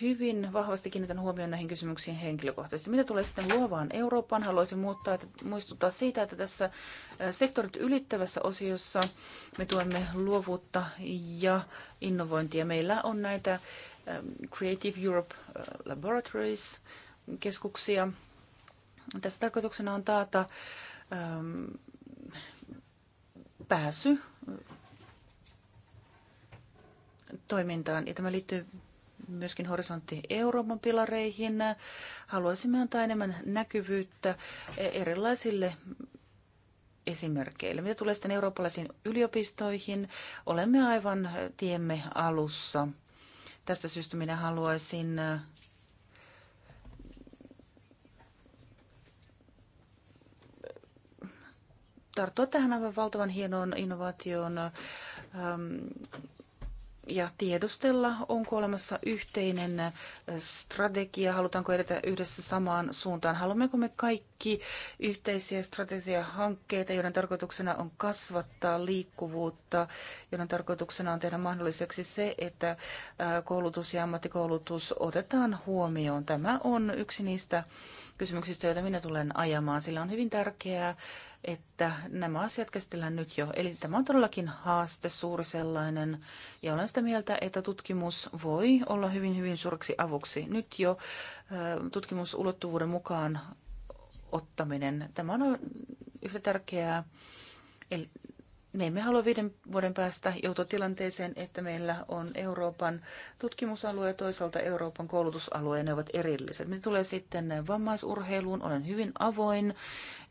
Hyvin vahvasti kiinnitän huomioon näihin kysymyksiin henkilökohtaisesti. Mitä tulee sitten luovaan Eurooppaan, haluaisin muuttaa, että, muistuttaa siitä, että tässä sektorit ylittävässä osiossa me tuemme luovuutta ja innovointia. Meillä on näitä Creative Europe Laboratories-keskuksia. Tässä tarkoituksena on taata pääsy toimintaan. Ja tämä liittyy myöskin horisontti Euroopan pilareihin. Haluaisimme antaa enemmän näkyvyyttä erilaisille esimerkkeille. Mitä tulee sitten eurooppalaisiin yliopistoihin, olemme aivan tiemme alussa. Tästä syystä minä haluaisin tarttua tähän aivan valtavan hienoon innovaatioon ähm, ja tiedustella, onko olemassa yhteinen äh, strategia, halutaanko edetä yhdessä samaan suuntaan, haluammeko me kaikki yhteisiä strategisia hankkeita, joiden tarkoituksena on kasvattaa liikkuvuutta, joiden tarkoituksena on tehdä mahdolliseksi se, että äh, koulutus ja ammattikoulutus otetaan huomioon. Tämä on yksi niistä kysymyksistä, joita minä tulen ajamaan. Sillä on hyvin tärkeää, että nämä asiat käsitellään nyt jo. Eli tämä on todellakin haaste, suuri sellainen, ja olen sitä mieltä, että tutkimus voi olla hyvin, hyvin suureksi avuksi. Nyt jo tutkimusulottuvuuden mukaan ottaminen, tämä on yhtä tärkeää me emme halua viiden vuoden päästä joutua tilanteeseen, että meillä on Euroopan tutkimusalue ja toisaalta Euroopan koulutusalue, ja ne ovat erilliset. Mitä tulee sitten vammaisurheiluun, olen hyvin avoin.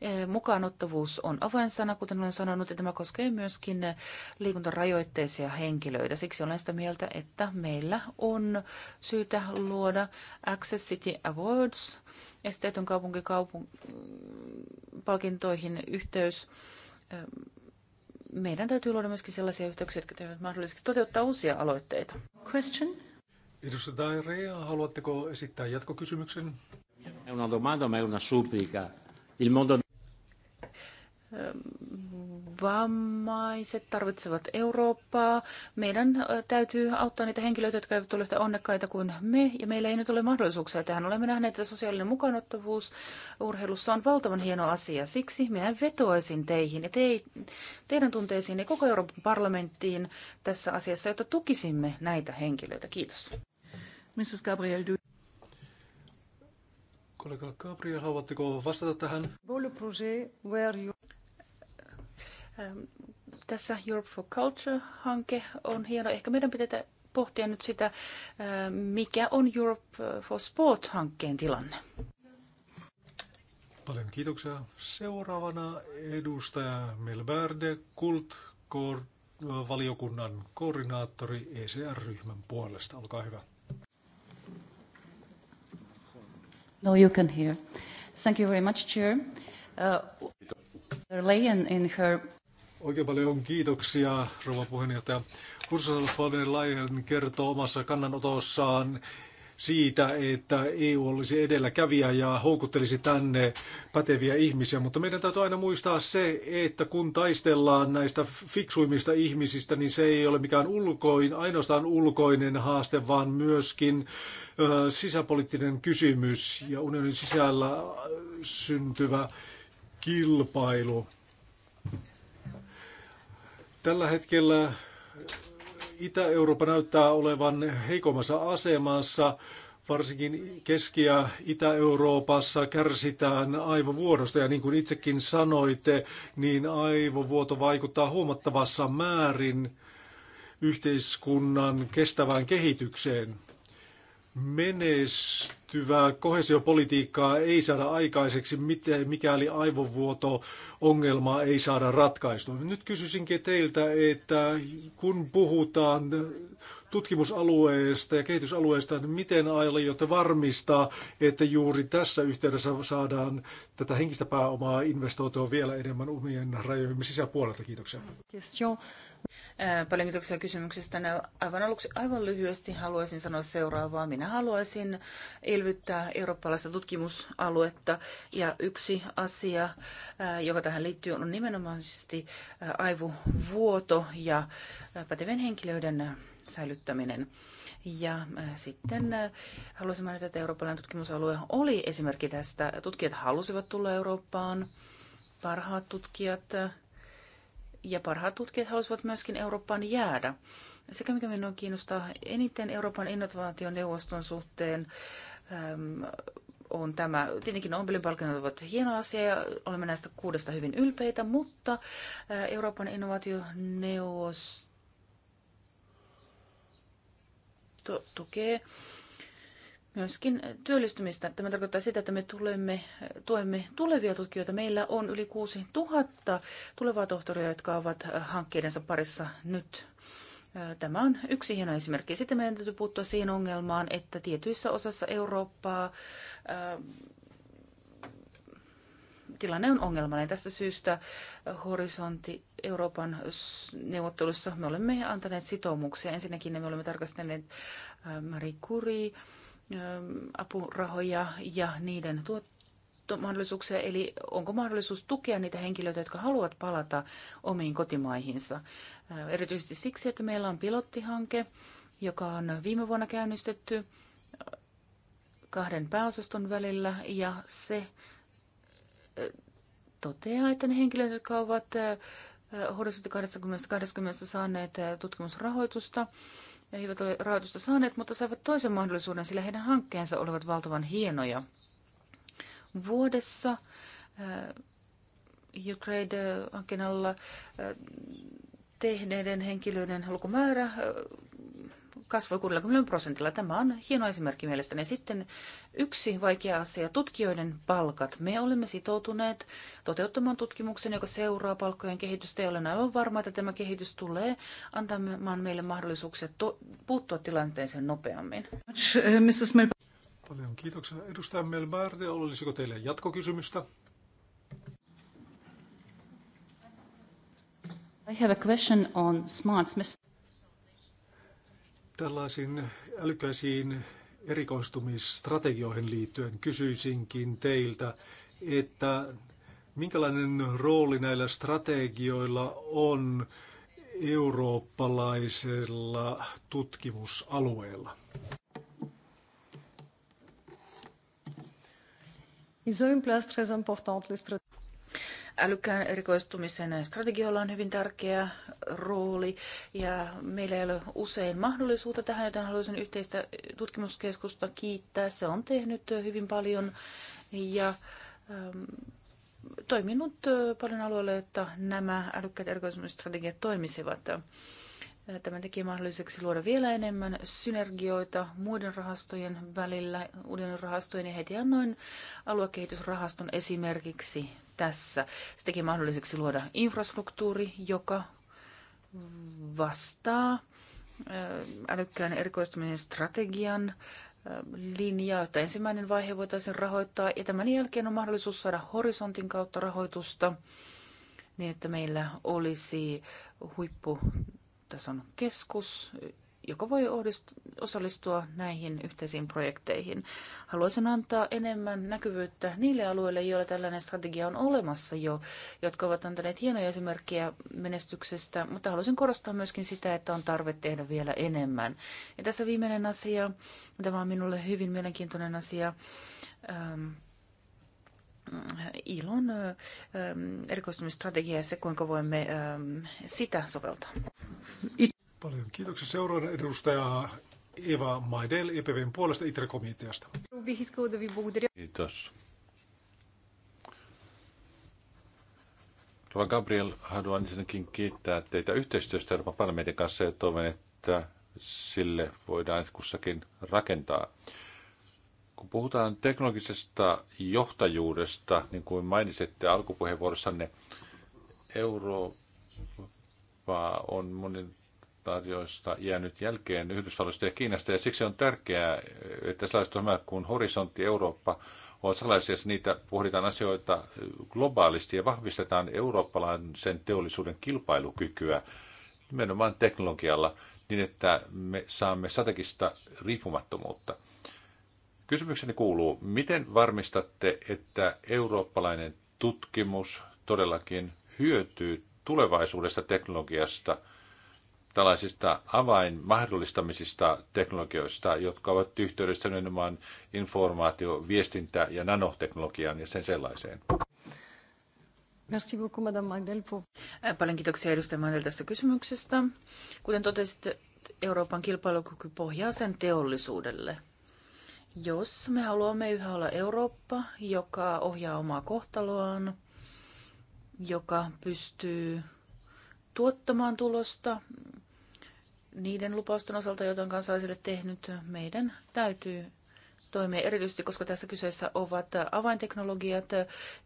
E, mukaanottavuus on avainsana, kuten olen sanonut, ja tämä koskee myöskin liikuntarajoitteisia henkilöitä. Siksi olen sitä mieltä, että meillä on syytä luoda Access City Awards, esteetön kaupunki yhteys e, meidän täytyy luoda myöskin sellaisia yhteyksiä, jotka tekevät mahdollisesti toteuttaa uusia aloitteita. Question? Edustaja Rea, haluatteko esittää jatkokysymyksen? Una domanda, ma una supplica. Il mondo vammaiset tarvitsevat Eurooppaa. Meidän täytyy auttaa niitä henkilöitä, jotka eivät ole yhtä onnekkaita kuin me, ja meillä ei nyt ole mahdollisuuksia tähän. Olemme nähneet, että sosiaalinen mukaanottavuus urheilussa on valtavan hieno asia. Siksi minä vetoaisin teihin ja te, teidän tunteisiin ja koko Euroopan parlamenttiin tässä asiassa, jotta tukisimme näitä henkilöitä. Kiitos. Mrs. Gabriel, du- Kollega Gabriel, haluatteko vastata tähän? Where you... Tässä Europe for Culture-hanke on hieno. Ehkä meidän pitää pohtia nyt sitä, mikä on Europe for Sport-hankkeen tilanne. Paljon kiitoksia. Seuraavana edustaja Melvärde Kult valiokunnan koordinaattori ECR-ryhmän puolesta. Olkaa hyvä. No, you can hear. Thank you very much, Chair. Uh, in her Oikein paljon kiitoksia, rouva puheenjohtaja. Ursula von Leyen kertoo omassa kannanotossaan siitä, että EU olisi edelläkävijä ja houkuttelisi tänne päteviä ihmisiä, mutta meidän täytyy aina muistaa se, että kun taistellaan näistä fiksuimmista ihmisistä, niin se ei ole mikään ulkoin, ainoastaan ulkoinen haaste, vaan myöskin ö, sisäpoliittinen kysymys ja unionin sisällä syntyvä kilpailu. Tällä hetkellä Itä-Eurooppa näyttää olevan heikommassa asemassa. Varsinkin Keski- ja Itä-Euroopassa kärsitään aivovuodosta ja niin kuin itsekin sanoitte, niin aivovuoto vaikuttaa huomattavassa määrin yhteiskunnan kestävään kehitykseen menestyvää kohesiopolitiikkaa ei saada aikaiseksi, mikäli aivovuoto-ongelmaa ei saada ratkaistua. Nyt kysyisinkin teiltä, että kun puhutaan tutkimusalueesta ja kehitysalueesta, niin miten aiotte varmistaa, että juuri tässä yhteydessä saadaan tätä henkistä pääomaa investoitua vielä enemmän omien rajojemme sisäpuolelta? Kiitoksia. Question. Paljon kiitoksia kysymyksestä. Aivan aluksi aivan lyhyesti haluaisin sanoa seuraavaa. Minä haluaisin elvyttää eurooppalaista tutkimusaluetta ja yksi asia, joka tähän liittyy, on nimenomaan aivovuoto ja pätevien henkilöiden säilyttäminen. Ja sitten haluaisin mainita, että eurooppalainen tutkimusalue oli esimerkki tästä. Tutkijat halusivat tulla Eurooppaan, parhaat tutkijat ja parhaat tutkijat haluaisivat myöskin Eurooppaan jäädä. Sekä mikä minua kiinnostaa eniten Euroopan innovaationeuvoston suhteen, ähm, on tämä. Tietenkin Nobelin palkinnot ovat hieno asia ja olemme näistä kuudesta hyvin ylpeitä, mutta äh, Euroopan innovaationeuvosto tukee myöskin työllistymistä. Tämä tarkoittaa sitä, että me tulemme, tuemme tulevia tutkijoita. Meillä on yli 6000 tulevaa tohtoria, jotka ovat äh, hankkeidensa parissa nyt. Äh, tämä on yksi hieno esimerkki. Sitten meidän täytyy puuttua siihen ongelmaan, että tietyissä osassa Eurooppaa äh, tilanne on ongelmallinen. Tästä syystä Horisontti Euroopan neuvottelussa me olemme antaneet sitoumuksia. Ensinnäkin me olemme tarkastelleet Marie Curie apurahoja ja niiden tuottomahdollisuuksia, eli onko mahdollisuus tukea niitä henkilöitä, jotka haluavat palata omiin kotimaihinsa. Öö, erityisesti siksi, että meillä on pilottihanke, joka on viime vuonna käynnistetty öö, kahden pääosaston välillä, ja se öö, toteaa, että ne henkilöt, jotka ovat Horisontti 2020 saaneet tutkimusrahoitusta, he eivät ole rahoitusta saaneet, mutta saivat toisen mahdollisuuden, sillä heidän hankkeensa olivat valtavan hienoja. Vuodessa u eh, Ukraine-hankkeen alla eh, tehneiden henkilöiden lukumäärä kasvoi 60 prosentilla. Tämä on hieno esimerkki mielestäni. Sitten yksi vaikea asia, tutkijoiden palkat. Me olemme sitoutuneet toteuttamaan tutkimuksen, joka seuraa palkkojen kehitystä, ja olen aivan varma, että tämä kehitys tulee antamaan meille mahdollisuuksia puuttua tilanteeseen nopeammin. Paljon kiitoksia. Edustaja Melbarde, olisiko teille jatkokysymystä? I have a question on smarts. Tällaisiin älykäisiin erikoistumisstrategioihin liittyen kysyisinkin teiltä, että minkälainen rooli näillä strategioilla on eurooppalaisella tutkimusalueella? Ils ont une place très importante, les Älykkään erikoistumisen strategioilla on hyvin tärkeä rooli ja meillä ei ole usein mahdollisuutta tähän, joten haluaisin yhteistä tutkimuskeskusta kiittää. Se on tehnyt hyvin paljon ja ähm, toiminut paljon alueella, että nämä älykkäät strategiat toimisivat. Tämä teki mahdolliseksi luoda vielä enemmän synergioita muiden rahastojen välillä, uuden rahastojen ja heti annoin aluekehitysrahaston esimerkiksi tässä. Se teki mahdolliseksi luoda infrastruktuuri, joka vastaa äh, älykkään erikoistumisen strategian äh, linjaa, jotta ensimmäinen vaihe voitaisiin rahoittaa ja tämän jälkeen on mahdollisuus saada horisontin kautta rahoitusta niin, että meillä olisi huippu tässä on keskus, joka voi osallistua näihin yhteisiin projekteihin. Haluaisin antaa enemmän näkyvyyttä niille alueille, joilla tällainen strategia on olemassa jo, jotka ovat antaneet hienoja esimerkkejä menestyksestä, mutta haluaisin korostaa myöskin sitä, että on tarve tehdä vielä enemmän. Ja tässä viimeinen asia, tämä on minulle hyvin mielenkiintoinen asia. Ähm, ilon erikoistumistrategia ja se, kuinka voimme sitä soveltaa. Paljon kiitoksia. Seuraavana edustaja Eva Maidel EPVn puolesta ITRE-komiteasta. Kiitos. Rova Gabriel, haluan ensinnäkin kiittää teitä yhteistyöstä Euroopan parlamentin kanssa ja toivon, että sille voidaan kussakin rakentaa. Kun puhutaan teknologisesta johtajuudesta, niin kuin mainitsitte alkupuheenvuorossanne, Eurooppa on monin asioista jäänyt jälkeen Yhdysvalloista ja Kiinasta, ja siksi on tärkeää, että sellaiset ohjelmat kuin Horisontti Eurooppa ovat sellaisia, että niitä pohditaan asioita globaalisti ja vahvistetaan eurooppalaisen teollisuuden kilpailukykyä nimenomaan teknologialla, niin että me saamme strategista riippumattomuutta. Kysymykseni kuuluu, miten varmistatte, että eurooppalainen tutkimus todellakin hyötyy tulevaisuudessa teknologiasta, tällaisista avainmahdollistamisista teknologioista, jotka ovat yhteydessä nimenomaan informaatio, viestintä ja nanoteknologiaan ja sen sellaiseen? Merci beaucoup, Madame Magdel. Pour... Äh, paljon kiitoksia edustaja Magdel tästä kysymyksestä. Kuten totesit, Euroopan kilpailukyky pohjaa sen teollisuudelle – jos me haluamme yhä olla Eurooppa, joka ohjaa omaa kohtaloaan, joka pystyy tuottamaan tulosta niiden lupausten osalta, joita on kansalaisille tehnyt, meidän täytyy toimia erityisesti, koska tässä kyseessä ovat avainteknologiat,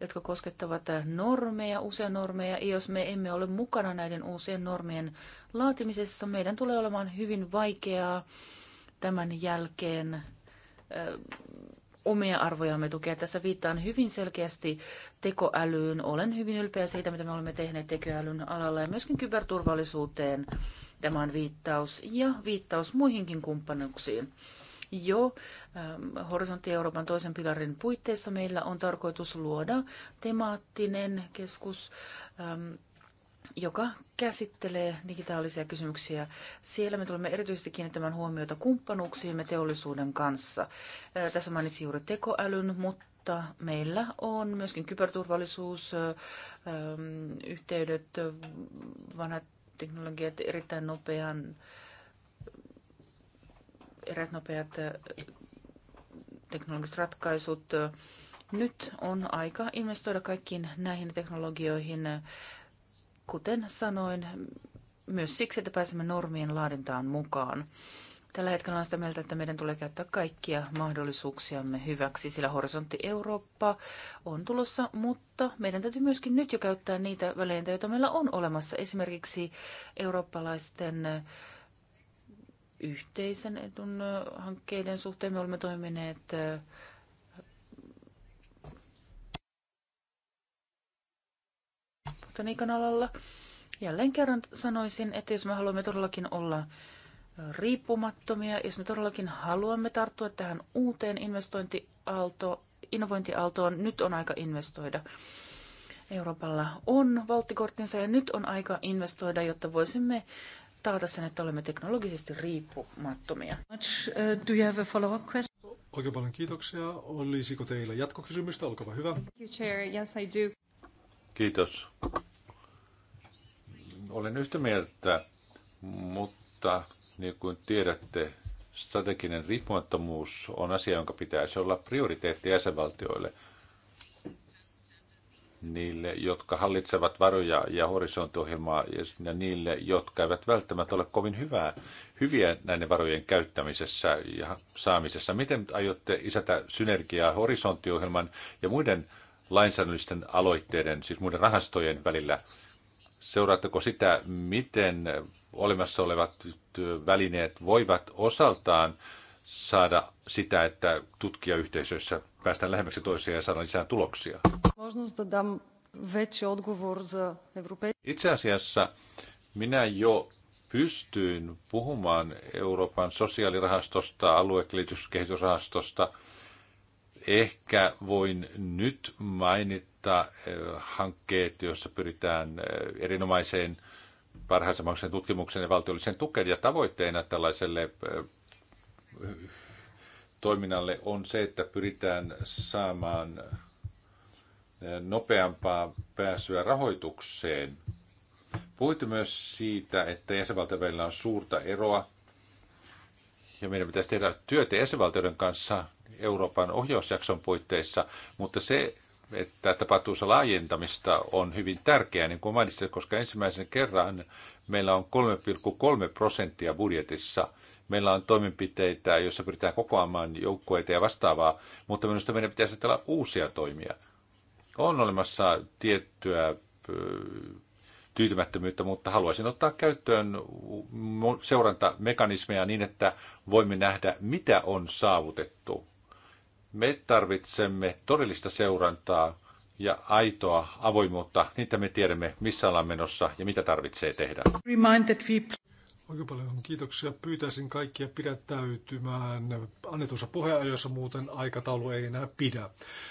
jotka koskettavat normeja, uusia normeja. Ja jos me emme ole mukana näiden uusien normien laatimisessa, meidän tulee olemaan hyvin vaikeaa tämän jälkeen omia arvojamme tukea. Tässä viittaan hyvin selkeästi tekoälyyn. Olen hyvin ylpeä siitä, mitä me olemme tehneet tekoälyn alalla ja myöskin kyberturvallisuuteen. Tämä on viittaus ja viittaus muihinkin kumppanuksiin. Jo ähm, Horisontti Euroopan toisen pilarin puitteissa meillä on tarkoitus luoda temaattinen keskus ähm, joka käsittelee digitaalisia kysymyksiä. Siellä me tulemme erityisesti kiinnittämään huomiota kumppanuuksiimme teollisuuden kanssa. Tässä mainitsin juuri tekoälyn, mutta meillä on myöskin kyberturvallisuus, yhteydet, vanhat teknologiat, erittäin nopean, erät nopeat teknologiset ratkaisut. Nyt on aika investoida kaikkiin näihin teknologioihin kuten sanoin, myös siksi, että pääsemme normien laadintaan mukaan. Tällä hetkellä on sitä mieltä, että meidän tulee käyttää kaikkia mahdollisuuksiamme hyväksi, sillä horisontti Eurooppa on tulossa, mutta meidän täytyy myöskin nyt jo käyttää niitä välineitä, joita meillä on olemassa. Esimerkiksi eurooppalaisten yhteisen edun hankkeiden suhteen me olemme toimineet elektroniikan alalla. Jälleen kerran sanoisin, että jos me haluamme todellakin olla riippumattomia, jos me todellakin haluamme tarttua tähän uuteen investointiaalto, innovointiaaltoon, nyt on aika investoida. Euroopalla on valttikorttinsa ja nyt on aika investoida, jotta voisimme taata sen, että olemme teknologisesti riippumattomia. Uh, do you have a follow-up question? Oikein paljon kiitoksia. Olisiko teillä jatkokysymystä? Olkaa hyvä. Yes, I do. Kiitos. Olen yhtä mieltä, mutta niin kuin tiedätte, strateginen riippumattomuus on asia, jonka pitäisi olla prioriteetti jäsenvaltioille. Niille, jotka hallitsevat varoja ja horisonttiohjelmaa ja niille, jotka eivät välttämättä ole kovin hyvää, hyviä näiden varojen käyttämisessä ja saamisessa. Miten aiotte isätä synergiaa horisonttiohjelman ja muiden lainsäädännöllisten aloitteiden, siis muiden rahastojen välillä? Seuraatteko sitä, miten olemassa olevat välineet voivat osaltaan saada sitä, että tutkijayhteisöissä päästään lähemmäksi toisiaan ja saadaan lisää tuloksia? Itse asiassa minä jo pystyin puhumaan Euroopan sosiaalirahastosta, aluekehityskehitysrahastosta, Ehkä voin nyt mainita eh, hankkeet, joissa pyritään eh, erinomaiseen parhaisemmaksen tutkimuksen ja valtiolliseen tukeen. Ja tavoitteena tällaiselle eh, toiminnalle on se, että pyritään saamaan nopeampaa pääsyä rahoitukseen. Puhuitte myös siitä, että jäsenvaltioiden välillä on suurta eroa ja meidän pitäisi tehdä työtä jäsenvaltioiden kanssa Euroopan ohjausjakson puitteissa, mutta se, että tapahtuussa laajentamista, on hyvin tärkeää, niin kuin mainitsin, koska ensimmäisen kerran meillä on 3,3 prosenttia budjetissa. Meillä on toimenpiteitä, joissa pyritään kokoamaan joukkueita ja vastaavaa, mutta minusta meidän pitäisi ajatella uusia toimia. On olemassa tiettyä tyytymättömyyttä, mutta haluaisin ottaa käyttöön seurantamekanismeja niin, että voimme nähdä, mitä on saavutettu. Me tarvitsemme todellista seurantaa ja aitoa avoimuutta, niin että me tiedämme, missä ollaan menossa ja mitä tarvitsee tehdä. Oikein paljon kiitoksia. Pyytäisin kaikkia pidättäytymään annetussa puheenajossa, muuten aikataulu ei enää pidä.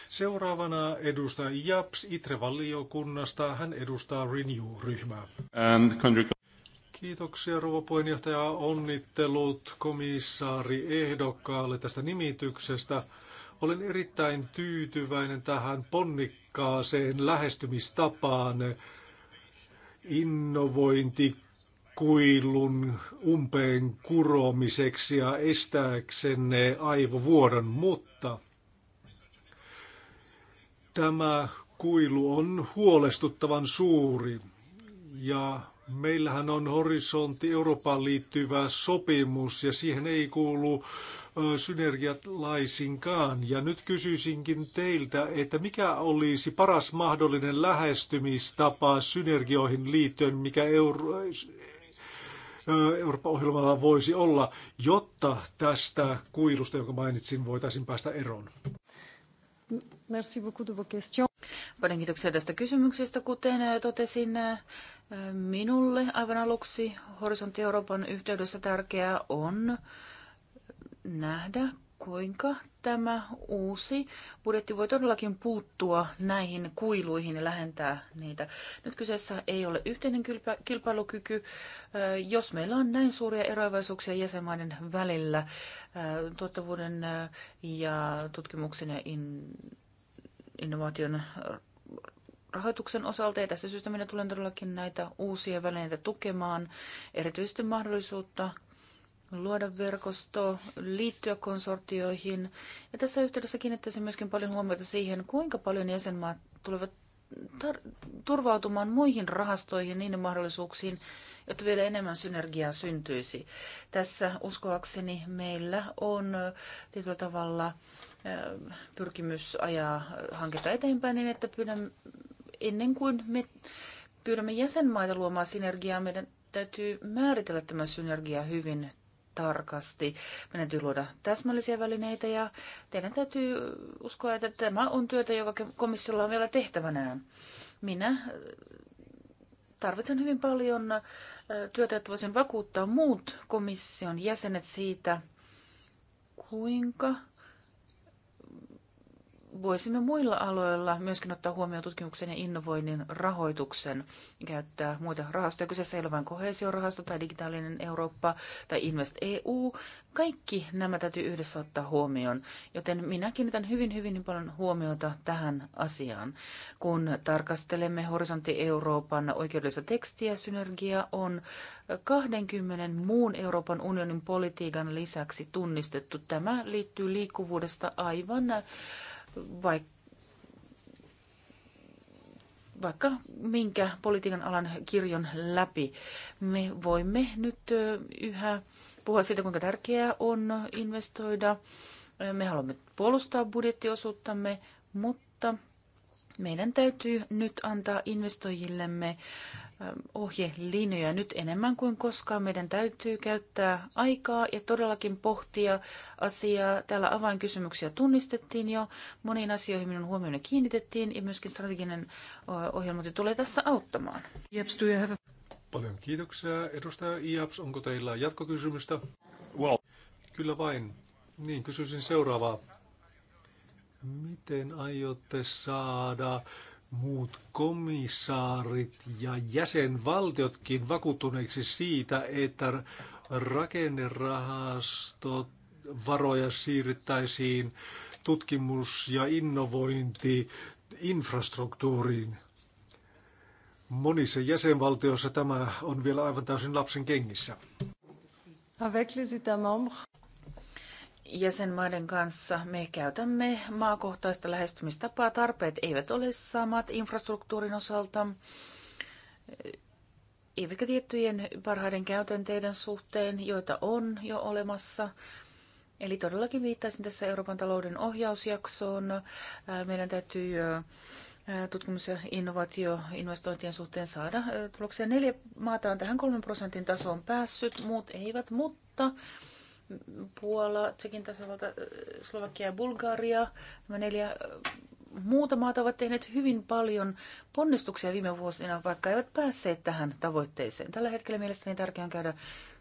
Seuraavana edustaa Japs itre Hän edustaa Renew-ryhmää. Kiitoksia rouva puheenjohtaja. Onnittelut komissaari ehdokkaalle tästä nimityksestä. Olen erittäin tyytyväinen tähän ponnikkaaseen lähestymistapaan innovointikuilun umpeen kuromiseksi ja estääksenne aivovuodon, mutta tämä kuilu on huolestuttavan suuri ja meillähän on horisontti Eurooppaan liittyvä sopimus ja siihen ei kuulu synergiat laisinkaan. Ja nyt kysyisinkin teiltä, että mikä olisi paras mahdollinen lähestymistapa synergioihin liittyen, mikä euro, Euroopan ohjelmalla voisi olla, jotta tästä kuilusta, jonka mainitsin, voitaisiin päästä eroon? Merci beaucoup de vos questions. Paljon kiitoksia tästä kysymyksestä. Kuten totesin, minulle aivan aluksi Horisontti Euroopan yhteydessä tärkeää on nähdä, kuinka tämä uusi budjetti voi todellakin puuttua näihin kuiluihin ja lähentää niitä. Nyt kyseessä ei ole yhteinen kilpailukyky. Jos meillä on näin suuria eroavaisuuksia jäsenmaiden välillä tuottavuuden ja tutkimuksen ja innovaation rahoituksen osalta, ja tässä syystä minä tulen todellakin näitä uusia välineitä tukemaan, erityisesti mahdollisuutta luoda verkosto, liittyä konsortioihin. Ja tässä yhteydessä kiinnittäisin myöskin paljon huomiota siihen, kuinka paljon jäsenmaat tulevat turvautumaan muihin rahastoihin, niiden mahdollisuuksiin, jotta vielä enemmän synergiaa syntyisi. Tässä uskoakseni meillä on tietyllä tavalla pyrkimys ajaa hanketta eteenpäin niin, että pyydämme, ennen kuin me pyydämme jäsenmaita luomaan synergiaa, meidän täytyy määritellä tämä synergia hyvin tarkasti. Meidän täytyy luoda täsmällisiä välineitä ja teidän täytyy uskoa, että tämä on työtä, joka komissiolla on vielä tehtävänään. Minä äh, tarvitsen hyvin paljon äh, työtä, että voisin vakuuttaa muut komission jäsenet siitä, kuinka voisimme muilla aloilla myöskin ottaa huomioon tutkimuksen ja innovoinnin rahoituksen ja käyttää muita rahastoja. Kyseessä ei ole vain kohesiorahasto tai digitaalinen Eurooppa tai Invest EU. Kaikki nämä täytyy yhdessä ottaa huomioon, joten minä kiinnitän hyvin, hyvin paljon huomiota tähän asiaan. Kun tarkastelemme Horisontti Euroopan oikeudellista tekstiä, synergia on 20 muun Euroopan unionin politiikan lisäksi tunnistettu. Tämä liittyy liikkuvuudesta aivan vaikka vaikka minkä politiikan alan kirjon läpi. Me voimme nyt yhä puhua siitä, kuinka tärkeää on investoida. Me haluamme puolustaa budjettiosuuttamme, mutta meidän täytyy nyt antaa investoijillemme ohjelinjoja nyt enemmän kuin koskaan. Meidän täytyy käyttää aikaa ja todellakin pohtia asiaa. Täällä avainkysymyksiä tunnistettiin jo. Moniin asioihin minun huomioon kiinnitettiin ja myöskin strateginen ohjelmointi tulee tässä auttamaan. Jeps, do you have a... Paljon kiitoksia. Edustaja Iaps, onko teillä jatkokysymystä? Well. Kyllä vain. Niin, kysyisin seuraavaa. Miten aiotte saada muut komissaarit ja jäsenvaltiotkin vakuuttuneiksi siitä, että rakennerahastot varoja siirrettäisiin tutkimus- ja innovointi infrastruktuuriin. Monissa jäsenvaltioissa tämä on vielä aivan täysin lapsen kengissä. Avec les jäsenmaiden kanssa me käytämme maakohtaista lähestymistapaa. Tarpeet eivät ole samat infrastruktuurin osalta, eivätkä tiettyjen parhaiden käytänteiden suhteen, joita on jo olemassa. Eli todellakin viittaisin tässä Euroopan talouden ohjausjaksoon. Meidän täytyy tutkimus- ja innovaatioinvestointien suhteen saada tuloksia. Neljä maata on tähän kolmen prosentin tasoon päässyt, muut eivät, mutta Puola, Tsekin tasavalta, äh, Slovakia ja Bulgaria. Nämä neljä äh, muuta maata ovat tehneet hyvin paljon ponnistuksia viime vuosina, vaikka eivät päässeet tähän tavoitteeseen. Tällä hetkellä mielestäni tärkeää on käydä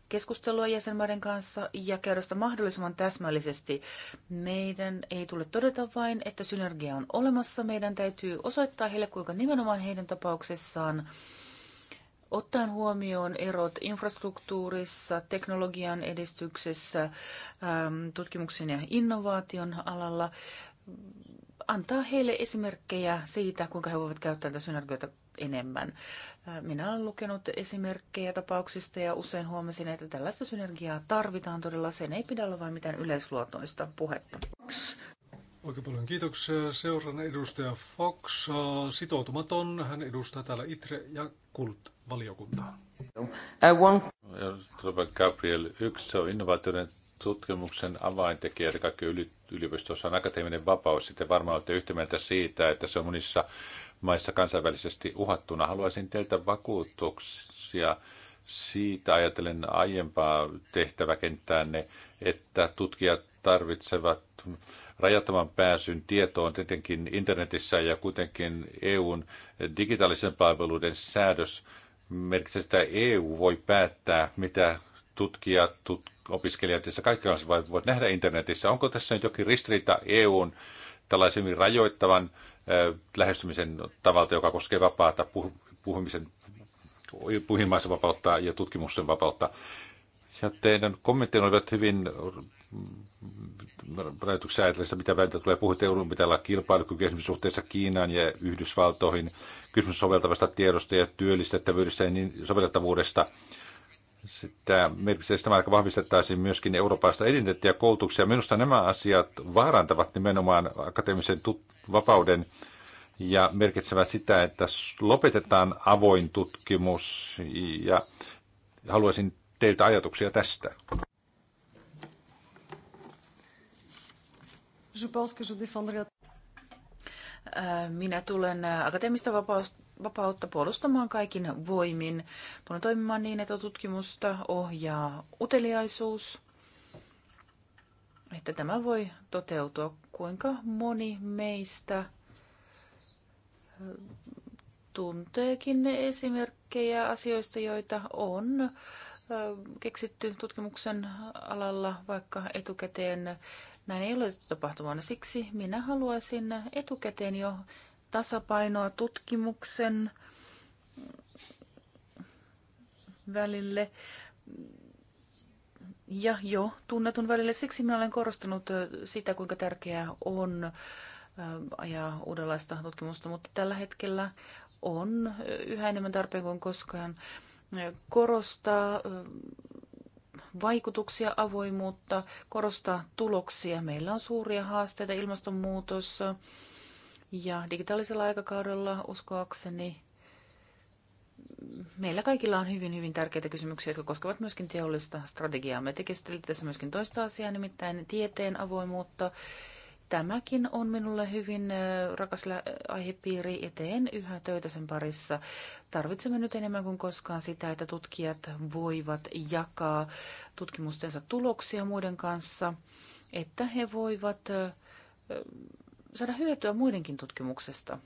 keskustelua jäsenmaiden kanssa ja käydä sitä mahdollisimman täsmällisesti. Meidän ei tule todeta vain, että synergia on olemassa. Meidän täytyy osoittaa heille, kuinka nimenomaan heidän tapauksessaan ottaen huomioon erot infrastruktuurissa, teknologian edistyksessä, ähm, tutkimuksen ja innovaation alalla, antaa heille esimerkkejä siitä, kuinka he voivat käyttää tätä synergioita enemmän. Äh, minä olen lukenut esimerkkejä tapauksista ja usein huomasin, että tällaista synergiaa tarvitaan todella. Sen ei pidä olla vain mitään yleisluotoista puhetta. Oikein paljon kiitoksia. Seuraan edustaja Fox, sitoutumaton. Hän edustaa täällä ITRE ja KULT-valiokuntaa. Robert Gabriel, yksi on innovaatioiden tutkimuksen avaintekijä, eli kaikki yliopistossa on akateeminen vapaus. Sitten varmaan olette yhtä mieltä siitä, että se on monissa maissa kansainvälisesti uhattuna. Haluaisin teiltä vakuutuksia siitä ajatellen aiempaa tehtäväkenttäänne, että tutkijat tarvitsevat rajattoman pääsyn tietoon tietenkin internetissä ja kuitenkin EUn digitaalisen palveluiden säädös merkitsee että EU voi päättää, mitä tutkijat, tut, opiskelijat ja kaikki voivat nähdä internetissä. Onko tässä nyt jokin ristiriita EUn tällaisen rajoittavan äh, lähestymisen tavalta, joka koskee vapaata puh- puhumisen, puhimaisen vapautta ja tutkimuksen vapautta. Ja teidän kommenttinne olivat hyvin rajoituksia ajatellessa, mitä väitä tulee puhua, että pitää olla kilpailukyky suhteessa Kiinaan ja Yhdysvaltoihin. Kysymys soveltavasta tiedosta ja työllistettävyydestä ja niin soveltavuudesta. Sitä merkitsee tämä vahvistettaisiin myöskin Euroopasta identiteettiä ja koulutuksia. Minusta nämä asiat vaarantavat nimenomaan akateemisen vapauden ja merkitsevät sitä, että lopetetaan avoin tutkimus ja haluaisin teiltä ajatuksia tästä? Äh, minä tulen äh, akateemista vapautta puolustamaan kaikin voimin. Tulen toimimaan niin, että tutkimusta ohjaa uteliaisuus, että tämä voi toteutua. Kuinka moni meistä äh, tunteekin esimerkkejä asioista, joita on keksitty tutkimuksen alalla, vaikka etukäteen näin ei ole tapahtumana. Siksi minä haluaisin etukäteen jo tasapainoa tutkimuksen välille ja jo tunnetun välille. Siksi minä olen korostanut sitä, kuinka tärkeää on ajaa uudenlaista tutkimusta, mutta tällä hetkellä on yhä enemmän tarpeen kuin koskaan korostaa vaikutuksia, avoimuutta, korostaa tuloksia. Meillä on suuria haasteita ilmastonmuutos ja digitaalisella aikakaudella uskoakseni meillä kaikilla on hyvin, hyvin tärkeitä kysymyksiä, jotka koskevat myöskin teollista strategiaa. Me tekisimme tässä myöskin toista asiaa, nimittäin tieteen avoimuutta tämäkin on minulle hyvin rakas aihepiiri ja teen yhä töitä sen parissa. Tarvitsemme nyt enemmän kuin koskaan sitä, että tutkijat voivat jakaa tutkimustensa tuloksia muiden kanssa, että he voivat saada hyötyä muidenkin tutkimuksesta.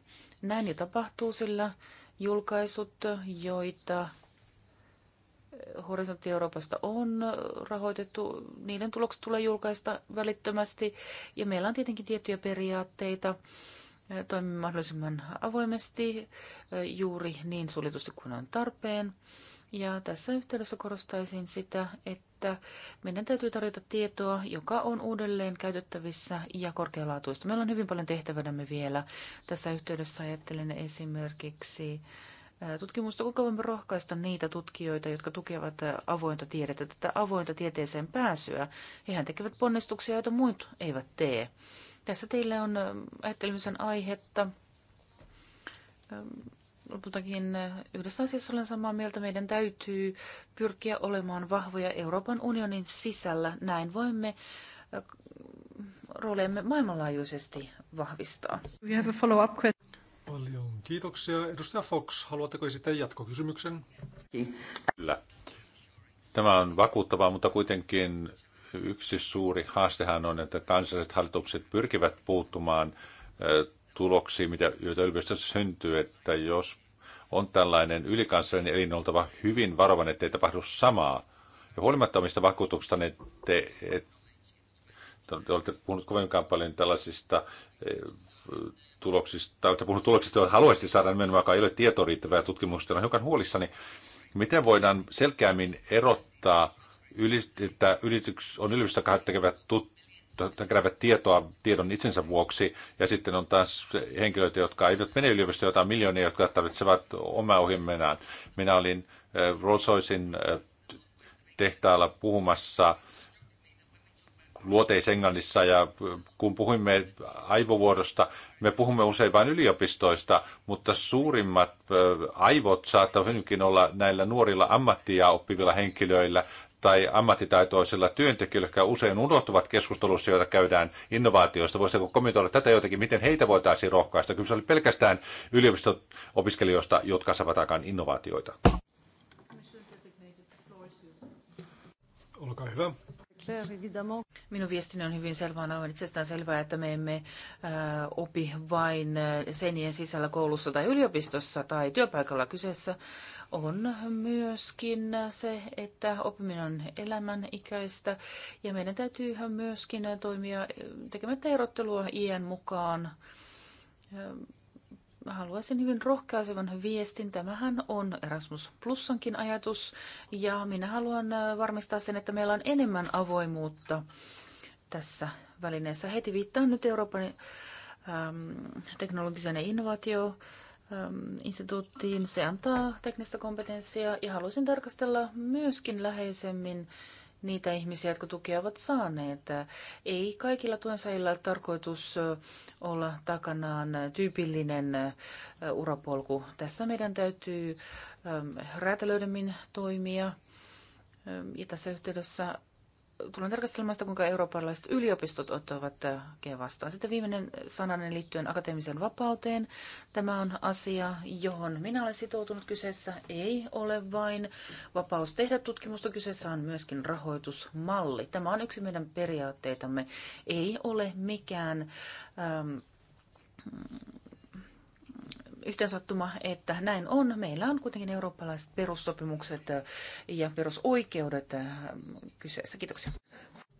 Näin jo tapahtuu, sillä julkaisut, joita Horisontti Euroopasta on rahoitettu, niiden tulokset tulee julkaista välittömästi ja meillä on tietenkin tiettyjä periaatteita toimimme mahdollisimman avoimesti juuri niin suljetusti kuin on tarpeen. Ja tässä yhteydessä korostaisin sitä, että meidän täytyy tarjota tietoa, joka on uudelleen käytettävissä ja korkealaatuista. Meillä on hyvin paljon tehtävänämme vielä. Tässä yhteydessä ajattelen esimerkiksi äh, tutkimusta, kuinka voimme rohkaista niitä tutkijoita, jotka tukevat avointa tiedettä, tätä avointa tieteeseen pääsyä. Hehän tekevät ponnistuksia, joita muut eivät tee. Tässä teille on ajattelemisen aihetta. Lopultakin yhdessä asiassa olen samaa mieltä. Meidän täytyy pyrkiä olemaan vahvoja Euroopan unionin sisällä. Näin voimme roolemme maailmanlaajuisesti vahvistaa. We have a follow-up question. Paljon Kiitoksia. Edustaja Fox, haluatteko esittää jatkokysymyksen? Kyllä. Tämä on vakuuttavaa, mutta kuitenkin yksi suuri haastehan on, että kansalliset hallitukset pyrkivät puuttumaan tuloksiin, mitä, joita yliopistossa syntyy, että jos on tällainen ylikansallinen elin oltava hyvin varovainen, ettei tapahdu samaa. Ja huolimatta omista vakuutuksista, niin te, et, te olette puhunut kovinkaan paljon tällaisista tuloksista, olette puhunut tuloksista, joita haluaisitte saada nimenomaan, joka ei ole tietoa riittävää tutkimusta, on hiukan huolissani. Miten voidaan selkeämmin erottaa, että ylityks, on yliopistossa tekevät tut, keräävät tietoa tiedon itsensä vuoksi, ja sitten on taas henkilöitä, jotka eivät mene yliopistoon, jotain miljoonia, jotka tarvitsevat omaa ohjelmenaan. Minä olin eh, Rosoisin roycein eh, tehtaalla puhumassa luoteisenglannissa ja kun puhuimme aivovuodosta, me puhumme usein vain yliopistoista, mutta suurimmat aivot saattavat hyvinkin olla näillä nuorilla ammattia oppivilla henkilöillä tai ammattitaitoisilla työntekijöillä, jotka usein unohtuvat keskustelussa, joita käydään innovaatioista. Voisitko kommentoida tätä jotenkin, miten heitä voitaisiin rohkaista? Kyllä se oli pelkästään yliopisto-opiskelijoista, jotka saavat aikaan innovaatioita. Olkaa hyvä. Minun viestini on hyvin selvä. On itsestään selvää, että me emme äh, opi vain äh, seinien sisällä koulussa tai yliopistossa tai työpaikalla kyseessä. On myöskin se, että oppiminen on elämänikäistä ja meidän täytyy myöskin toimia tekemättä erottelua iän mukaan. Äh, haluaisin hyvin rohkaisevan viestin. Tämähän on Erasmus Plusankin ajatus ja minä haluan äh, varmistaa sen, että meillä on enemmän avoimuutta tässä välineessä. Heti viittaan nyt Euroopan äm, teknologisen ja innovaatio ähm, instituuttiin. Se antaa teknistä kompetenssia ja haluaisin tarkastella myöskin läheisemmin niitä ihmisiä, jotka tukea ovat saaneet. Ei kaikilla tuensaajilla ole tarkoitus olla takanaan tyypillinen urapolku. Tässä meidän täytyy räätälöidemmin toimia. Ja tässä yhteydessä tullaan tarkastelemaan sitä, kuinka eurooppalaiset yliopistot ottavat äh, G vastaan. Sitten viimeinen sananen liittyen akateemiseen vapauteen. Tämä on asia, johon minä olen sitoutunut. Kyseessä ei ole vain vapaus tehdä tutkimusta, kyseessä on myöskin rahoitusmalli. Tämä on yksi meidän periaatteitamme. Ei ole mikään... Ähm, sattuma, että näin on. Meillä on kuitenkin eurooppalaiset perussopimukset äh, ja perusoikeudet äh, kyseessä. Kiitoksia.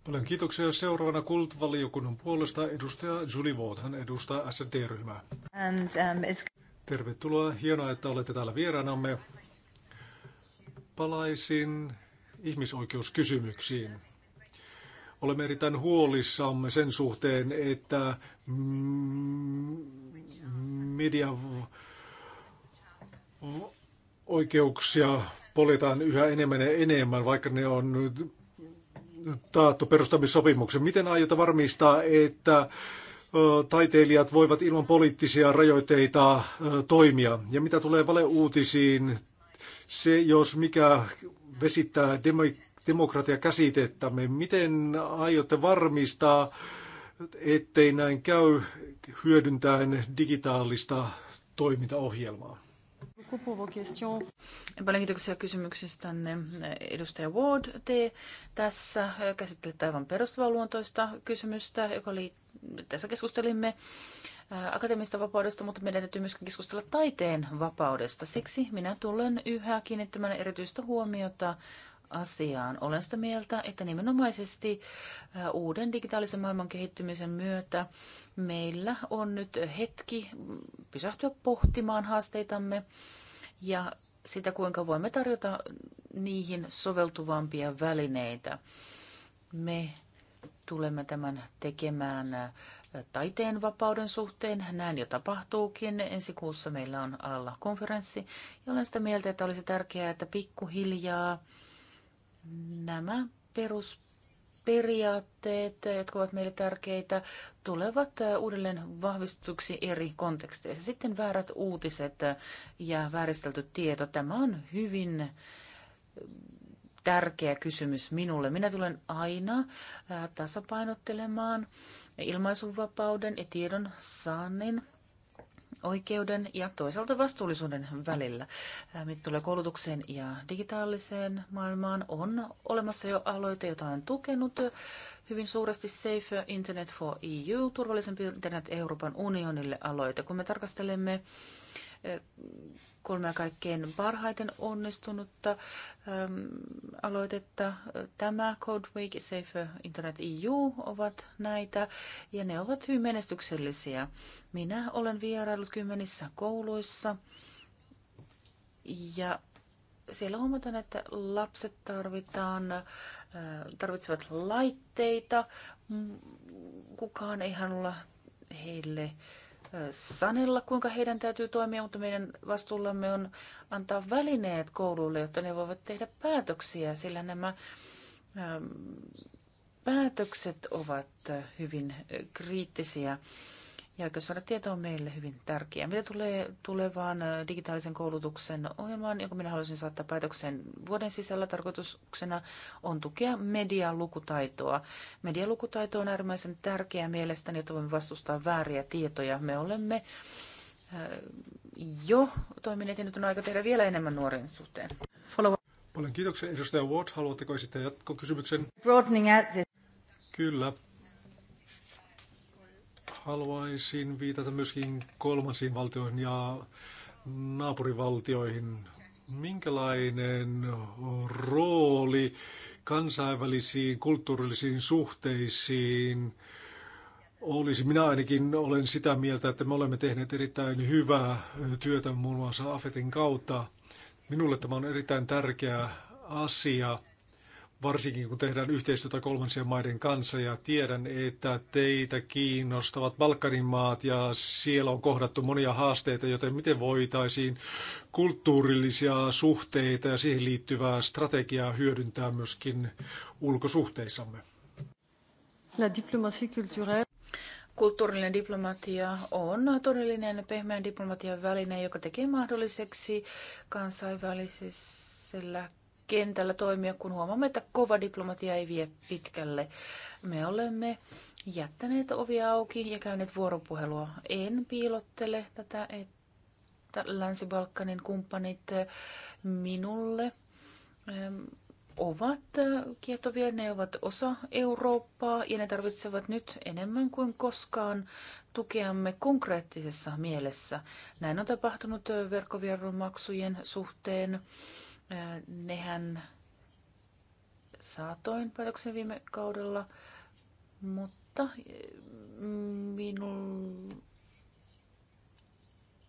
Paljon kiitoksia. Seuraavana kultvaliokunnan puolesta edustaja Julie Watt. Hän edustaa SD-ryhmää. And, um, it's... Tervetuloa. Hienoa, että olette täällä vieraanamme. Palaisin ihmisoikeuskysymyksiin. Olemme erittäin huolissamme sen suhteen, että mm, media oikeuksia poljetaan yhä enemmän ja enemmän, vaikka ne on taattu perustamissopimuksen. Miten aiotte varmistaa, että taiteilijat voivat ilman poliittisia rajoitteita toimia? Ja mitä tulee valeuutisiin, se jos mikä vesittää demokratiaa? demokratiakäsitettämme. Miten aiotte varmistaa, ettei näin käy hyödyntäen digitaalista toimintaohjelmaa? Paljon kiitoksia kysymyksistänne. Edustaja Ward, te tässä käsittelette aivan perustuvaluontoista kysymystä, joka oli tässä keskustelimme äh, akateemista vapaudesta, mutta meidän täytyy myöskin keskustella taiteen vapaudesta. Siksi minä tulen yhä kiinnittämään erityistä huomiota asiaan. Olen sitä mieltä, että nimenomaisesti äh, uuden digitaalisen maailman kehittymisen myötä meillä on nyt hetki pysähtyä pohtimaan haasteitamme ja sitä, kuinka voimme tarjota niihin soveltuvampia välineitä. Me tulemme tämän tekemään äh, taiteen vapauden suhteen. Näin jo tapahtuukin. Ensi kuussa meillä on alalla konferenssi. Ja olen sitä mieltä, että olisi tärkeää, että pikkuhiljaa nämä perusperiaatteet, jotka ovat meille tärkeitä, tulevat uudelleen vahvistuksi eri konteksteissa. Sitten väärät uutiset ja vääristelty tieto. Tämä on hyvin tärkeä kysymys minulle. Minä tulen aina tasapainottelemaan ilmaisunvapauden ja tiedon saannin oikeuden ja toisaalta vastuullisuuden välillä. Äh, mitä tulee koulutukseen ja digitaaliseen maailmaan, on olemassa jo aloite, jota on tukenut hyvin suuresti Safe Internet for EU, turvallisempi internet Euroopan unionille aloite. Kun me tarkastelemme äh, kolmea kaikkein parhaiten onnistunutta äm, aloitetta. Tämä Code Week, Safer Internet EU ovat näitä ja ne ovat hyvin menestyksellisiä. Minä olen vieraillut kymmenissä kouluissa ja siellä huomataan, että lapset tarvitaan, äh, tarvitsevat laitteita. Kukaan ei halua heille äh, sanella, kuinka heidän täytyy toimia, mutta meidän vastuullamme on antaa välineet kouluille, jotta ne voivat tehdä päätöksiä, sillä nämä ähm, päätökset ovat hyvin kriittisiä ja oikeus saada on meille hyvin tärkeää. Mitä tulee tulevaan digitaalisen koulutuksen ohjelmaan, jonka minä haluaisin saattaa päätökseen vuoden sisällä, tarkoituksena on tukea medialukutaitoa. Medialukutaito on äärimmäisen tärkeää mielestäni, jotta voimme vastustaa vääriä tietoja. Me olemme jo toimineet ja nyt on aika tehdä vielä enemmän nuorien suhteen. Follow. Paljon kiitoksia. Edustaja Ward, haluatteko esittää jatkokysymyksen? Broadening out Kyllä haluaisin viitata myöskin kolmansiin valtioihin ja naapurivaltioihin. Minkälainen rooli kansainvälisiin kulttuurillisiin suhteisiin olisi. Minä ainakin olen sitä mieltä, että me olemme tehneet erittäin hyvää työtä muun muassa AFETin kautta. Minulle tämä on erittäin tärkeä asia varsinkin kun tehdään yhteistyötä kolmansien maiden kanssa ja tiedän, että teitä kiinnostavat Balkanin maat ja siellä on kohdattu monia haasteita, joten miten voitaisiin kulttuurillisia suhteita ja siihen liittyvää strategiaa hyödyntää myöskin ulkosuhteissamme? La diplomatie culturelle kulttuurinen diplomatia on todellinen pehmeän diplomatian väline, joka tekee mahdolliseksi kansainvälisellä kentällä toimia, kun huomaamme, että kova diplomatia ei vie pitkälle. Me olemme jättäneet ovia auki ja käyneet vuoropuhelua. En piilottele tätä, että Länsi-Balkanin kumppanit minulle ähm, ovat kietovia, ne ovat osa Eurooppaa ja ne tarvitsevat nyt enemmän kuin koskaan tukeamme konkreettisessa mielessä. Näin on tapahtunut verkkovierailumaksujen suhteen. Nehän saatoin päätöksen viime kaudella, mutta mm, minun,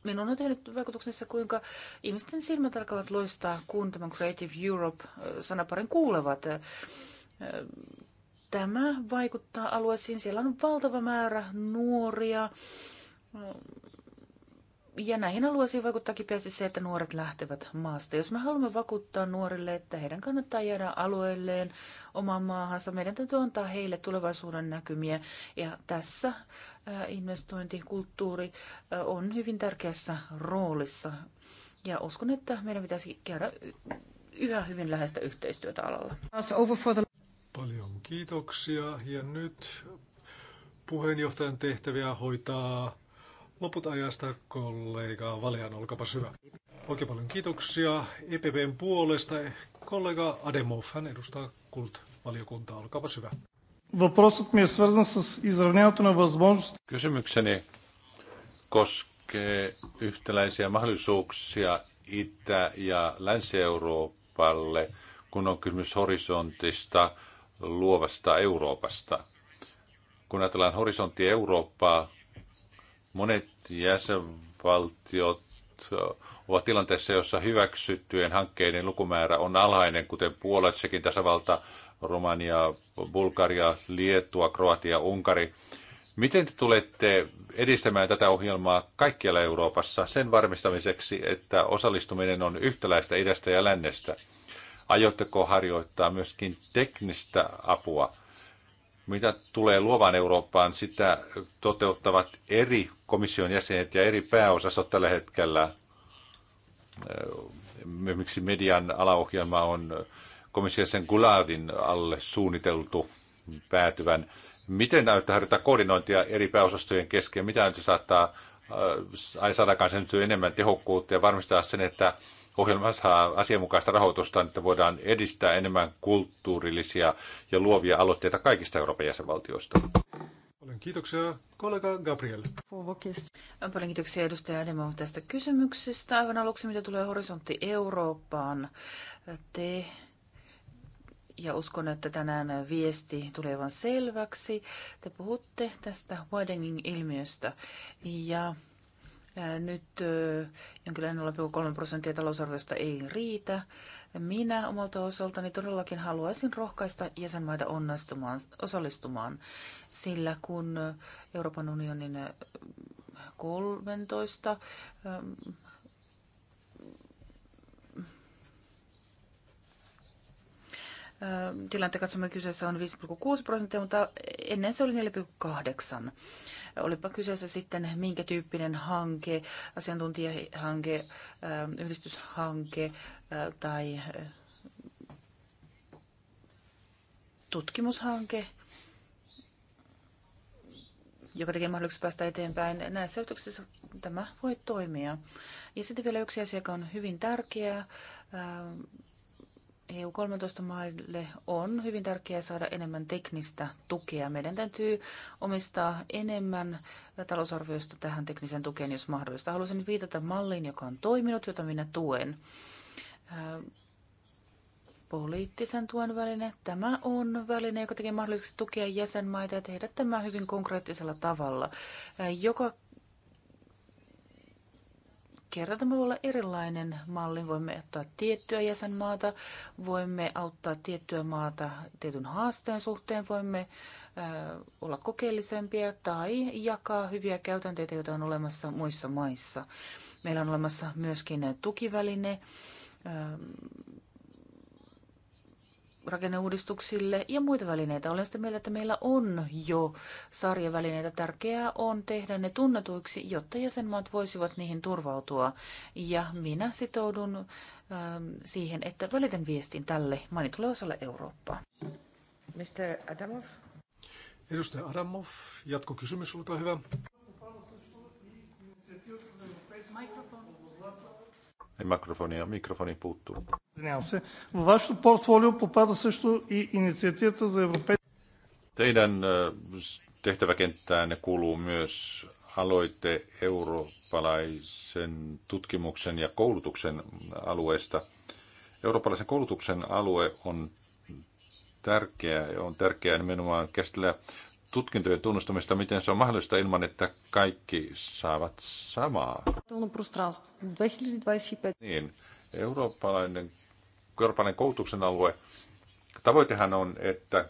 minun on tehnyt vaikutuksessa, kuinka ihmisten silmät alkavat loistaa, kun tämän Creative Europe-sanaparin kuulevat. Tämä vaikuttaa alueisiin. Siellä on valtava määrä nuoria, ja näihin alueisiin vaikuttaa kipeästi se, että nuoret lähtevät maasta. Jos me haluamme vakuuttaa nuorille, että heidän kannattaa jäädä alueelleen omaan maahansa, meidän täytyy antaa heille tulevaisuuden näkymiä. Ja tässä investointikulttuuri on hyvin tärkeässä roolissa. Ja uskon, että meidän pitäisi käydä yhä hyvin läheistä yhteistyötä alalla. Paljon kiitoksia. Ja nyt puheenjohtajan tehtäviä hoitaa loput ajasta kollega Valean, olkapa hyvä. Oikein paljon kiitoksia EPP:n puolesta. Kollega Ademov, hän edustaa Kult-valiokuntaa, olkapas hyvä. Kysymykseni koskee yhtäläisiä mahdollisuuksia Itä- ja Länsi-Euroopalle, kun on kysymys horisontista, luovasta Euroopasta. Kun ajatellaan horisontti Eurooppaa, Monet jäsenvaltiot ovat tilanteessa, jossa hyväksyttyjen hankkeiden lukumäärä on alhainen, kuten puolet sekin tasavalta, Romania, Bulgaria, Liettua, Kroatia, Unkari. Miten te tulette edistämään tätä ohjelmaa kaikkialla Euroopassa sen varmistamiseksi, että osallistuminen on yhtäläistä idästä ja lännestä? Aiotteko harjoittaa myöskin teknistä apua? Mitä tulee luovaan Eurooppaan, sitä toteuttavat eri komission jäsenet ja eri pääosastot tällä hetkellä. Äh, Miksi median alaohjelma on komission jäsen Gulardin alle suunniteltu päätyvän. Miten näyttää harjoittaa koordinointia eri pääosastojen kesken? Mitä nyt saattaa äh, saada sen enemmän tehokkuutta ja varmistaa sen, että ohjelma saa asianmukaista rahoitusta, niin että voidaan edistää enemmän kulttuurillisia ja luovia aloitteita kaikista Euroopan jäsenvaltioista. Olen kiitoksia kollega Gabriel. Paljon kiitoksia edustaja Edemo tästä kysymyksestä. Aivan aluksi, mitä tulee Horisontti Eurooppaan, te ja uskon, että tänään viesti tulee vain selväksi. Te puhutte tästä widening-ilmiöstä ja nyt jonkinlainen 0,3 prosenttia talousarviosta ei riitä. Minä omalta osaltani todellakin haluaisin rohkaista jäsenmaita onnistumaan, osallistumaan, sillä kun Euroopan unionin 13 tilanteen katsomme kyseessä on 5,6 prosenttia, mutta ennen se oli 4,8. Olipa kyseessä sitten minkä tyyppinen hanke, asiantuntijahanke, ähm, yhdistyshanke äh, tai äh, tutkimushanke, joka tekee mahdolliseksi päästä eteenpäin. Näissä yhteyksissä tämä voi toimia. Ja sitten vielä yksi asia, joka on hyvin tärkeä ähm, EU-13 maille on hyvin tärkeää saada enemmän teknistä tukea. Meidän täytyy omistaa enemmän talousarviosta tähän tekniseen tukeen, jos mahdollista. Haluaisin nyt viitata malliin, joka on toiminut, jota minä tuen. Poliittisen tuen väline. Tämä on väline, joka tekee mahdolliseksi tukea jäsenmaita ja tehdä tämä hyvin konkreettisella tavalla. Joka kerta tämä voi olla erilainen malli. Voimme ottaa tiettyä jäsenmaata, voimme auttaa tiettyä maata tietyn haasteen suhteen, voimme olla kokeellisempia tai jakaa hyviä käytänteitä, joita on olemassa muissa maissa. Meillä on olemassa myöskin tukiväline rakenneuudistuksille ja muita välineitä. Olen sitä mieltä, että meillä on jo sarjavälineitä. Tärkeää on tehdä ne tunnetuiksi, jotta jäsenmaat voisivat niihin turvautua. Ja minä sitoudun ähm, siihen, että välitän viestin tälle mainitulle osalle Eurooppaa. Mr. Adamov. Edustaja Adamov, jatkokysymys, olkaa hyvä. микрофони, микрофони mikrofoni, Извинявам се. Във вашето портфолио попада също и инициативата за европейска... Teidän tehtäväkenttäänne kuuluu myös aloite eurooppalaisen tutkimuksen ja koulutuksen alueesta. Eurooppalaisen koulutuksen alue on tärkeä ja on tärkeää nimenomaan käsitellä tutkintojen tunnustamista, miten se on mahdollista ilman, että kaikki saavat samaa. Niin, eurooppalainen, eurooppalainen koulutuksen alue. Tavoitehan on, että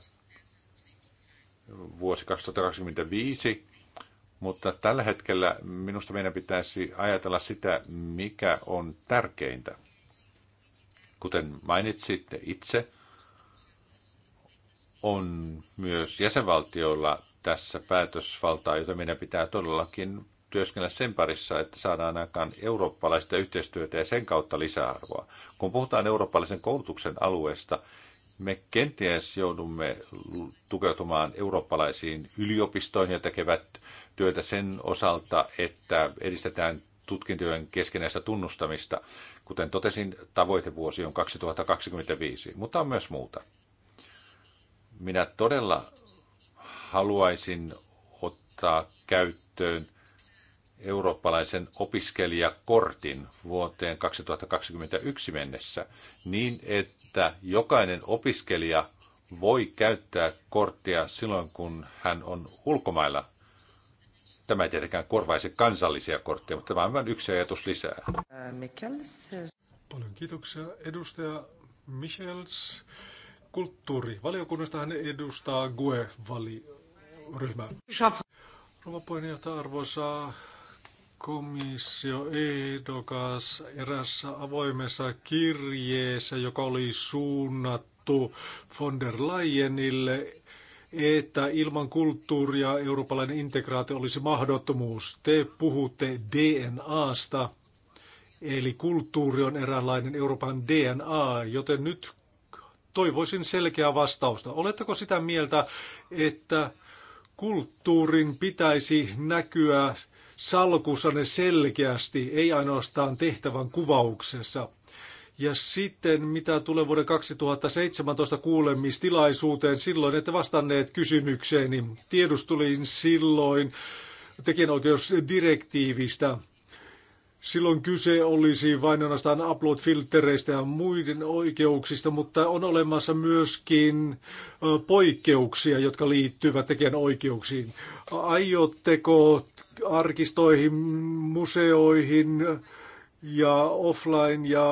vuosi 2025, mutta tällä hetkellä minusta meidän pitäisi ajatella sitä, mikä on tärkeintä. Kuten mainitsitte itse, on myös jäsenvaltioilla tässä päätösvaltaa, jota meidän pitää todellakin työskennellä sen parissa, että saadaan aikaan eurooppalaista yhteistyötä ja sen kautta lisäarvoa. Kun puhutaan eurooppalaisen koulutuksen alueesta, me kenties joudumme tukeutumaan eurooppalaisiin yliopistoihin ja tekevät työtä sen osalta, että edistetään tutkintojen keskinäistä tunnustamista. Kuten totesin, tavoitevuosi on 2025, mutta on myös muuta minä todella haluaisin ottaa käyttöön eurooppalaisen opiskelijakortin vuoteen 2021 mennessä niin, että jokainen opiskelija voi käyttää korttia silloin, kun hän on ulkomailla. Tämä ei tietenkään korvaisi kansallisia kortteja, mutta tämä on vain yksi ajatus lisää. Äh, Mikkels. Paljon kiitoksia edustaja Michels kulttuurivaliokunnasta. Hän edustaa GUE-ryhmää. Rouva puheenjohtaja, arvoisa komissio ehdokas erässä avoimessa kirjeessä, joka oli suunnattu von der Leyenille, että ilman kulttuuria eurooppalainen integraatio olisi mahdottomuus. Te puhutte DNAsta, eli kulttuuri on eräänlainen Euroopan DNA, joten nyt toivoisin selkeää vastausta. Oletteko sitä mieltä, että kulttuurin pitäisi näkyä salkussanne selkeästi, ei ainoastaan tehtävän kuvauksessa? Ja sitten mitä tulee vuoden 2017 kuulemistilaisuuteen, silloin ette vastanneet kysymykseeni. Tiedustulin silloin tekijänoikeusdirektiivistä. Silloin kyse olisi vain ainoastaan upload-filtereistä ja muiden oikeuksista, mutta on olemassa myöskin poikkeuksia, jotka liittyvät tekijän oikeuksiin. Aiotteko arkistoihin, museoihin ja offline ja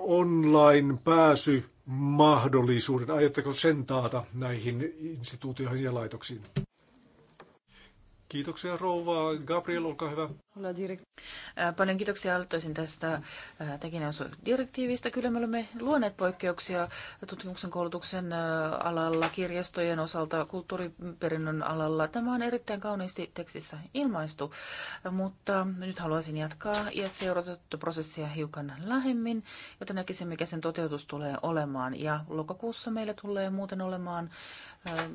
online pääsy mahdollisuuden? Aiotteko sen taata näihin instituutioihin ja laitoksiin? Kiitoksia rouva. Gabriel, olkaa hyvä. Äh, paljon kiitoksia aloittaisin tästä äh, tekijänoikeusdirektiivistä. Kyllä me olemme luoneet poikkeuksia tutkimuksen koulutuksen äh, alalla, kirjastojen osalta, kulttuuriperinnön alalla. Tämä on erittäin kauniisti tekstissä ilmaistu, mutta nyt haluaisin jatkaa ja seurata prosessia hiukan lähemmin, jotta näkisin, mikä sen toteutus tulee olemaan. Ja lokakuussa meillä tulee muuten olemaan ähm,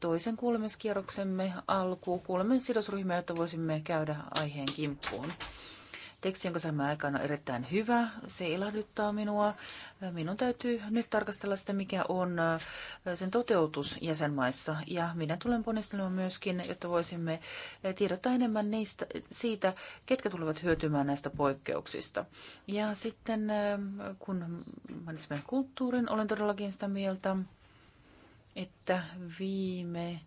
toisen kuulemiskierroksemme alku. Kuulemme sidosryhmiä, jotta voisimme käydä aiheen kimppuun. Teksti, jonka saamme aikaan, on erittäin hyvä. Se ilahduttaa minua. Minun täytyy nyt tarkastella sitä, mikä on sen toteutus jäsenmaissa. Ja minä tulen ponnistelemaan myöskin, jotta voisimme tiedottaa enemmän niistä, siitä, ketkä tulevat hyötymään näistä poikkeuksista. Ja sitten, kun mainitsimme kulttuurin, olen todellakin sitä mieltä, että viime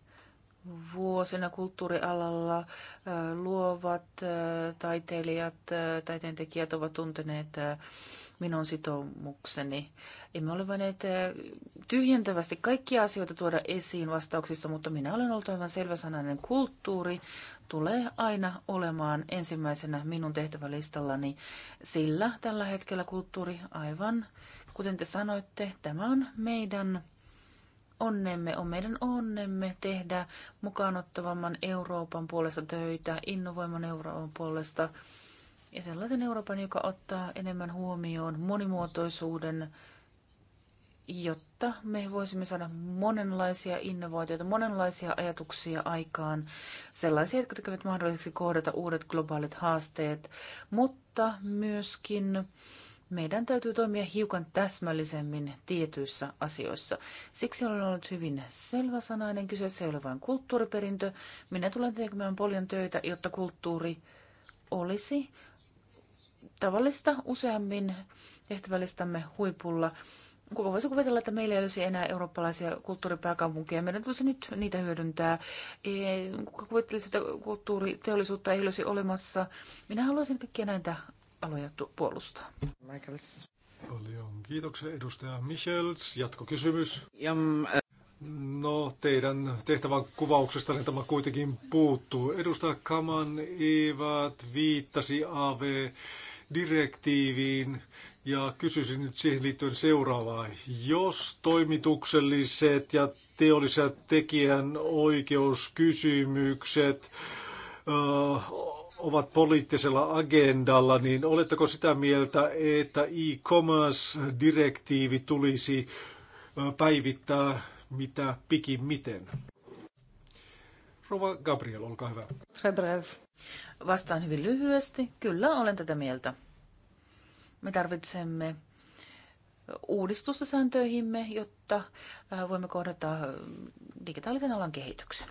vuosina kulttuurialalla luovat taiteilijat, taiteentekijät ovat tunteneet minun sitoumukseni. Emme ole voineet tyhjentävästi kaikkia asioita tuoda esiin vastauksissa, mutta minä olen ollut aivan selväsanainen. Kulttuuri tulee aina olemaan ensimmäisenä minun tehtävälistallani, sillä tällä hetkellä kulttuuri aivan, kuten te sanoitte, tämä on meidän onnemme on meidän onnemme tehdä mukaanottavamman Euroopan puolesta töitä, innovoiman Euroopan puolesta ja sellaisen Euroopan, joka ottaa enemmän huomioon monimuotoisuuden, jotta me voisimme saada monenlaisia innovaatioita, monenlaisia ajatuksia aikaan, sellaisia, jotka tekevät mahdolliseksi kohdata uudet globaalit haasteet, mutta myöskin meidän täytyy toimia hiukan täsmällisemmin tietyissä asioissa. Siksi olen ollut hyvin selväsanainen. Kyseessä ei ole vain kulttuuriperintö. Minä tulen tekemään paljon töitä, jotta kulttuuri olisi tavallista useammin tehtävällistämme huipulla. Kuka voisi kuvitella, että meillä ei olisi enää eurooppalaisia kulttuuripääkaupunkeja? Meidän tulisi nyt niitä hyödyntää. E, kuka kuvittelisi, että kulttuuriteollisuutta ei olisi olemassa? Minä haluaisin kaikkia näitä aloja puolustaa. Michaels. Paljon kiitoksia edustaja Michels. Jatkokysymys. Jam, No, teidän tehtävän kuvauksesta niin tämä kuitenkin puuttuu. Edustaja Kaman Eivät viittasi AV-direktiiviin ja kysyisin nyt siihen liittyen seuraavaa. Jos toimitukselliset ja teolliset tekijän oikeuskysymykset ovat poliittisella agendalla, niin oletteko sitä mieltä, että e-commerce-direktiivi tulisi päivittää mitä pikimiten? Rova Gabriel, olkaa hyvä. Rebrev. Vastaan hyvin lyhyesti. Kyllä, olen tätä mieltä. Me tarvitsemme uudistusta sääntöihimme, jotta voimme kohdata digitaalisen alan kehityksen.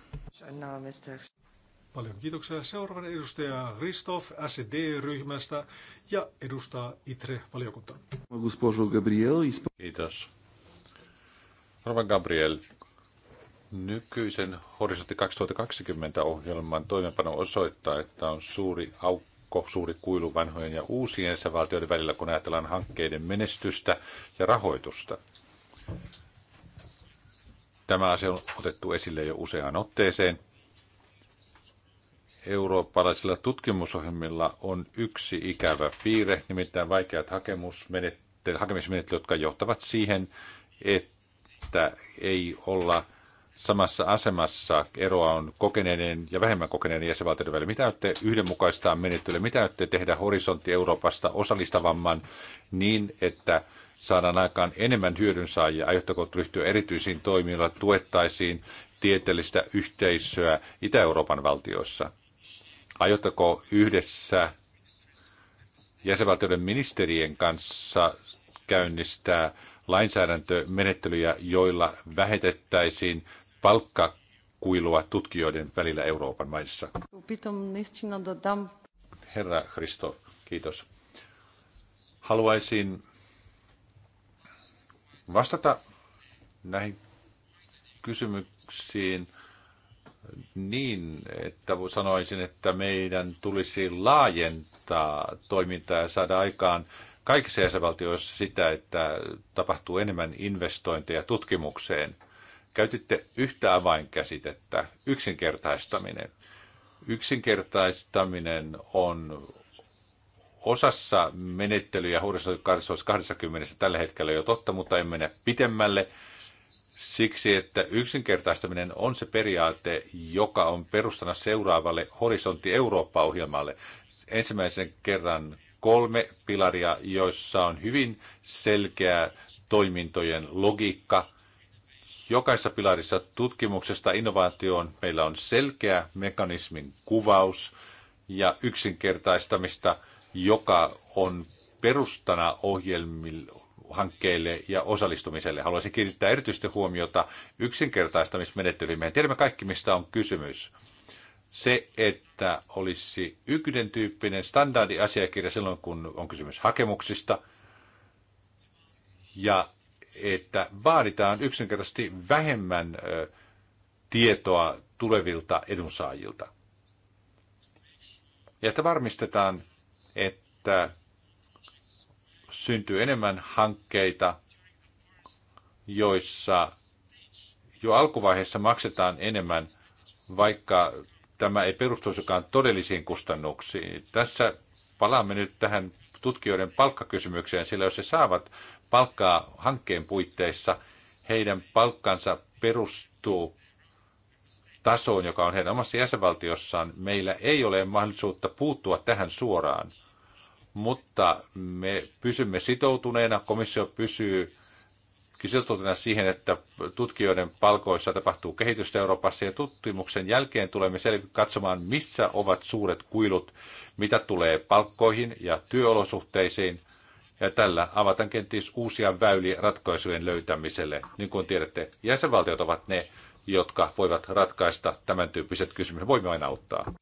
Paljon kiitoksia. Seuraavana edustaja Ristoff SED-ryhmästä ja edustaa ITRE-valiokuntaa. Kiitos. Rova Gabriel, nykyisen Horisontti 2020-ohjelman toimeenpano osoittaa, että on suuri aukko, suuri kuilu vanhojen ja uusien jäsenvaltioiden välillä, kun ajatellaan hankkeiden menestystä ja rahoitusta. Tämä asia on otettu esille jo useaan otteeseen – eurooppalaisilla tutkimusohjelmilla on yksi ikävä piirre, nimittäin vaikeat hakemismenettelyt, jotka johtavat siihen, että ei olla samassa asemassa. Eroa on kokeneiden ja vähemmän kokeneiden jäsenvaltioiden välillä. Mitä olette yhdenmukaistaa menettelyä? Mitä olette tehdä horisontti Euroopasta osallistavamman niin, että saadaan aikaan enemmän hyödynsaajia? Aiotteko ryhtyä erityisiin toimiin, joilla tuettaisiin tieteellistä yhteisöä Itä-Euroopan valtioissa? Aiotteko yhdessä jäsenvaltioiden ministerien kanssa käynnistää lainsäädäntömenettelyjä, joilla vähetettäisiin palkkakuilua tutkijoiden välillä Euroopan maissa? Herra Kristo, kiitos. Haluaisin vastata näihin kysymyksiin niin, että sanoisin, että meidän tulisi laajentaa toimintaa ja saada aikaan kaikissa jäsenvaltioissa sitä, että tapahtuu enemmän investointeja tutkimukseen. Käytitte yhtä avainkäsitettä, yksinkertaistaminen. Yksinkertaistaminen on osassa menettelyjä huudessa 20 tällä hetkellä jo totta, mutta en mene pitemmälle – siksi, että yksinkertaistaminen on se periaate, joka on perustana seuraavalle Horisontti Eurooppa-ohjelmalle. Ensimmäisen kerran kolme pilaria, joissa on hyvin selkeä toimintojen logiikka. Jokaisessa pilarissa tutkimuksesta innovaatioon meillä on selkeä mekanismin kuvaus ja yksinkertaistamista, joka on perustana ohjelmille hankkeille ja osallistumiselle. Haluaisin kiinnittää erityisesti huomiota yksinkertaistamismenettelyyn. tiedämme kaikki, mistä on kysymys. Se, että olisi yhden tyyppinen standardiasiakirja silloin, kun on kysymys hakemuksista, ja että vaaditaan yksinkertaisesti vähemmän tietoa tulevilta edunsaajilta. Ja että varmistetaan, että syntyy enemmän hankkeita, joissa jo alkuvaiheessa maksetaan enemmän, vaikka tämä ei perustuisikaan todellisiin kustannuksiin. Tässä palaamme nyt tähän tutkijoiden palkkakysymykseen, sillä jos he saavat palkkaa hankkeen puitteissa, heidän palkkansa perustuu tasoon, joka on heidän omassa jäsenvaltiossaan. Meillä ei ole mahdollisuutta puuttua tähän suoraan mutta me pysymme sitoutuneena, komissio pysyy sitoutuneena siihen, että tutkijoiden palkoissa tapahtuu kehitystä Euroopassa ja tutkimuksen jälkeen tulemme katsomaan, missä ovat suuret kuilut, mitä tulee palkkoihin ja työolosuhteisiin. Ja tällä avataan kenties uusia väyliä ratkaisujen löytämiselle. Niin kuin tiedätte, jäsenvaltiot ovat ne, jotka voivat ratkaista tämän tyyppiset kysymykset. Voimme aina auttaa.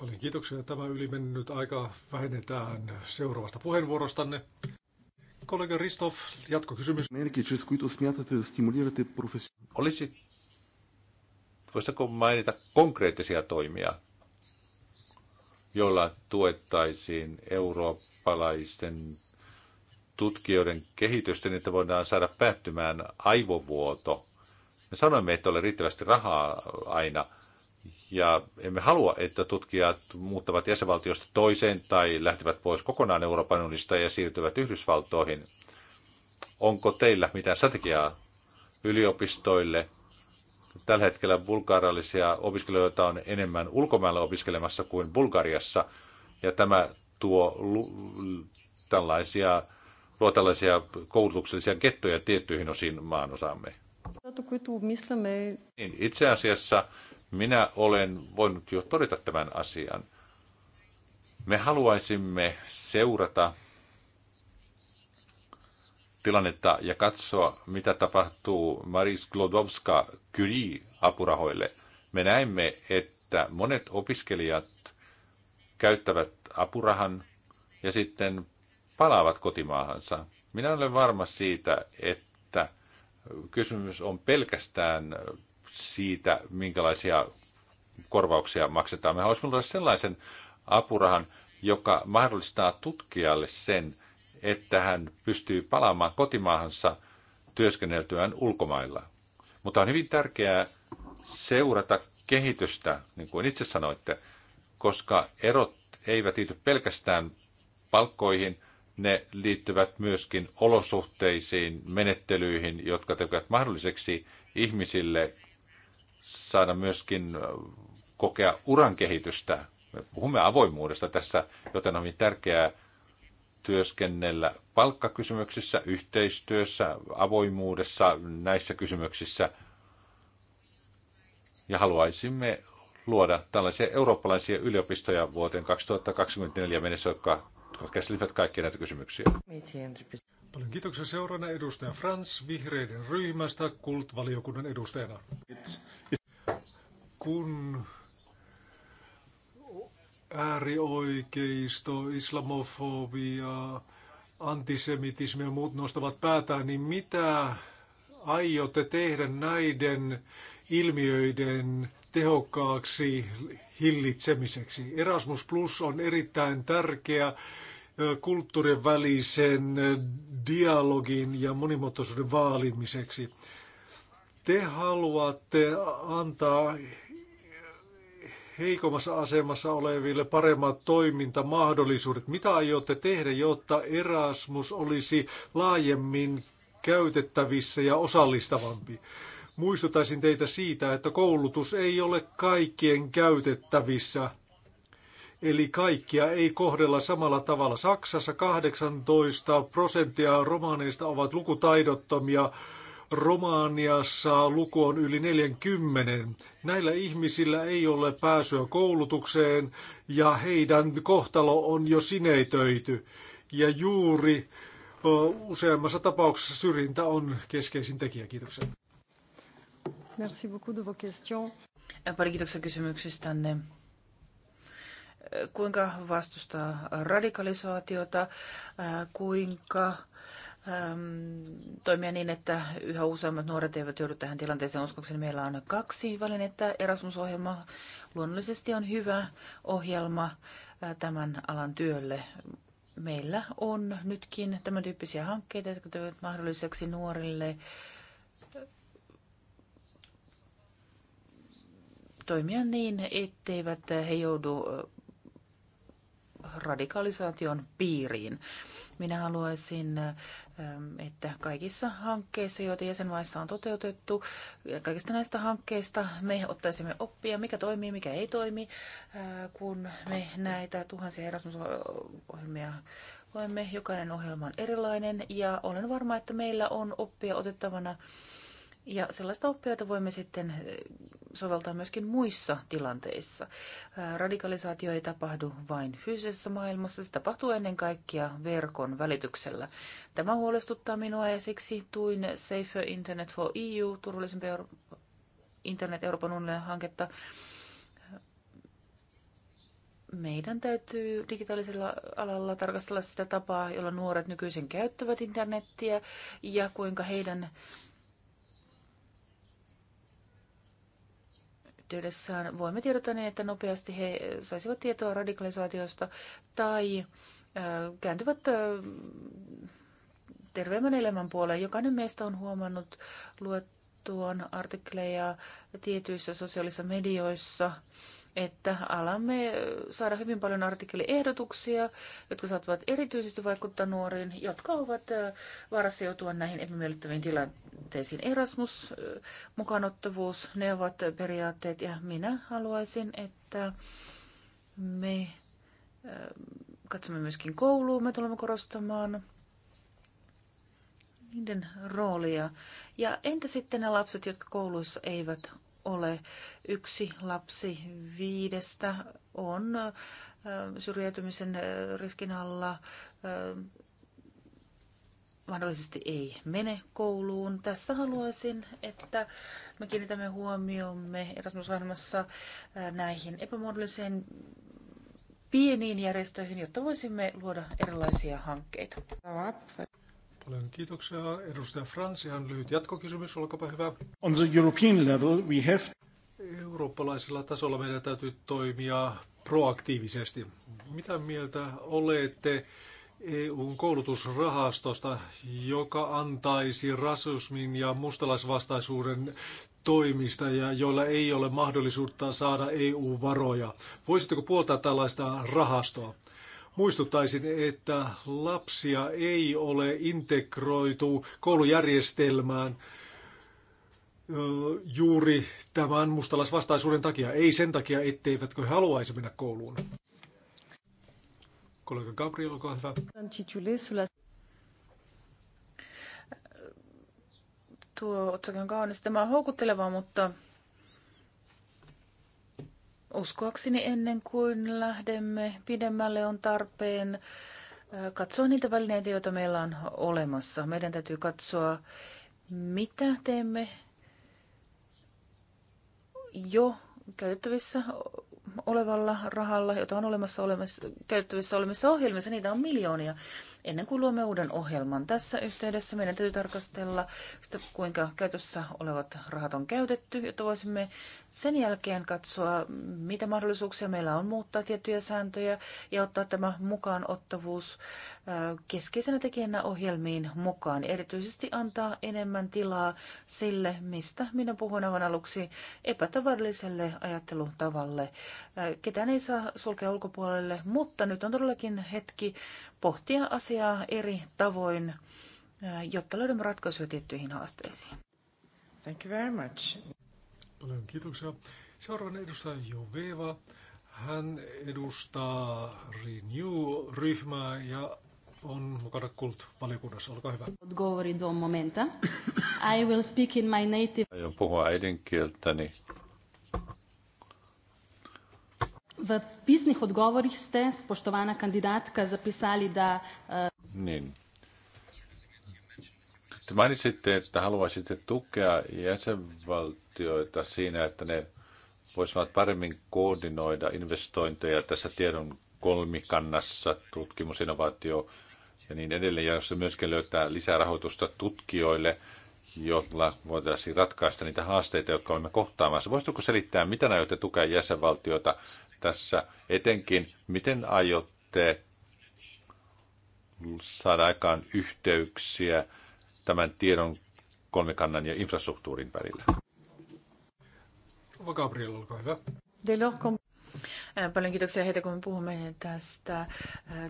Paljon kiitoksia. Tämä yli mennyt aika vähennetään seuraavasta puheenvuorostanne. Kollega Ristov, jatkokysymys. Olisi, voisitko mainita konkreettisia toimia, joilla tuettaisiin eurooppalaisten tutkijoiden kehitystä, niin että voidaan saada päättymään aivovuoto. Me sanoimme, että ole riittävästi rahaa aina – ja emme halua, että tutkijat muuttavat jäsenvaltiosta toiseen tai lähtevät pois kokonaan Euroopan unionista ja siirtyvät Yhdysvaltoihin. Onko teillä mitään strategiaa yliopistoille? Tällä hetkellä bulgaarallisia opiskelijoita on enemmän ulkomailla opiskelemassa kuin Bulgariassa, ja tämä tuo tällaisia, luo tällaisia koulutuksellisia kettoja tiettyihin osiin maanosaamme. Niin, itse asiassa minä olen voinut jo todeta tämän asian. Me haluaisimme seurata tilannetta ja katsoa, mitä tapahtuu Maris Glodowska Curie apurahoille. Me näemme, että monet opiskelijat käyttävät apurahan ja sitten palaavat kotimaahansa. Minä olen varma siitä, että kysymys on pelkästään siitä, minkälaisia korvauksia maksetaan. Me haluaisimme luoda sellaisen apurahan, joka mahdollistaa tutkijalle sen, että hän pystyy palaamaan kotimaahansa työskenneltyään ulkomailla. Mutta on hyvin tärkeää seurata kehitystä, niin kuin itse sanoitte, koska erot eivät liity pelkästään palkkoihin – ne liittyvät myöskin olosuhteisiin, menettelyihin, jotka tekevät mahdolliseksi ihmisille saada myöskin kokea uran kehitystä. Me puhumme avoimuudesta tässä, joten on hyvin tärkeää työskennellä palkkakysymyksissä, yhteistyössä, avoimuudessa, näissä kysymyksissä. Ja haluaisimme luoda tällaisia eurooppalaisia yliopistoja vuoteen 2024 mennessä, jotka jotka käsittelivät kaikkia näitä kysymyksiä. Paljon kiitoksia seurana edustaja Frans Vihreiden ryhmästä kultvaliokunnan edustajana. Kun äärioikeisto, islamofobia, antisemitismi ja muut nostavat päätään, niin mitä aiotte tehdä näiden ilmiöiden tehokkaaksi hillitsemiseksi. Erasmus Plus on erittäin tärkeä kulttuurien välisen dialogin ja monimuotoisuuden vaalimiseksi. Te haluatte antaa heikommassa asemassa oleville paremmat toimintamahdollisuudet. Mitä aiotte tehdä, jotta Erasmus olisi laajemmin käytettävissä ja osallistavampi? Muistutaisin teitä siitä, että koulutus ei ole kaikkien käytettävissä. Eli kaikkia ei kohdella samalla tavalla. Saksassa 18 prosenttia romaaneista ovat lukutaidottomia. Romaaniassa luku on yli 40. Näillä ihmisillä ei ole pääsyä koulutukseen ja heidän kohtalo on jo sineitöity. Ja juuri useammassa tapauksessa syrjintä on keskeisin tekijä. Kiitoksia. Merci beaucoup de vos questions. kiitoksia kysymyksistänne. Kuinka vastustaa radikalisaatiota? Äh, kuinka ähm, toimia niin, että yhä useammat nuoret eivät joudu tähän tilanteeseen. Uskokseni meillä on kaksi välinettä. Erasmus-ohjelma luonnollisesti on hyvä ohjelma äh, tämän alan työlle. Meillä on nytkin tämän tyyppisiä hankkeita, jotka tekevät mahdolliseksi nuorille toimia niin, etteivät he joudu radikalisaation piiriin. Minä haluaisin, että kaikissa hankkeissa, joita jäsenmaissa on toteutettu, kaikista näistä hankkeista me ottaisimme oppia, mikä toimii, mikä ei toimi, kun me näitä tuhansia Erasmus-ohjelmia voimme. Jokainen ohjelma on erilainen ja olen varma, että meillä on oppia otettavana ja sellaista oppiota voimme sitten eh, soveltaa myöskin muissa tilanteissa. Eh, radikalisaatio ei tapahdu vain fyysisessä maailmassa, se tapahtuu ennen kaikkea verkon välityksellä. Tämä huolestuttaa minua ja siksi tuin Safer Internet for EU, turvallisempi Euro- Internet Euroopan unionin hanketta. Meidän täytyy digitaalisella alalla tarkastella sitä tapaa, jolla nuoret nykyisin käyttävät internettiä ja kuinka heidän yhteydessään voimme tiedottaa niin, että nopeasti he saisivat tietoa radikalisaatiosta tai kääntyvät terveemmän elämän puoleen. Jokainen meistä on huomannut luettuaan artikleja tietyissä sosiaalisissa medioissa että alamme saada hyvin paljon artikkeliehdotuksia, jotka saattavat erityisesti vaikuttaa nuoriin, jotka ovat äh, vaarassa joutua näihin epämiellyttäviin tilanteisiin. Erasmus, äh, mukaanottavuus, ne ovat periaatteet ja minä haluaisin, että me äh, katsomme myöskin kouluun, me tulemme korostamaan niiden roolia. Ja entä sitten ne lapset, jotka kouluissa eivät ole. Yksi lapsi viidestä on syrjäytymisen riskin alla mahdollisesti ei mene kouluun. Tässä haluaisin, että me kiinnitämme huomiomme Erasmus-ohjelmassa näihin epämuodolliseen pieniin järjestöihin, jotta voisimme luoda erilaisia hankkeita. Paljon kiitoksia. Edustaja Frans, ihan lyhyt jatkokysymys, olkapa hyvä. On the European level we have... Eurooppalaisella tasolla meidän täytyy toimia proaktiivisesti. Mitä mieltä olette EUn koulutusrahastosta, joka antaisi rasismin ja mustalaisvastaisuuden toimista ja joilla ei ole mahdollisuutta saada EU-varoja. Voisitteko puoltaa tällaista rahastoa? Muistuttaisin, että lapsia ei ole integroitu koulujärjestelmään juuri tämän mustalaisvastaisuuden takia. Ei sen takia, etteivätkö he haluaisi mennä kouluun. Kollega Gabriel, olkaa hyvä. Tuo on kaunis. Tämä on houkuttelevaa, mutta uskoakseni ennen kuin lähdemme pidemmälle on tarpeen äh, katsoa niitä välineitä, joita meillä on olemassa. Meidän täytyy katsoa, mitä teemme jo käytettävissä olevalla rahalla, jota on olemassa, olemassa käytettävissä olemassa ohjelmissa. Niitä on miljoonia ennen kuin luomme uuden ohjelman. Tässä yhteydessä meidän täytyy tarkastella sitä, kuinka käytössä olevat rahat on käytetty, jotta voisimme sen jälkeen katsoa, mitä mahdollisuuksia meillä on muuttaa tiettyjä sääntöjä ja ottaa tämä mukaanottavuus keskeisenä tekijänä ohjelmiin mukaan. Erityisesti antaa enemmän tilaa sille, mistä minä puhuin aivan aluksi, epätavalliselle ajattelutavalle. Ketään ei saa sulkea ulkopuolelle, mutta nyt on todellakin hetki pohtia asiaa eri tavoin, jotta löydämme ratkaisuja tiettyihin haasteisiin. Thank you very much. Paljon kiitoksia. Seuraavan edustaja Joveva. Hän edustaa Renew-ryhmää ja on mukana Kult-valiokunnassa. Olkaa hyvä. momenta. I will speak in my native... Aion puhua äidinkieltäni. V pisnih odgovorih ste, spoštovana kandidatka, zapisali, da... Eh, niin. Te mainitsitte, että haluaisitte tukea jäsenvaltioita siinä, että ne voisivat paremmin koordinoida investointeja tässä tiedon kolmikannassa, tutkimus, ja niin edelleen, ja se myöskin löytää lisää rahoitusta tutkijoille, jolla voitaisiin ratkaista niitä haasteita, jotka olemme kohtaamassa. Voisitko selittää, miten aiotte tukea jäsenvaltiota tässä, etenkin miten aiotte saada aikaan yhteyksiä tämän tiedon kolmikannan ja infrastruktuurin välillä? Gabriel, olkaa hyvä. Paljon kiitoksia heitä, kun me puhumme tästä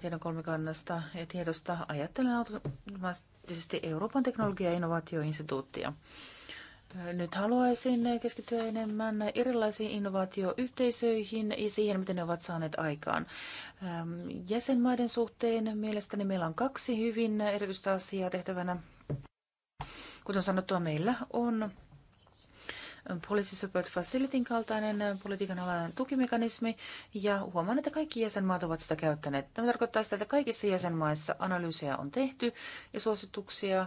tiedon kolmikannasta ja tiedosta. Ajattelen automaattisesti Euroopan teknologia- ja innovaatioinstituuttia nyt haluaisin keskittyä enemmän erilaisiin innovaatioyhteisöihin ja siihen, miten ne ovat saaneet aikaan. Ähm, jäsenmaiden suhteen mielestäni meillä on kaksi hyvin erityistä asiaa tehtävänä. Kuten sanottua, meillä on Policy Support Facilityn kaltainen politiikan alainen tukimekanismi, ja huomaan, että kaikki jäsenmaat ovat sitä käyttäneet. Tämä tarkoittaa sitä, että kaikissa jäsenmaissa analyysejä on tehty ja suosituksia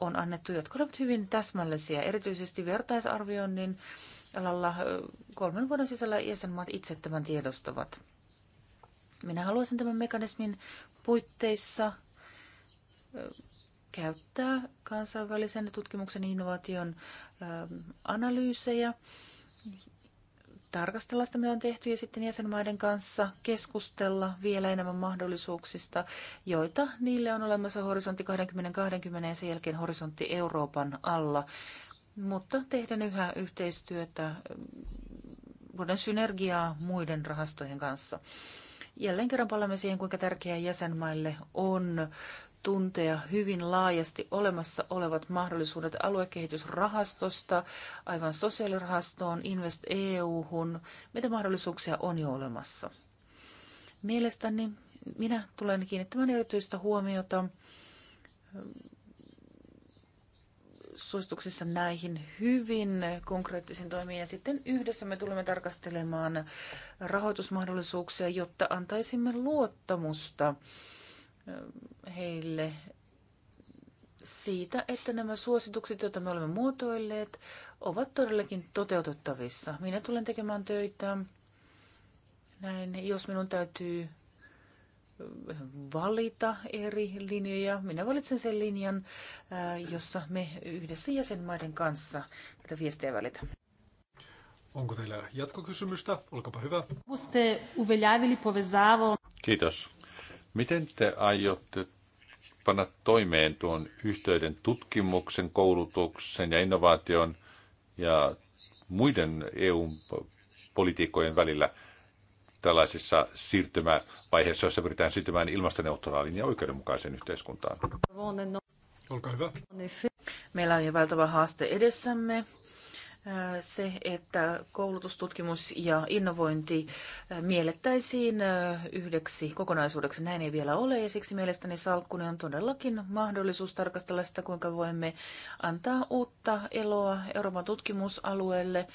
on annettu, jotka ovat hyvin täsmällisiä, erityisesti vertaisarvioinnin alalla kolmen vuoden sisällä jäsenmaat itse tämän tiedostavat. Minä haluaisin tämän mekanismin puitteissa käyttää kansainvälisen tutkimuksen innovaation analyysejä, tarkastella sitä, mitä on tehty, ja sitten jäsenmaiden kanssa keskustella vielä enemmän mahdollisuuksista, joita niille on olemassa horisontti 2020 ja sen jälkeen horisontti Euroopan alla. Mutta tehdään yhä yhteistyötä, luoden synergiaa muiden rahastojen kanssa. Jälleen kerran palaamme siihen, kuinka tärkeää jäsenmaille on tuntea hyvin laajasti olemassa olevat mahdollisuudet aluekehitysrahastosta, aivan sosiaalirahastoon, Invest EU-hun, mitä mahdollisuuksia on jo olemassa. Mielestäni minä tulen kiinnittämään erityistä huomiota hm, suosituksissa näihin hyvin konkreettisiin toimiin ja sitten yhdessä me tulemme tarkastelemaan rahoitusmahdollisuuksia, jotta antaisimme luottamusta heille siitä, että nämä suositukset, joita me olemme muotoilleet, ovat todellakin toteutettavissa. Minä tulen tekemään töitä. Näin, jos minun täytyy eh, valita eri linjoja. Minä valitsen sen linjan, eh, jossa me yhdessä jäsenmaiden kanssa tätä viestiä välitä. Onko teillä jatkokysymystä? Olkapa hyvä. Kiitos. Miten te aiotte panna toimeen tuon yhteyden tutkimuksen, koulutuksen ja innovaation ja muiden EU-politiikkojen välillä tällaisissa siirtymävaiheissa, jossa pyritään siirtymään ilmastoneutraaliin ja oikeudenmukaiseen yhteiskuntaan? Olkaa hyvä. Meillä on jo valtava haaste edessämme se, että koulutus, tutkimus ja innovointi miellettäisiin yhdeksi kokonaisuudeksi. Näin ei vielä ole ja siksi mielestäni salkkuni on todellakin mahdollisuus tarkastella sitä, kuinka voimme antaa uutta eloa Euroopan tutkimusalueelle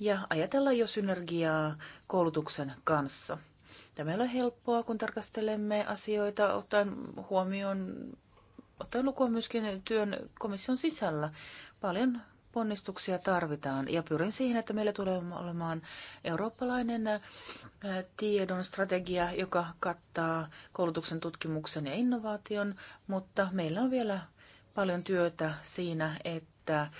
ja ajatella jo synergiaa koulutuksen kanssa. Tämä ei ole helppoa, kun tarkastelemme asioita ottaen huomioon, ottaen lukua myöskin työn komission sisällä. Paljon ponnistuksia tarvitaan ja pyrin siihen, että meillä tulee olemaan eurooppalainen äh, tiedon strategia, joka kattaa koulutuksen, tutkimuksen ja innovaation, mutta meillä on vielä paljon työtä siinä, että äh,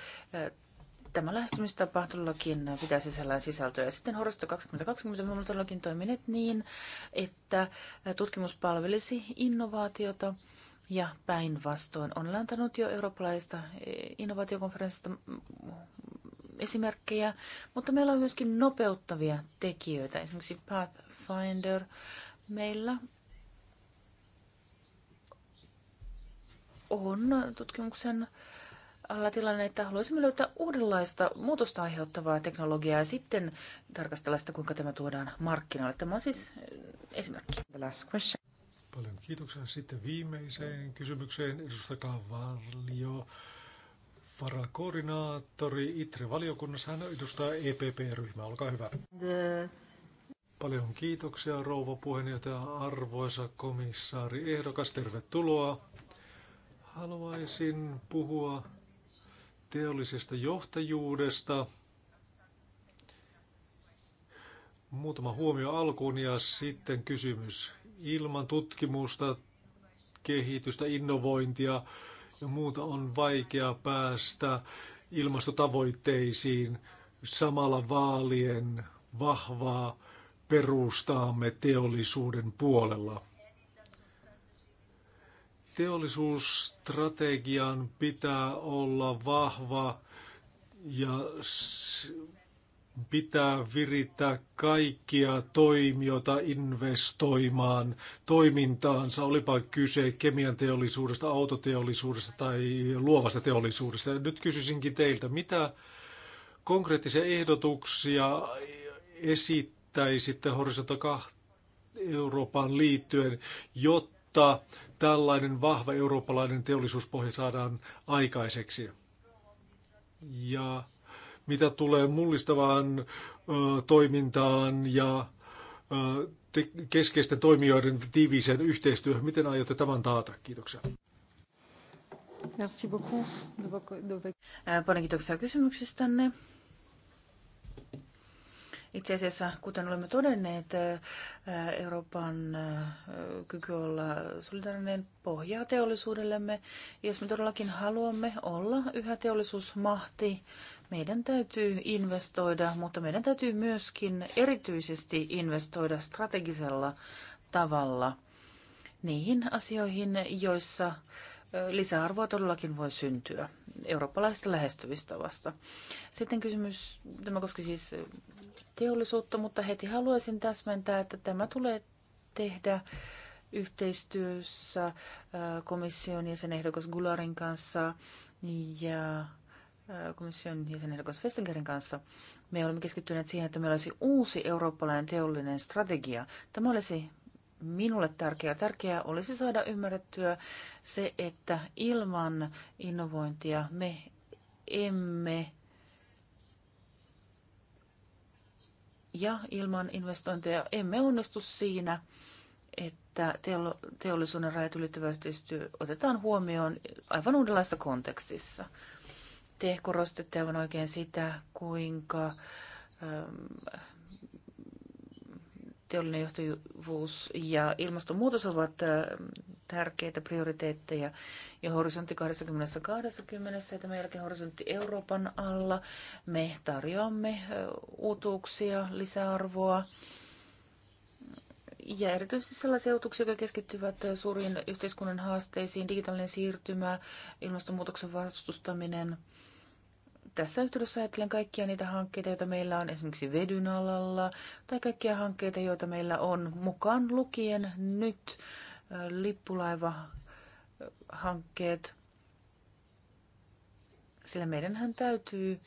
tämä lähestymistapa todellakin pitää sisällään sisältöä. sitten Horisto 2020 me olemme todellakin toimineet niin, että äh, tutkimus palvelisi innovaatiota ja päinvastoin on lantanut jo eurooppalaisesta e, innovaatiokonferenssista esimerkkejä, mutta meillä on myöskin nopeuttavia tekijöitä, esimerkiksi Pathfinder. Meillä on tutkimuksen alla tilanne, että haluaisimme löytää uudenlaista muutosta aiheuttavaa teknologiaa ja sitten tarkastella sitä, kuinka tämä tuodaan markkinoille. Tämä on siis e, esimerkki. The last question. Paljon kiitoksia. Sitten viimeiseen kysymykseen edustaja Kavalio, varakoordinaattori ITRE-valiokunnassa. Hän edustaa EPP-ryhmää. Olkaa hyvä. Paljon kiitoksia rouva puheenjohtaja, arvoisa komissaari ehdokas, tervetuloa. Haluaisin puhua teollisesta johtajuudesta. Muutama huomio alkuun ja sitten kysymys. Ilman tutkimusta, kehitystä, innovointia ja muuta on vaikea päästä ilmastotavoitteisiin samalla vaalien vahvaa perustaamme teollisuuden puolella. Teollisuusstrategian pitää olla vahva ja pitää virittää kaikkia toimijoita investoimaan toimintaansa, olipa kyse kemian teollisuudesta, autoteollisuudesta tai luovasta teollisuudesta. Nyt kysyisinkin teiltä, mitä konkreettisia ehdotuksia esittäisitte Horisonta 2 Euroopan liittyen, jotta tällainen vahva eurooppalainen teollisuuspohja saadaan aikaiseksi? Ja mitä tulee mullistavaan toimintaan ja keskeisten toimijoiden tiiviiseen yhteistyöhön. Miten aiotte tämän taata? Kiitoksia. Merci beaucoup. Paljon kiitoksia kysymyksistänne. Itse asiassa, kuten olemme todenneet, Euroopan kyky olla solidaarinen pohjaa teollisuudellemme. Jos me todellakin haluamme olla yhä teollisuusmahti, meidän täytyy investoida, mutta meidän täytyy myöskin erityisesti investoida strategisella tavalla niihin asioihin, joissa lisäarvoa todellakin voi syntyä eurooppalaisesta lähestymistavasta. Sitten kysymys, tämä koski siis teollisuutta, mutta heti haluaisin täsmentää, että tämä tulee tehdä yhteistyössä komission ja sen ehdokas Gularin kanssa ja Äh, komission jäsenehdokas Vestingerin kanssa, me olemme keskittyneet siihen, että meillä olisi uusi eurooppalainen teollinen strategia. Tämä olisi minulle tärkeää. Tärkeää olisi saada ymmärrettyä se, että ilman innovointia me emme ja ilman investointeja emme onnistu siinä, että teollisuuden rajat ylittävä yhteistyö otetaan huomioon aivan uudenlaista kontekstissa. Te korostatte aivan oikein sitä, kuinka ähm, teollinen johtajuus ja ilmastonmuutos ovat ähm, tärkeitä prioriteetteja. Ja horisontti 2020 ja tämän jälkeen horisontti Euroopan alla me tarjoamme äh, uutuuksia, lisäarvoa ja erityisesti sellaisia uutuksia, jotka keskittyvät äh, suuriin yhteiskunnan haasteisiin, digitaalinen siirtymä, ilmastonmuutoksen vastustaminen – tässä yhteydessä ajattelen kaikkia niitä hankkeita, joita meillä on esimerkiksi vedyn alalla, tai kaikkia hankkeita, joita meillä on mukaan lukien nyt lippulaivahankkeet, sillä meidänhän täytyy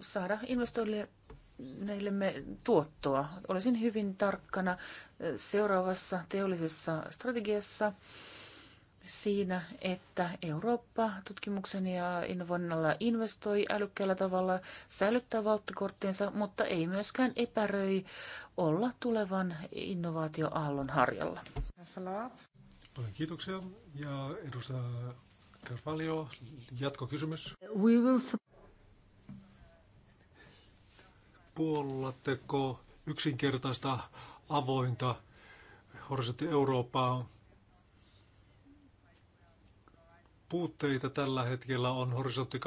saada investoille näille me tuottoa. Olisin hyvin tarkkana seuraavassa teollisessa strategiassa siinä, että Eurooppa tutkimuksen ja innovoinnilla investoi älykkäällä tavalla, säilyttää valttikorttinsa, mutta ei myöskään epäröi olla tulevan innovaatioaallon harjalla. Paljon kiitoksia. Ja edustaja Carvalho, jatkokysymys. We will... puolatteko yksinkertaista avointa horisontti Eurooppaa puutteita tällä hetkellä on horisontti 20-20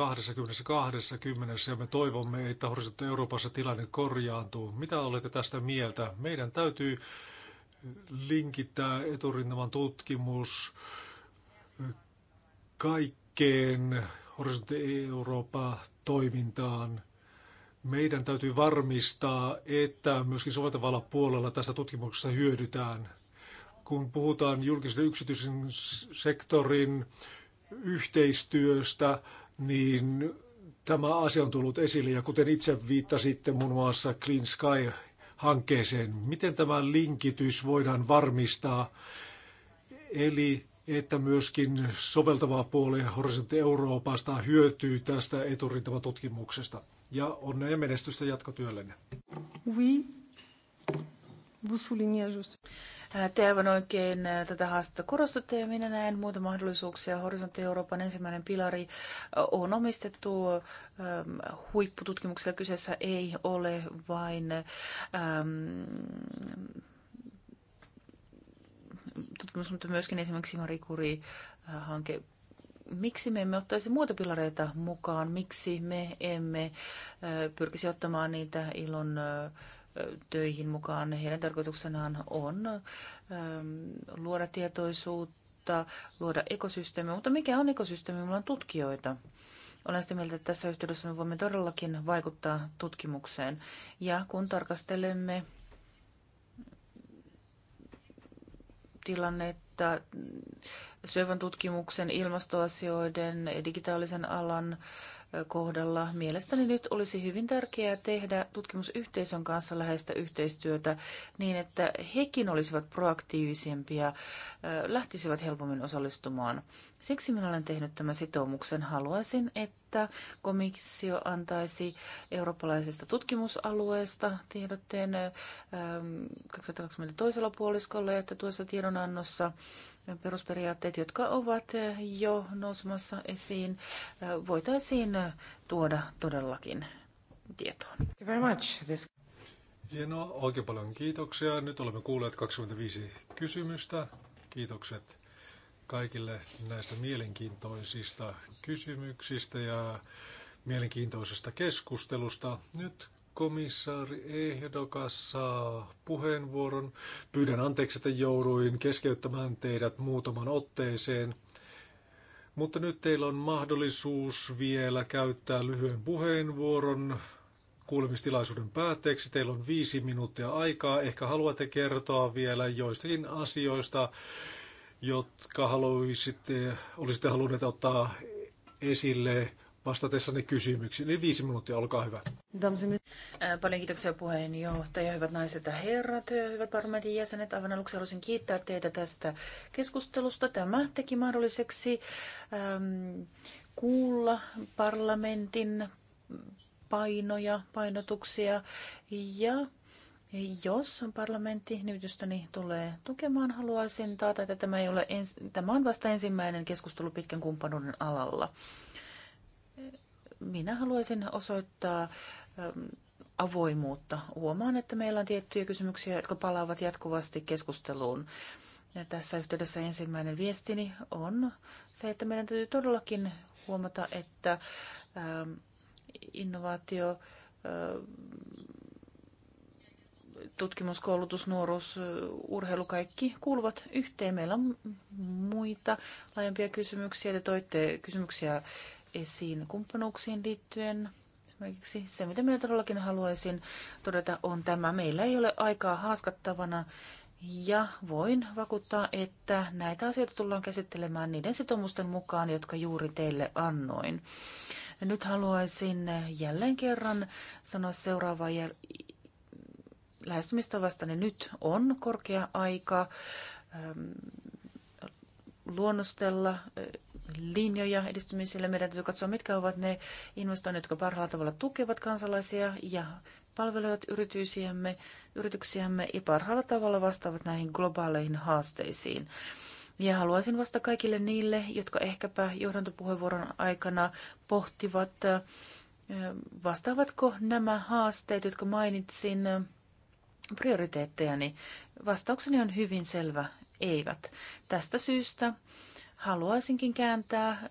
ja me toivomme, että horisontti Euroopassa tilanne korjaantuu. Mitä olette tästä mieltä? Meidän täytyy linkittää eturintaman tutkimus kaikkeen horisontti Eurooppa toimintaan. Meidän täytyy varmistaa, että myöskin soveltavalla puolella tästä tutkimuksesta hyödytään kun puhutaan julkisen yksityisen sektorin yhteistyöstä, niin tämä asia on tullut esille. Ja kuten itse viittasitte muun muassa Clean Sky-hankkeeseen, miten tämä linkitys voidaan varmistaa? Eli että myöskin soveltava puoli Horisontti Euroopasta hyötyy tästä eturintamatutkimuksesta. Ja onnea ja menestystä jatkotyöllenne. Oui. Vous soulignez juste. Te aivan oikein tätä haastetta korostatte ja minä näen muita mahdollisuuksia. Horisontti Euroopan ensimmäinen pilari on omistettu huippututkimuksella. Kyseessä ei ole vain tutkimus, mutta myöskin esimerkiksi Marie Curie-hanke miksi me emme ottaisi muita pilareita mukaan, miksi me emme pyrkisi ottamaan niitä ilon töihin mukaan. Heidän tarkoituksenaan on ähm, luoda tietoisuutta, luoda ekosysteemi, mutta mikä on ekosysteemi? Meillä on tutkijoita. Olen sitä mieltä, että tässä yhteydessä me voimme todellakin vaikuttaa tutkimukseen. Ja kun tarkastelemme tilannetta syövän tutkimuksen, ilmastoasioiden, digitaalisen alan, kohdalla. Mielestäni nyt olisi hyvin tärkeää tehdä tutkimusyhteisön kanssa läheistä yhteistyötä niin, että hekin olisivat proaktiivisempia, lähtisivät helpommin osallistumaan. Siksi minä olen tehnyt tämän sitoumuksen. Haluaisin, että komissio antaisi eurooppalaisesta tutkimusalueesta tiedotteen 2022 toisella puoliskolla ja että tuossa tiedonannossa perusperiaatteet, jotka ovat jo nousemassa esiin, voitaisiin tuoda todellakin tietoon. Very much. This... Hienoa, oikein paljon kiitoksia. Nyt olemme kuulleet 25 kysymystä. Kiitokset kaikille näistä mielenkiintoisista kysymyksistä ja mielenkiintoisesta keskustelusta. Nyt komissaari ehdokas saa puheenvuoron. Pyydän anteeksi, että jouduin keskeyttämään teidät muutaman otteeseen. Mutta nyt teillä on mahdollisuus vielä käyttää lyhyen puheenvuoron kuulemistilaisuuden päätteeksi. Teillä on viisi minuuttia aikaa. Ehkä haluatte kertoa vielä joistakin asioista, jotka haluaisitte, olisitte halunneet ottaa esille vastatessani kysymyksiin. Niin viisi minuuttia, olkaa hyvä. Paljon kiitoksia puheenjohtaja, hyvät naiset ja herrat, hyvät parlamentin jäsenet. Aivan aluksi haluaisin kiittää teitä tästä keskustelusta. Tämä teki mahdolliseksi ähm, kuulla parlamentin painoja, painotuksia ja jos parlamentti nimitystäni tulee tukemaan, haluaisin taata, että tämä, ei ole ens, tämä on vasta ensimmäinen keskustelu pitkän kumppanuuden alalla minä haluaisin osoittaa ähm, avoimuutta. Huomaan, että meillä on tiettyjä kysymyksiä, jotka palaavat jatkuvasti keskusteluun. Ja tässä yhteydessä ensimmäinen viestini on se, että meidän täytyy todellakin huomata, että ähm, innovaatio, äh, tutkimus, koulutus, nuoruus, äh, urheilu, kaikki kuuluvat yhteen. Meillä on muita laajempia kysymyksiä. Te toitte kysymyksiä esiin kumppanuuksiin liittyen. Esimerkiksi se, mitä minä todellakin haluaisin todeta, on tämä. Meillä ei ole aikaa haaskattavana ja voin vakuuttaa, että näitä asioita tullaan käsittelemään niiden sitoumusten mukaan, jotka juuri teille annoin. Nyt haluaisin jälleen kerran sanoa seuraavaa jär... lähestymistavasta, niin nyt on korkea aika ähm, luonnostella linjoja edistymiselle. Meidän täytyy katsoa, mitkä ovat ne investoinnit, jotka parhaalla tavalla tukevat kansalaisia ja palvelevat yrityksiämme, yrityksiämme ja parhaalla tavalla vastaavat näihin globaaleihin haasteisiin. Ja haluaisin vasta kaikille niille, jotka ehkäpä johdantopuheenvuoron aikana pohtivat, vastaavatko nämä haasteet, jotka mainitsin, prioriteettejani. Vastaukseni on hyvin selvä eivät. Tästä syystä haluaisinkin kääntää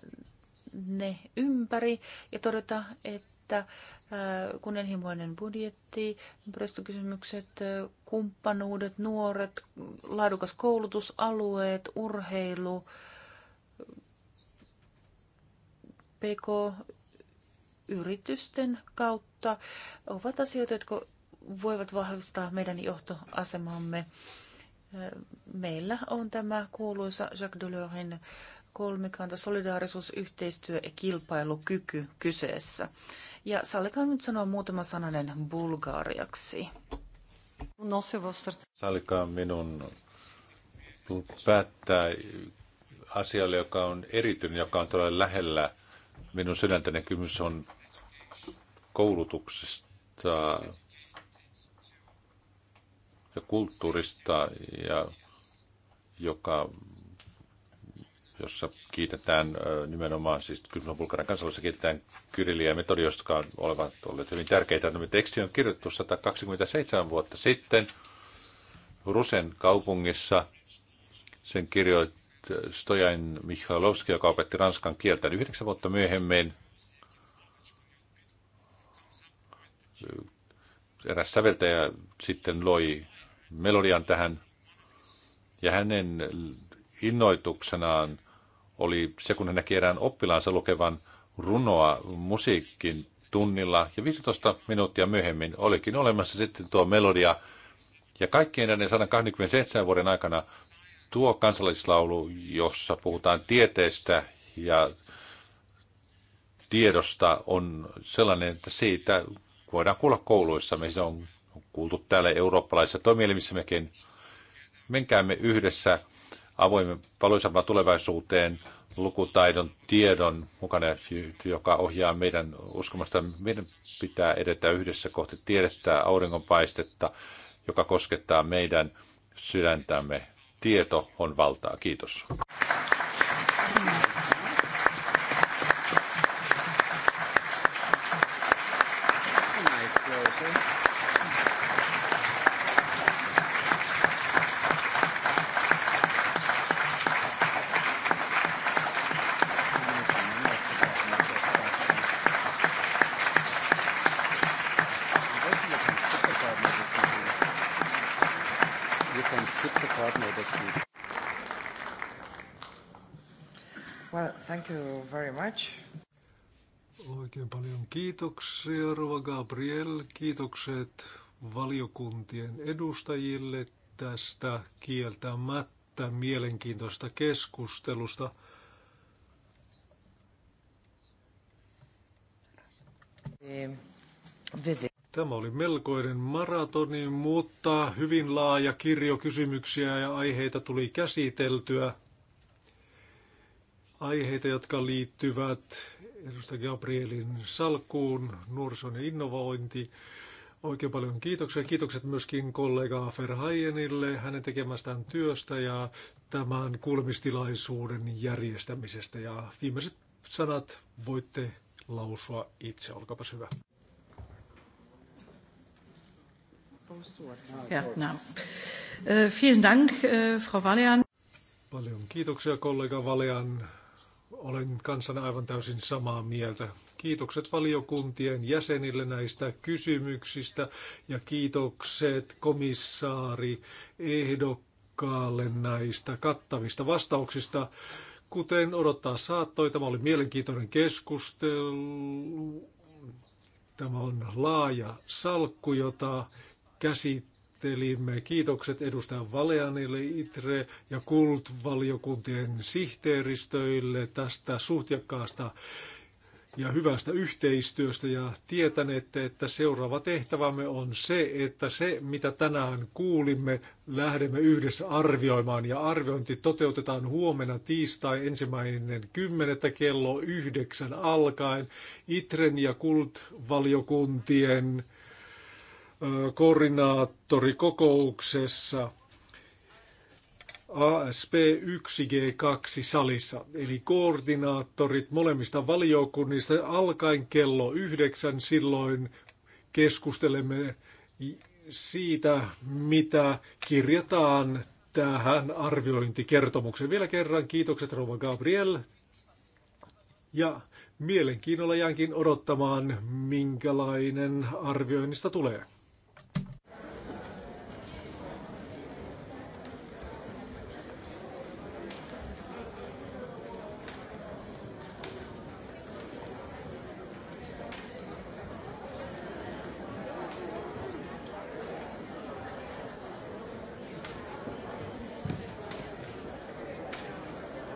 ne ympäri ja todeta, että äh, kunnianhimoinen budjetti, ympäristökysymykset, äh, kumppanuudet, nuoret, laadukas koulutus, alueet, urheilu, PK-yritysten kautta ovat asioita, jotka voivat vahvistaa meidän johtoasemamme meillä on tämä kuuluisa Jacques Delorsin kolmikanta solidaarisuus, yhteistyö ja kilpailukyky kyseessä. Ja sallikaa nyt sanoa muutama sananen bulgaariaksi. Sallikaa minun päättää asialle, joka on erityinen, joka on todella lähellä minun sydäntäni. Kysymys on koulutuksesta, ja kulttuurista, ja joka, jossa kiitetään nimenomaan, siis kyllä Bulgarian kansalaisessa kiitetään Kyriliä ja Metodiosta, jotka ovat olleet hyvin tärkeitä. Tämä teksti on kirjoitettu 127 vuotta sitten Rusen kaupungissa. Sen kirjoitti Stojan Mikhailovski, joka opetti ranskan kieltä yhdeksän vuotta myöhemmin. Eräs säveltäjä sitten loi melodian tähän. Ja hänen innoituksenaan oli se, kun hän näki erään oppilaansa lukevan runoa musiikin tunnilla. Ja 15 minuuttia myöhemmin olikin olemassa sitten tuo melodia. Ja kaikkien näiden 127 vuoden aikana tuo kansallislaulu, jossa puhutaan tieteestä ja tiedosta, on sellainen, että siitä voidaan kuulla kouluissa. missä on kuultu täällä eurooppalaisissa mekin. Menkäämme yhdessä avoimen valoisampaan tulevaisuuteen lukutaidon, tiedon mukana, joka ohjaa meidän uskomasta. Meidän pitää edetä yhdessä kohti tiedettä, auringonpaistetta, joka koskettaa meidän sydäntämme. Tieto on valtaa. Kiitos. kiitokset valiokuntien edustajille tästä kieltämättä mielenkiintoista keskustelusta. Tämä oli melkoinen maratoni, mutta hyvin laaja kirjo kysymyksiä ja aiheita tuli käsiteltyä. Aiheita, jotka liittyvät edustaja Gabrielin salkkuun, nuorison ja innovointi, Oikein paljon kiitoksia. Kiitokset myöskin kollega Ferhajenille hänen tekemästään työstä ja tämän kuulemistilaisuuden järjestämisestä. Ja viimeiset sanat voitte lausua itse. Olkaapa hyvä. Ja, no. Vielen Dank, Frau Valian. Paljon kiitoksia kollega Valian. Olen kanssana aivan täysin samaa mieltä. Kiitokset valiokuntien jäsenille näistä kysymyksistä ja kiitokset komissaari ehdokkaalle näistä kattavista vastauksista. Kuten odottaa saattoi, tämä oli mielenkiintoinen keskustelu. Tämä on laaja salkku, jota käsittelimme. Kiitokset edustaja Valeanille, Itre ja Kult-valiokuntien sihteeristöille tästä suhtiakkaasta ja hyvästä yhteistyöstä ja tietänette, että seuraava tehtävämme on se, että se mitä tänään kuulimme, lähdemme yhdessä arvioimaan ja arviointi toteutetaan huomenna tiistai ensimmäinen kymmenettä kello yhdeksän alkaen ITREN ja KULT-valiokuntien koordinaattorikokouksessa – ASP1G2 salissa, eli koordinaattorit molemmista valiokunnista alkaen kello yhdeksän silloin keskustelemme siitä, mitä kirjataan tähän arviointikertomukseen. Vielä kerran kiitokset Rouva Gabriel ja mielenkiinnolla jäänkin odottamaan, minkälainen arvioinnista tulee.